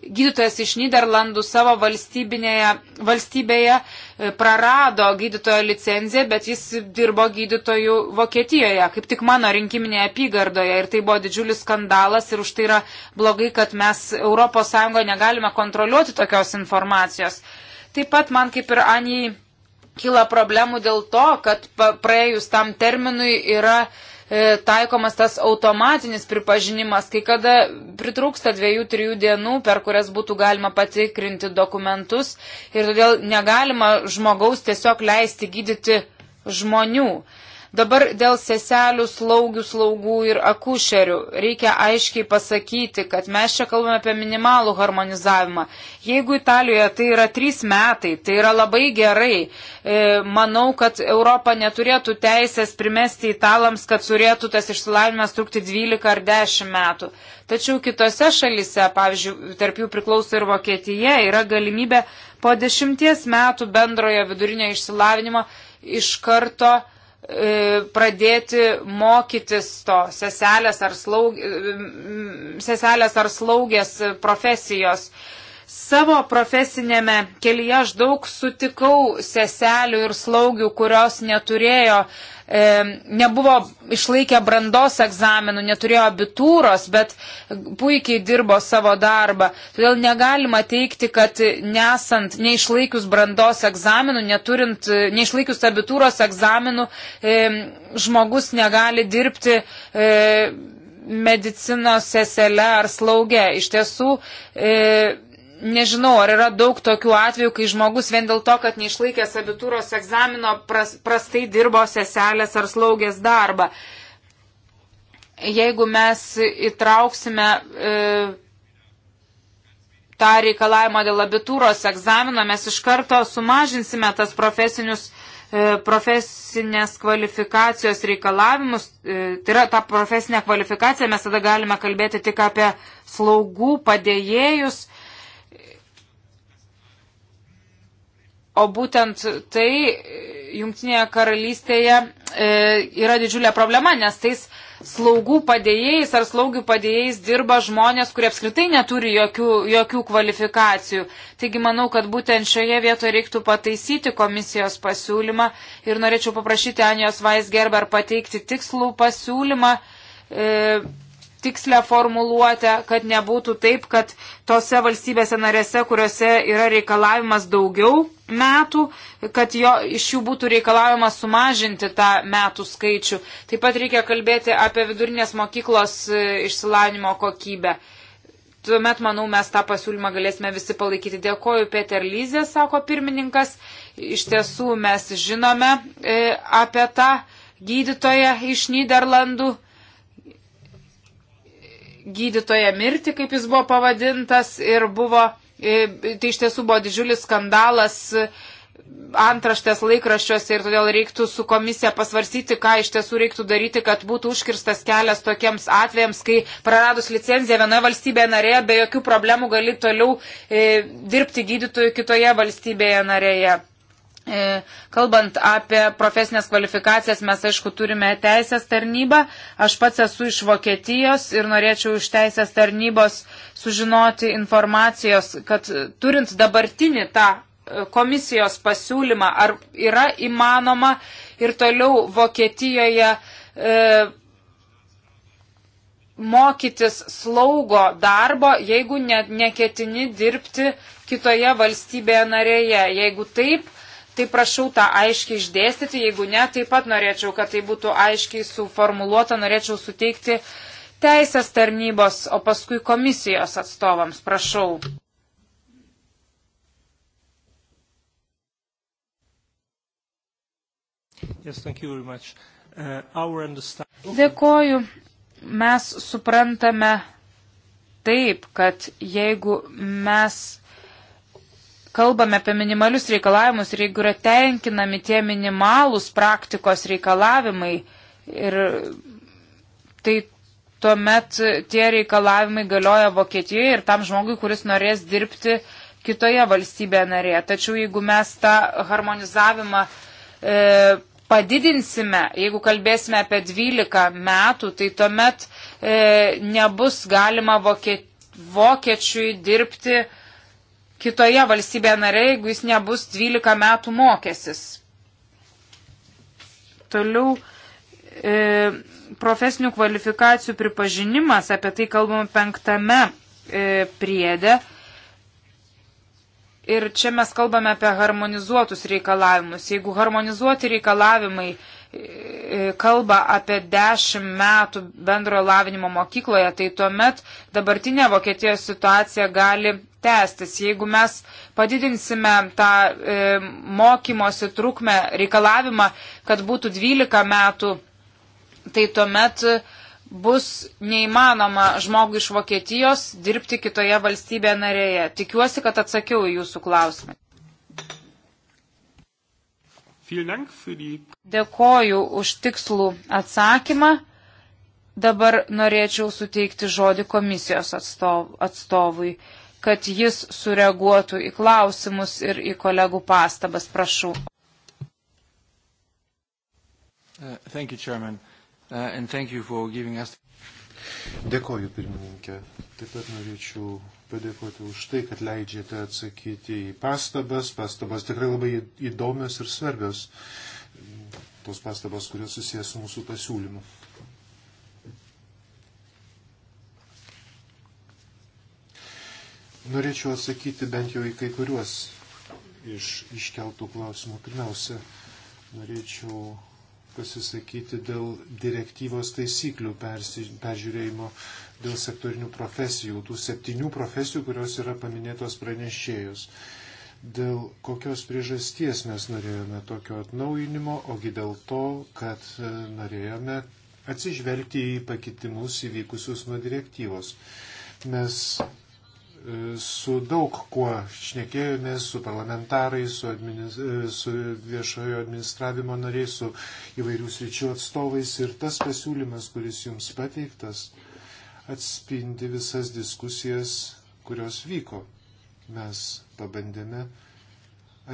gydytojas iš Niderlandų savo valstybėje e, prarado gydytojo licenciją, bet jis dirbo gydytojų Vokietijoje, kaip tik mano rinkiminėje apygardoje. Ir tai buvo didžiulis skandalas ir už tai yra blogai, kad mes ES negalime kontroliuoti tokios informacijos. Taip pat man kaip ir Anijai kyla problemų dėl to, kad praėjus tam terminui yra E, taikomas tas automatinis pripažinimas, kai kada pritrūksta dviejų, trijų dienų, per kurias būtų galima patikrinti dokumentus ir todėl negalima žmogaus tiesiog leisti gydyti žmonių. Dabar dėl seselių, slaugių, slaugų ir akušerių reikia aiškiai pasakyti, kad mes čia kalbame apie minimalų harmonizavimą. Jeigu Italijoje tai yra trys metai, tai yra labai gerai. E, manau, kad Europa neturėtų teisės primesti italams, kad turėtų tas išsilavinimas trukti 12 ar 10 metų. Tačiau kitose šalise, pavyzdžiui, tarp jų priklauso ir Vokietija, yra galimybė po dešimties metų bendrojo vidurinio išsilavinimo iš karto E, pradėti mokytis to seselės ar, slaug, e, seselės ar slaugės profesijos. Savo profesinėme kelyje aš daug sutikau seselių ir slaugių, kurios neturėjo uh, E, nebuvo išlaikę brandos egzaminų, neturėjo abitūros, bet puikiai dirbo savo darbą. Todėl negalima teikti, kad nesant, neišlaikius brandos egzaminų, neturint, neišlaikius abitūros egzaminų, e, žmogus negali dirbti e, medicinos sesele ar slauge. Iš tiesų, nežinau, ar yra daug tokių atvejų, kai žmogus vien dėl to, kad neišlaikęs abitūros egzamino pras, prastai dirbo seselės ar slaugės darbą. Jeigu mes įtrauksime e, tą reikalavimą dėl abitūros egzamino, mes iš karto sumažinsime tas profesinius e, profesinės kvalifikacijos reikalavimus, e, tai yra ta profesinė kvalifikacija, mes tada galime kalbėti tik apie slaugų padėjėjus, O būtent tai e, Jungtinėje karalystėje e, yra didžiulė problema, nes tais slaugų padėjėjais ar slaugių padėjėjais dirba žmonės, kurie apskritai neturi jokių, jokių kvalifikacijų. Taigi manau, kad būtent šioje vietoje reiktų pataisyti komisijos pasiūlymą ir norėčiau paprašyti Anijos Vaisgerber pateikti tikslų pasiūlymą. E, tikslę formuluotę, kad nebūtų taip, kad tose valstybėse narėse, kuriuose yra reikalavimas daugiau metų, kad jo, iš jų būtų reikalavimas sumažinti tą metų skaičių. Taip pat reikia kalbėti apie vidurinės mokyklos e, išsilavinimo kokybę. Tuomet, manau, mes tą pasiūlymą galėsime visi palaikyti. Dėkoju, Peter Lyzė, sako pirmininkas. Iš tiesų mes žinome e, apie tą gydytoją iš Niderlandų gydytoje mirti, kaip jis buvo pavadintas, ir buvo, e, tai iš tiesų buvo didžiulis skandalas e, antraštės laikraščiuose ir todėl reiktų su komisija pasvarsyti, ką iš tiesų reiktų daryti, kad būtų užkirstas kelias tokiems atvejams, kai praradus licenciją vienoje valstybėje narėje be jokių problemų gali toliau e, dirbti gydytojų kitoje valstybėje narėje. E, kalbant apie profesinės kvalifikacijas, mes aišku turime teisės tarnybą. Aš pats esu iš Vokietijos ir norėčiau iš teisės tarnybos sužinoti informacijos, kad turint dabartinį tą e, komisijos pasiūlymą, ar yra įmanoma ir toliau Vokietijoje e, mokytis slaugo darbo, jeigu ne, neketini dirbti kitoje valstybėje narėje. Jeigu taip, Tai prašau tą aiškiai išdėstyti, jeigu ne, taip pat norėčiau, kad tai būtų aiškiai suformuoluota, norėčiau suteikti teisės tarnybos, o paskui komisijos atstovams, prašau. Yes, uh, understand... Dėkoju. Mes suprantame taip, kad jeigu mes kalbame apie minimalius reikalavimus ir jeigu yra tenkinami tie minimalūs praktikos reikalavimai, ir, tai tuomet tie reikalavimai galioja Vokietijoje ir tam žmogui, kuris norės dirbti kitoje valstybėje narėje. Tačiau jeigu mes tą harmonizavimą e, padidinsime, jeigu kalbėsime apie 12 metų, tai tuomet e, nebus galima vokie, vokiečiui dirbti e, kitoje valstybėje narėje, jeigu jis nebus 12 metų mokėsis. Toliau e, profesinių kvalifikacijų pripažinimas, apie tai kalbam penktame e, priede. Ir čia mes kalbame apie harmonizuotus reikalavimus. Jeigu harmonizuoti reikalavimai e, e, kalba apie 10 metų bendrojo lavinimo mokykloje, tai tuomet dabartinė Vokietijos situacija gali tęstis. Jeigu mes padidinsime tą e, mokymosi trukmę reikalavimą, kad būtų 12 metų, tai tuomet bus neįmanoma žmogui iš Vokietijos dirbti kitoje valstybėje narėje. Tikiuosi, kad atsakiau į jūsų klausimą. Dėkoju už tikslų atsakymą. Dabar norėčiau suteikti žodį komisijos atstov, atstovui kad jis sureaguotų į klausimus ir į kolegų pastabas. Prašau. Uh, thank you, Chairman. Uh, and thank you for giving us. Dėkoju, pirmininkė. Taip pat norėčiau padėkoti už tai, kad leidžiate atsakyti į pastabas. Pastabas tikrai labai įdomios ir svarbios. Tos pastabas, kurios susijęs su mūsų pasiūlymu. Norėčiau atsakyti bent jau į kai kuriuos iš iškeltų klausimų. Pirmiausia, norėčiau pasisakyti dėl direktyvos taisyklių peržiūrėjimo dėl sektorinių profesijų, tų septynių profesijų, kurios yra paminėtos pranešėjus. Dėl kokios priežasties mes norėjome tokio atnaujinimo, ogi dėl to, kad e, norėjome atsižvelgti į pakitimus įvykusius nuo direktyvos. Mes su daug kuo šnekėjomės, su parlamentarais, su, administ, su viešojo administravimo nariais, su įvairių sričių atstovais ir tas pasiūlymas, kuris jums pateiktas, atspindi visas diskusijas, kurios vyko. Mes pabandėme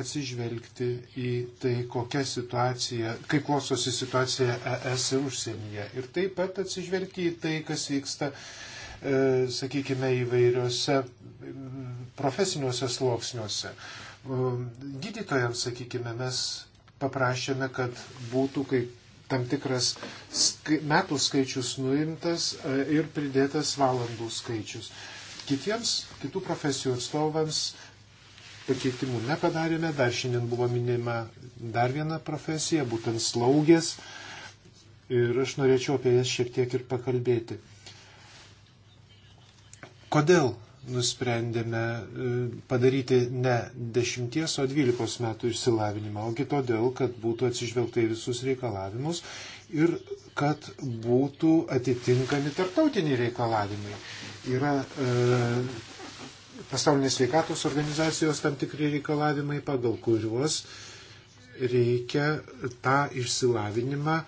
atsižvelgti į tai, kokia situacija, kaip klostosi situacija ES ir užsienyje. Ir taip pat atsižvelgti į tai, kas vyksta E, sakykime, įvairiuose mm, profesiniuose sluoksniuose. Gydytojams, sakykime, mes paprašėme, kad būtų kaip tam tikras metų skaičius nuimtas e, ir pridėtas valandų skaičius. Kitiems, kitų profesijų atstovams pakeitimų nepadarėme, dar šiandien buvo minima dar viena profesija, būtent slaugės ir aš norėčiau apie jas šiek tiek ir pakalbėti. Kodėl nusprendėme e, padaryti ne 10, o 12 metų išsilavinimą, ogi todėl, kad būtų atsižvelgta į visus reikalavimus ir kad būtų atitinkami tarptautiniai reikalavimai. Yra e, pasaulinės sveikatos organizacijos tam tikri reikalavimai, pagal kuriuos reikia tą išsilavinimą e,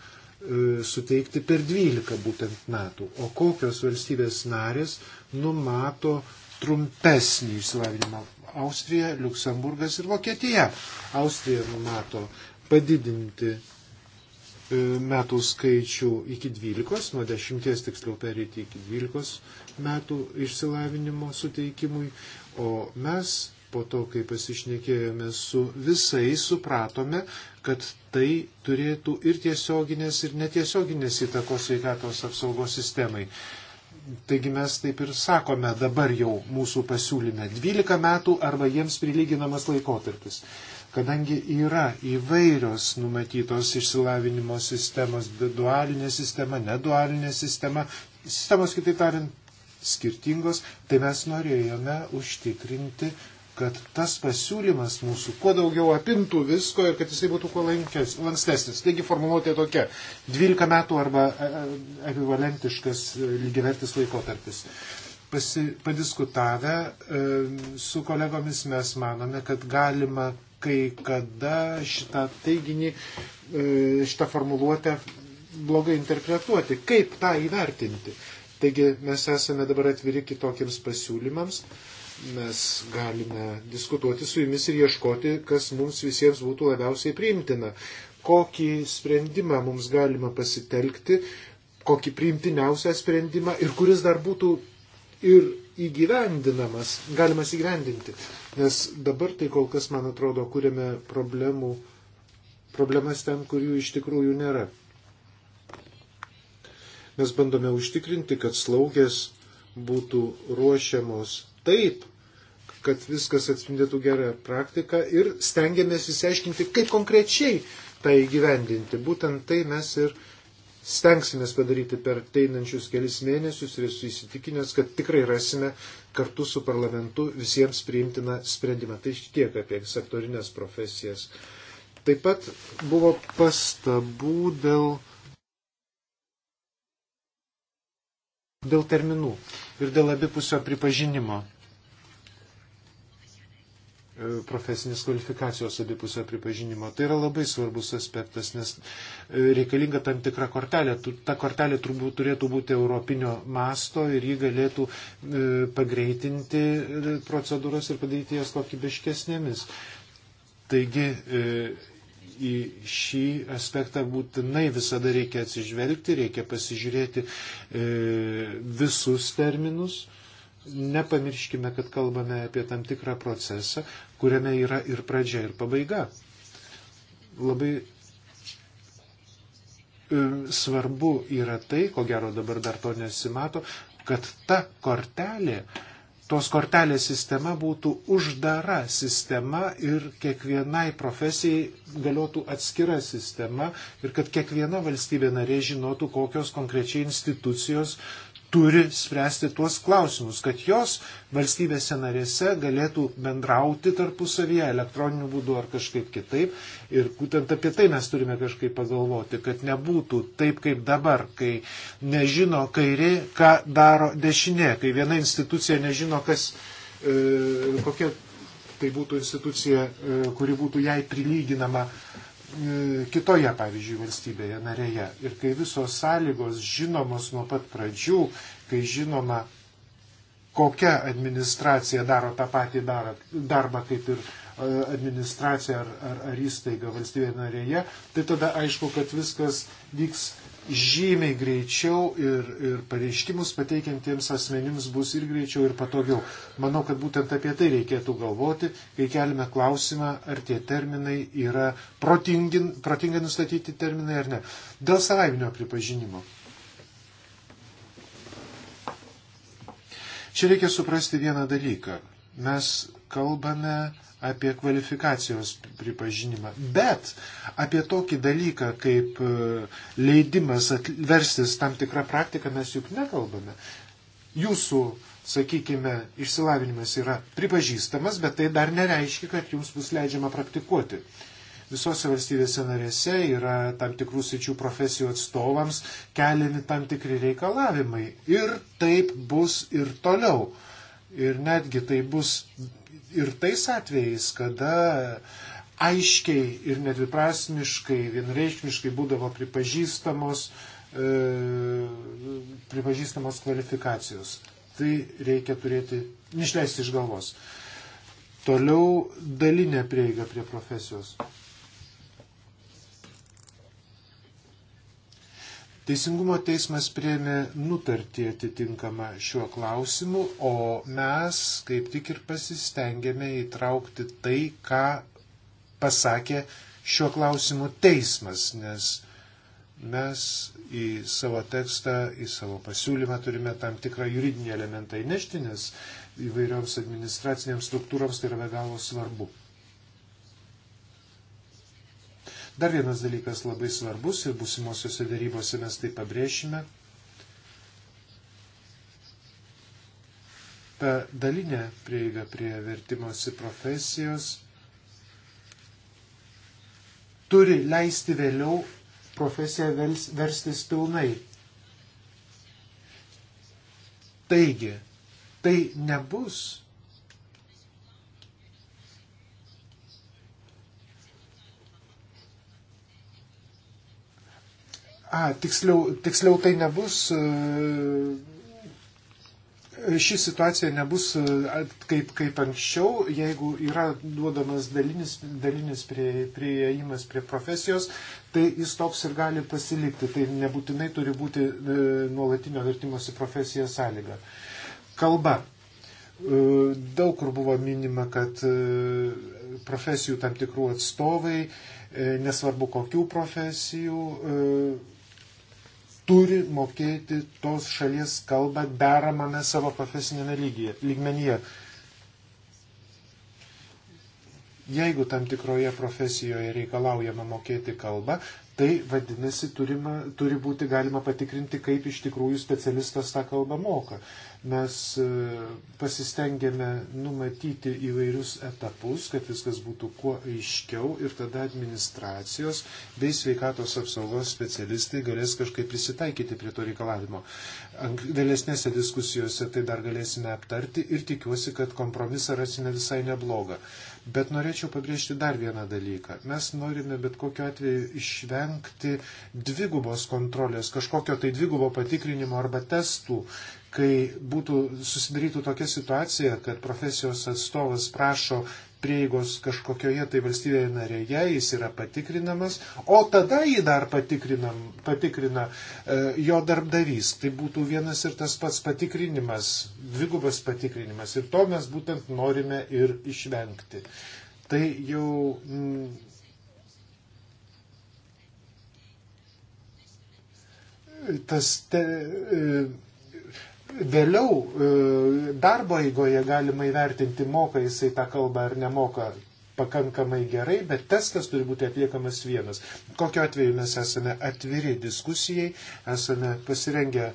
suteikti per 12 būtent metų. O kokios valstybės narės numato trumpesnį išsilavinimą. Austrija, Luksemburgas ir Vokietija. Austrija numato padidinti e, metų skaičių iki 12, nuo 10 tiksliau perėti iki 12 metų išsilavinimo suteikimui, o mes po to, kai pasišnekėjome su visais, supratome, kad tai turėtų ir tiesioginės, ir netiesioginės įtakos sveikatos apsaugos sistemai. Taigi mes taip ir sakome dabar jau mūsų pasiūlyme 12 metų arba jiems prilyginamas laikotarpis. Kadangi yra įvairios numatytos išsilavinimo sistemos, dualinė sistema, nedualinė sistema, sistemos kitaip tariant skirtingos, tai mes norėjome užtikrinti kad tas pasiūlymas mūsų kuo daugiau apimtų visko ir kad jisai būtų kuo lankės, lankstesnis. Taigi formuluotė tokia - 12 metų arba e, e, ekvivalentiškas e, lygivertis laikotarpis. Pasi, padiskutavę su kolegomis mes manome, kad galima kai kada šitą teiginį, šitą formuluotę blogai interpretuoti. Kaip tą įvertinti? Taigi mes esame dabar atviri kitokiems pasiūlymams. Uh, mes galime diskutuoti su jumis ir ieškoti, kas mums visiems būtų labiausiai priimtina, kokį sprendimą mums galima pasitelkti, kokį priimtiniausią sprendimą ir kuris dar būtų ir įgyvendinamas, galimas įgyvendinti. Nes dabar tai kol kas, man atrodo, kuriame problemų, problemas ten, kur jų iš tikrųjų nėra. Mes bandome užtikrinti, kad slaugės būtų ruošiamos taip, kad viskas atspindėtų gerą praktiką ir stengiamės įsiaiškinti, kaip konkrečiai tai įgyvendinti. Būtent tai mes ir stengsimės padaryti per teinančius kelis mėnesius ir esu įsitikinęs, kad tikrai rasime kartu su parlamentu visiems priimtiną sprendimą. Tai tiek apie sektorinės profesijas. Taip pat buvo pastabų dėl, dėl terminų ir dėl abipusio pripažinimo. E, profesinės kvalifikacijos abipusio pripažinimo. Tai yra labai svarbus aspektas, nes e, reikalinga tam tikra kortelė. Ta kortelė turbūt turėtų būti europinio masto ir ji galėtų e, pagreitinti procedūras ir padaryti jas kokybiškesnėmis. Taigi į šį aspektą būtinai visada reikia atsižvelgti, reikia pasižiūrėti visus terminus nepamirškime, kad kalbame apie tam tikrą procesą, kuriame yra ir pradžia, ir pabaiga. Labai e, svarbu yra tai, ko gero dabar dar to nesimato, kad ta kortelė, tos kortelės sistema būtų uždara sistema ir kiekvienai profesijai galėtų atskira sistema ir kad kiekviena valstybė narė žinotų, kokios konkrečiai institucijos turi spręsti tuos klausimus, kad jos valstybėse narėse galėtų bendrauti tarpusavyje elektroniniu būdu ar kažkaip kitaip. Ir būtent apie tai mes turime kažkaip pagalvoti, kad nebūtų taip kaip dabar, kai nežino kairė, ką daro dešinė, kai viena institucija nežino, kas, e, kokia tai būtų institucija, e, kuri būtų jai prilyginama E, kitoje, pavyzdžiui, valstybėje narėje. Ir kai visos sąlygos žinomos nuo pat pradžių, kai žinoma, kokia administracija daro tą patį darbą kaip ir e, administracija ar, ar, ar įstaiga valstybėje narėje, tai tada aišku, kad viskas vyks žymiai greičiau ir, ir pareiškimus pateikiantiems asmenims bus ir greičiau, ir patogiau. Manau, kad būtent apie tai reikėtų galvoti, kai kelime klausimą, ar tie terminai yra protingi, protingai nustatyti terminai ar ne. Dėl savaiminio pripažinimo. Čia reikia suprasti vieną dalyką mes kalbame apie kvalifikacijos pripažinimą. Bet apie tokį dalyką kaip e, leidimas verstis tam tikrą praktiką mes juk nekalbame. Jūsų, sakykime, išsilavinimas yra pripažįstamas, bet tai dar nereiškia, kad jums bus leidžiama praktikuoti. Visose valstybėse narėse yra tam tikrų sričių profesijų atstovams keliami tam tikri reikalavimai. Ir taip bus ir toliau. Ir netgi tai bus ir tais atvejais, kada aiškiai ir nedviprasmiškai, vienreikšmiškai būdavo pripažįstamos, e, pripažįstamos kvalifikacijos. Tai reikia turėti, neišleisti iš galvos. Toliau dalinė prieiga prie profesijos. Teisingumo teismas priemė nutartį atitinkamą šiuo klausimu, o mes kaip tik ir pasistengėme įtraukti tai, ką pasakė šiuo klausimu teismas, nes mes į savo tekstą, į savo pasiūlymą turime tam tikrą juridinį elementą įnešti, nes įvairioms administracinėms struktūroms tai yra be galo svarbu. Dar vienas dalykas labai svarbus ir busimosiuose darybose mes tai pabrėšime. Dalinė prieiga prie vertimosi profesijos turi leisti vėliau profesiją verstis pilnai. Taigi, tai nebus A, tiksliau, tiksliau tai nebus, e, ši situacija nebus e, kaip, kaip anksčiau, jeigu yra duodamas dalinis, dalinis prie, prieimas prie profesijos, tai jis toks ir gali pasilikti. Tai nebūtinai turi būti e, nuolatinio vertimosi profesija sąlyga. Kalba. Daug kur buvo minima, kad profesijų tam tikrų atstovai, nesvarbu kokių profesijų, turi mokėti tos šalies kalbą deramame savo profesinėme lygyje, lygmenyje. Jeigu tam tikroje profesijoje reikalaujama mokėti kalbą, tai vadinasi turima, turi būti galima patikrinti, kaip iš tikrųjų specialistas tą kalbą moka. Mes e, pasistengėme numatyti įvairius etapus, kad viskas būtų kuo aiškiau ir tada administracijos bei sveikatos apsaugos specialistai galės kažkaip prisitaikyti prie to reikalavimo. Vėlesnėse diskusijose tai dar galėsime aptarti ir tikiuosi, kad kompromisą rasime visai neblogą. Bet norėčiau pabrėžti dar vieną dalyką. Mes norime bet kokiu atveju išvengti dvigubos kontrolės, kažkokio tai dvigubo patikrinimo arba testų, kai būtų susidarytų tokia situacija, kad profesijos atstovas prašo prieigos kažkokioje tai valstybėje narėje, jis yra patikrinamas, o tada jį dar patikrina e, jo darbdavys. Tai būtų vienas ir tas pats patikrinimas, dvigubas patikrinimas. Ir to mes būtent norime ir išvengti. Tai jau. Mm, tas te, e, vėliau e, darbo eigoje galima įvertinti, moka jisai tą kalbą ar nemoka pakankamai gerai, bet testas turi būti atliekamas vienas. Kokiu atveju mes esame atviri diskusijai, esame pasirengę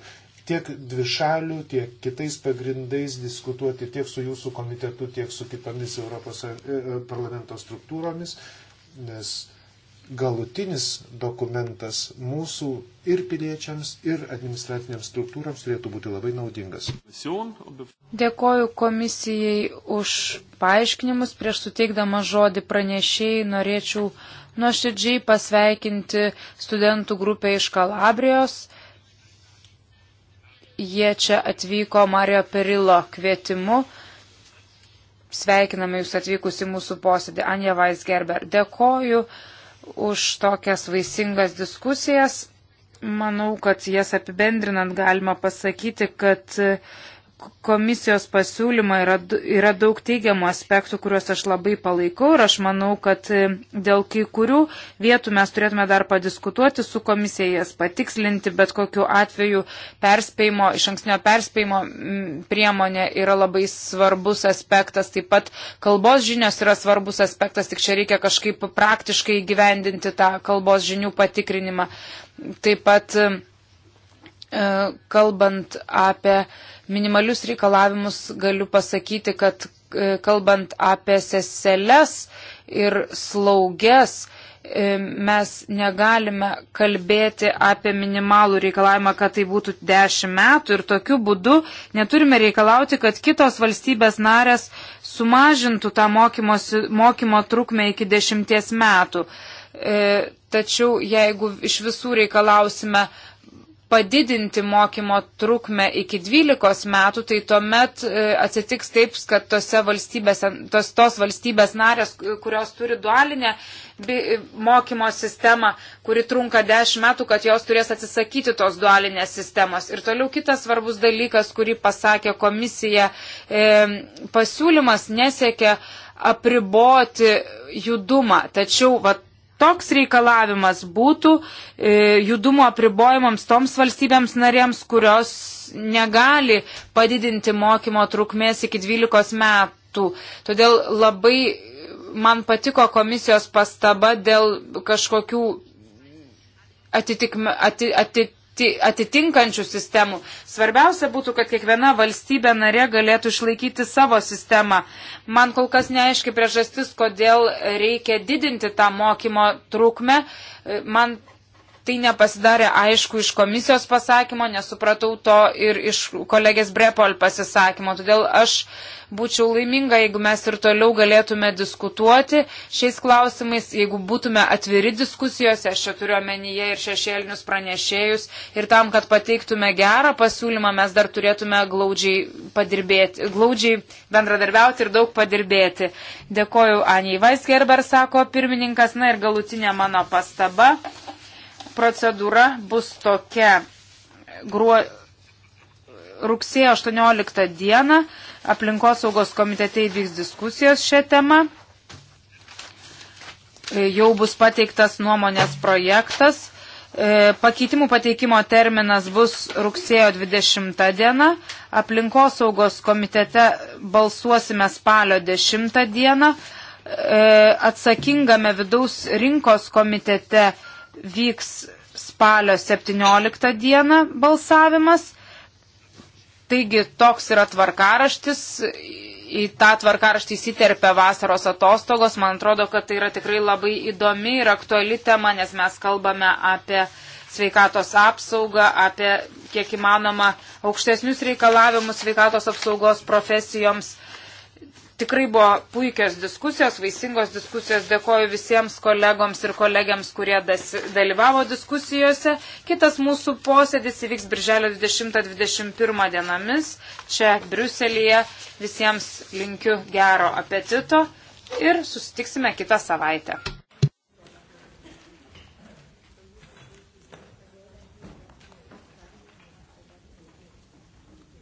tiek dvišalių, tiek kitais pagrindais diskutuoti tiek su jūsų komitetu, tiek su kitomis Europos e, e, parlamento struktūromis, nes galutinis dokumentas mūsų ir piliečiams, ir administratiniams struktūrams turėtų būti labai naudingas. Dėkoju komisijai už paaiškinimus. Prieš suteikdama žodį pranešėjai norėčiau nuoširdžiai pasveikinti studentų grupę iš Kalabrijos. Jie čia atvyko Mario Perilo kvietimu. Sveikiname Jūs atvykus į mūsų posėdį. Anja Weisgerber. Dėkoju už tokias vaisingas diskusijas. Manau, kad jas apibendrinant galima pasakyti, kad komisijos pasiūlymą yra, yra daug teigiamų aspektų, kuriuos aš labai palaikau ir aš manau, kad e, dėl kai kurių vietų mes turėtume dar padiskutuoti su komisija, jas patikslinti, bet kokiu atveju perspėjimo, iš anksnio perspėjimo priemonė yra labai svarbus aspektas, taip pat kalbos žinios yra svarbus aspektas, tik čia reikia kažkaip praktiškai gyvendinti tą kalbos žinių patikrinimą. Taip pat E, kalbant apie minimalius reikalavimus, galiu pasakyti, kad e, kalbant apie seseles ir slauges, e, mes negalime kalbėti apie minimalų reikalavimą, kad tai būtų 10 metų ir tokiu būdu neturime reikalauti, kad kitos valstybės narės sumažintų tą mokymosi, mokymo trukmę iki 10 metų. Tačiau jeigu iš visų reikalausime padidinti mokymo trukmę iki 12 metų, tai tuomet e, atsitiks taip, kad tose valstybėse, tos, tos valstybės narės, kurios turi dualinę mokymo sistemą, kuri trunka 10 metų, kad jos turės atsisakyti tos dualinės sistemos. Ir toliau kitas svarbus dalykas, kurį pasakė komisija, e, pasiūlymas nesiekia apriboti judumą. Tačiau vat, toks reikalavimas būtų e, judumo apribojimams toms valstybėms narėms, kurios negali padidinti mokymo trukmės iki 12 metų. Todėl labai man patiko komisijos pastaba dėl kažkokių atitikme, ati, ati, atitinkančių sistemų. Svarbiausia būtų, kad kiekviena valstybė narė galėtų išlaikyti savo sistemą. Man kol kas neaiški priežastis, kodėl reikia didinti tą mokymo trukmę. Man tai nepasidarė aišku iš komisijos pasakymo, nesupratau to ir iš kolegės Brepol pasisakymo. Todėl aš būčiau laiminga, jeigu mes ir toliau galėtume diskutuoti šiais klausimais, jeigu būtume atviri diskusijose, aš čia turiu omenyje ir šešėlinius pranešėjus, ir tam, kad pateiktume gerą pasiūlymą, mes dar turėtume glaudžiai, glaudžiai bendradarbiauti ir daug padirbėti. Dėkoju Anijai Vaisgerber, sako pirmininkas, na ir galutinė mano pastaba procedūra bus tokia. Gruo... Rugsėjo 18 dieną aplinkosaugos komitete įvyks diskusijos šią temą. E, jau bus pateiktas nuomonės projektas. E, pakeitimų pateikimo terminas bus rugsėjo 20 diena. Aplinkosaugos komitete balsuosime spalio 10 dieną. E, atsakingame vidaus rinkos komitete vyks spalio 17 dieną balsavimas. Taigi toks yra tvarkaraštis. Į tą tvarkaraštį įsiterpia vasaros atostogos. Man atrodo, kad tai yra tikrai labai įdomi ir aktuali tema, nes mes kalbame apie sveikatos apsaugą, apie kiek įmanoma aukštesnius reikalavimus sveikatos apsaugos profesijoms. Tikrai buvo puikios diskusijos, vaisingos diskusijos. Dėkoju visiems kolegoms ir kolegiams, kurie dalyvavo diskusijose. Kitas mūsų posėdis įvyks birželio 20-21 dienomis čia Briuselėje. Visiems linkiu gero apetito ir susitiksime kitą savaitę.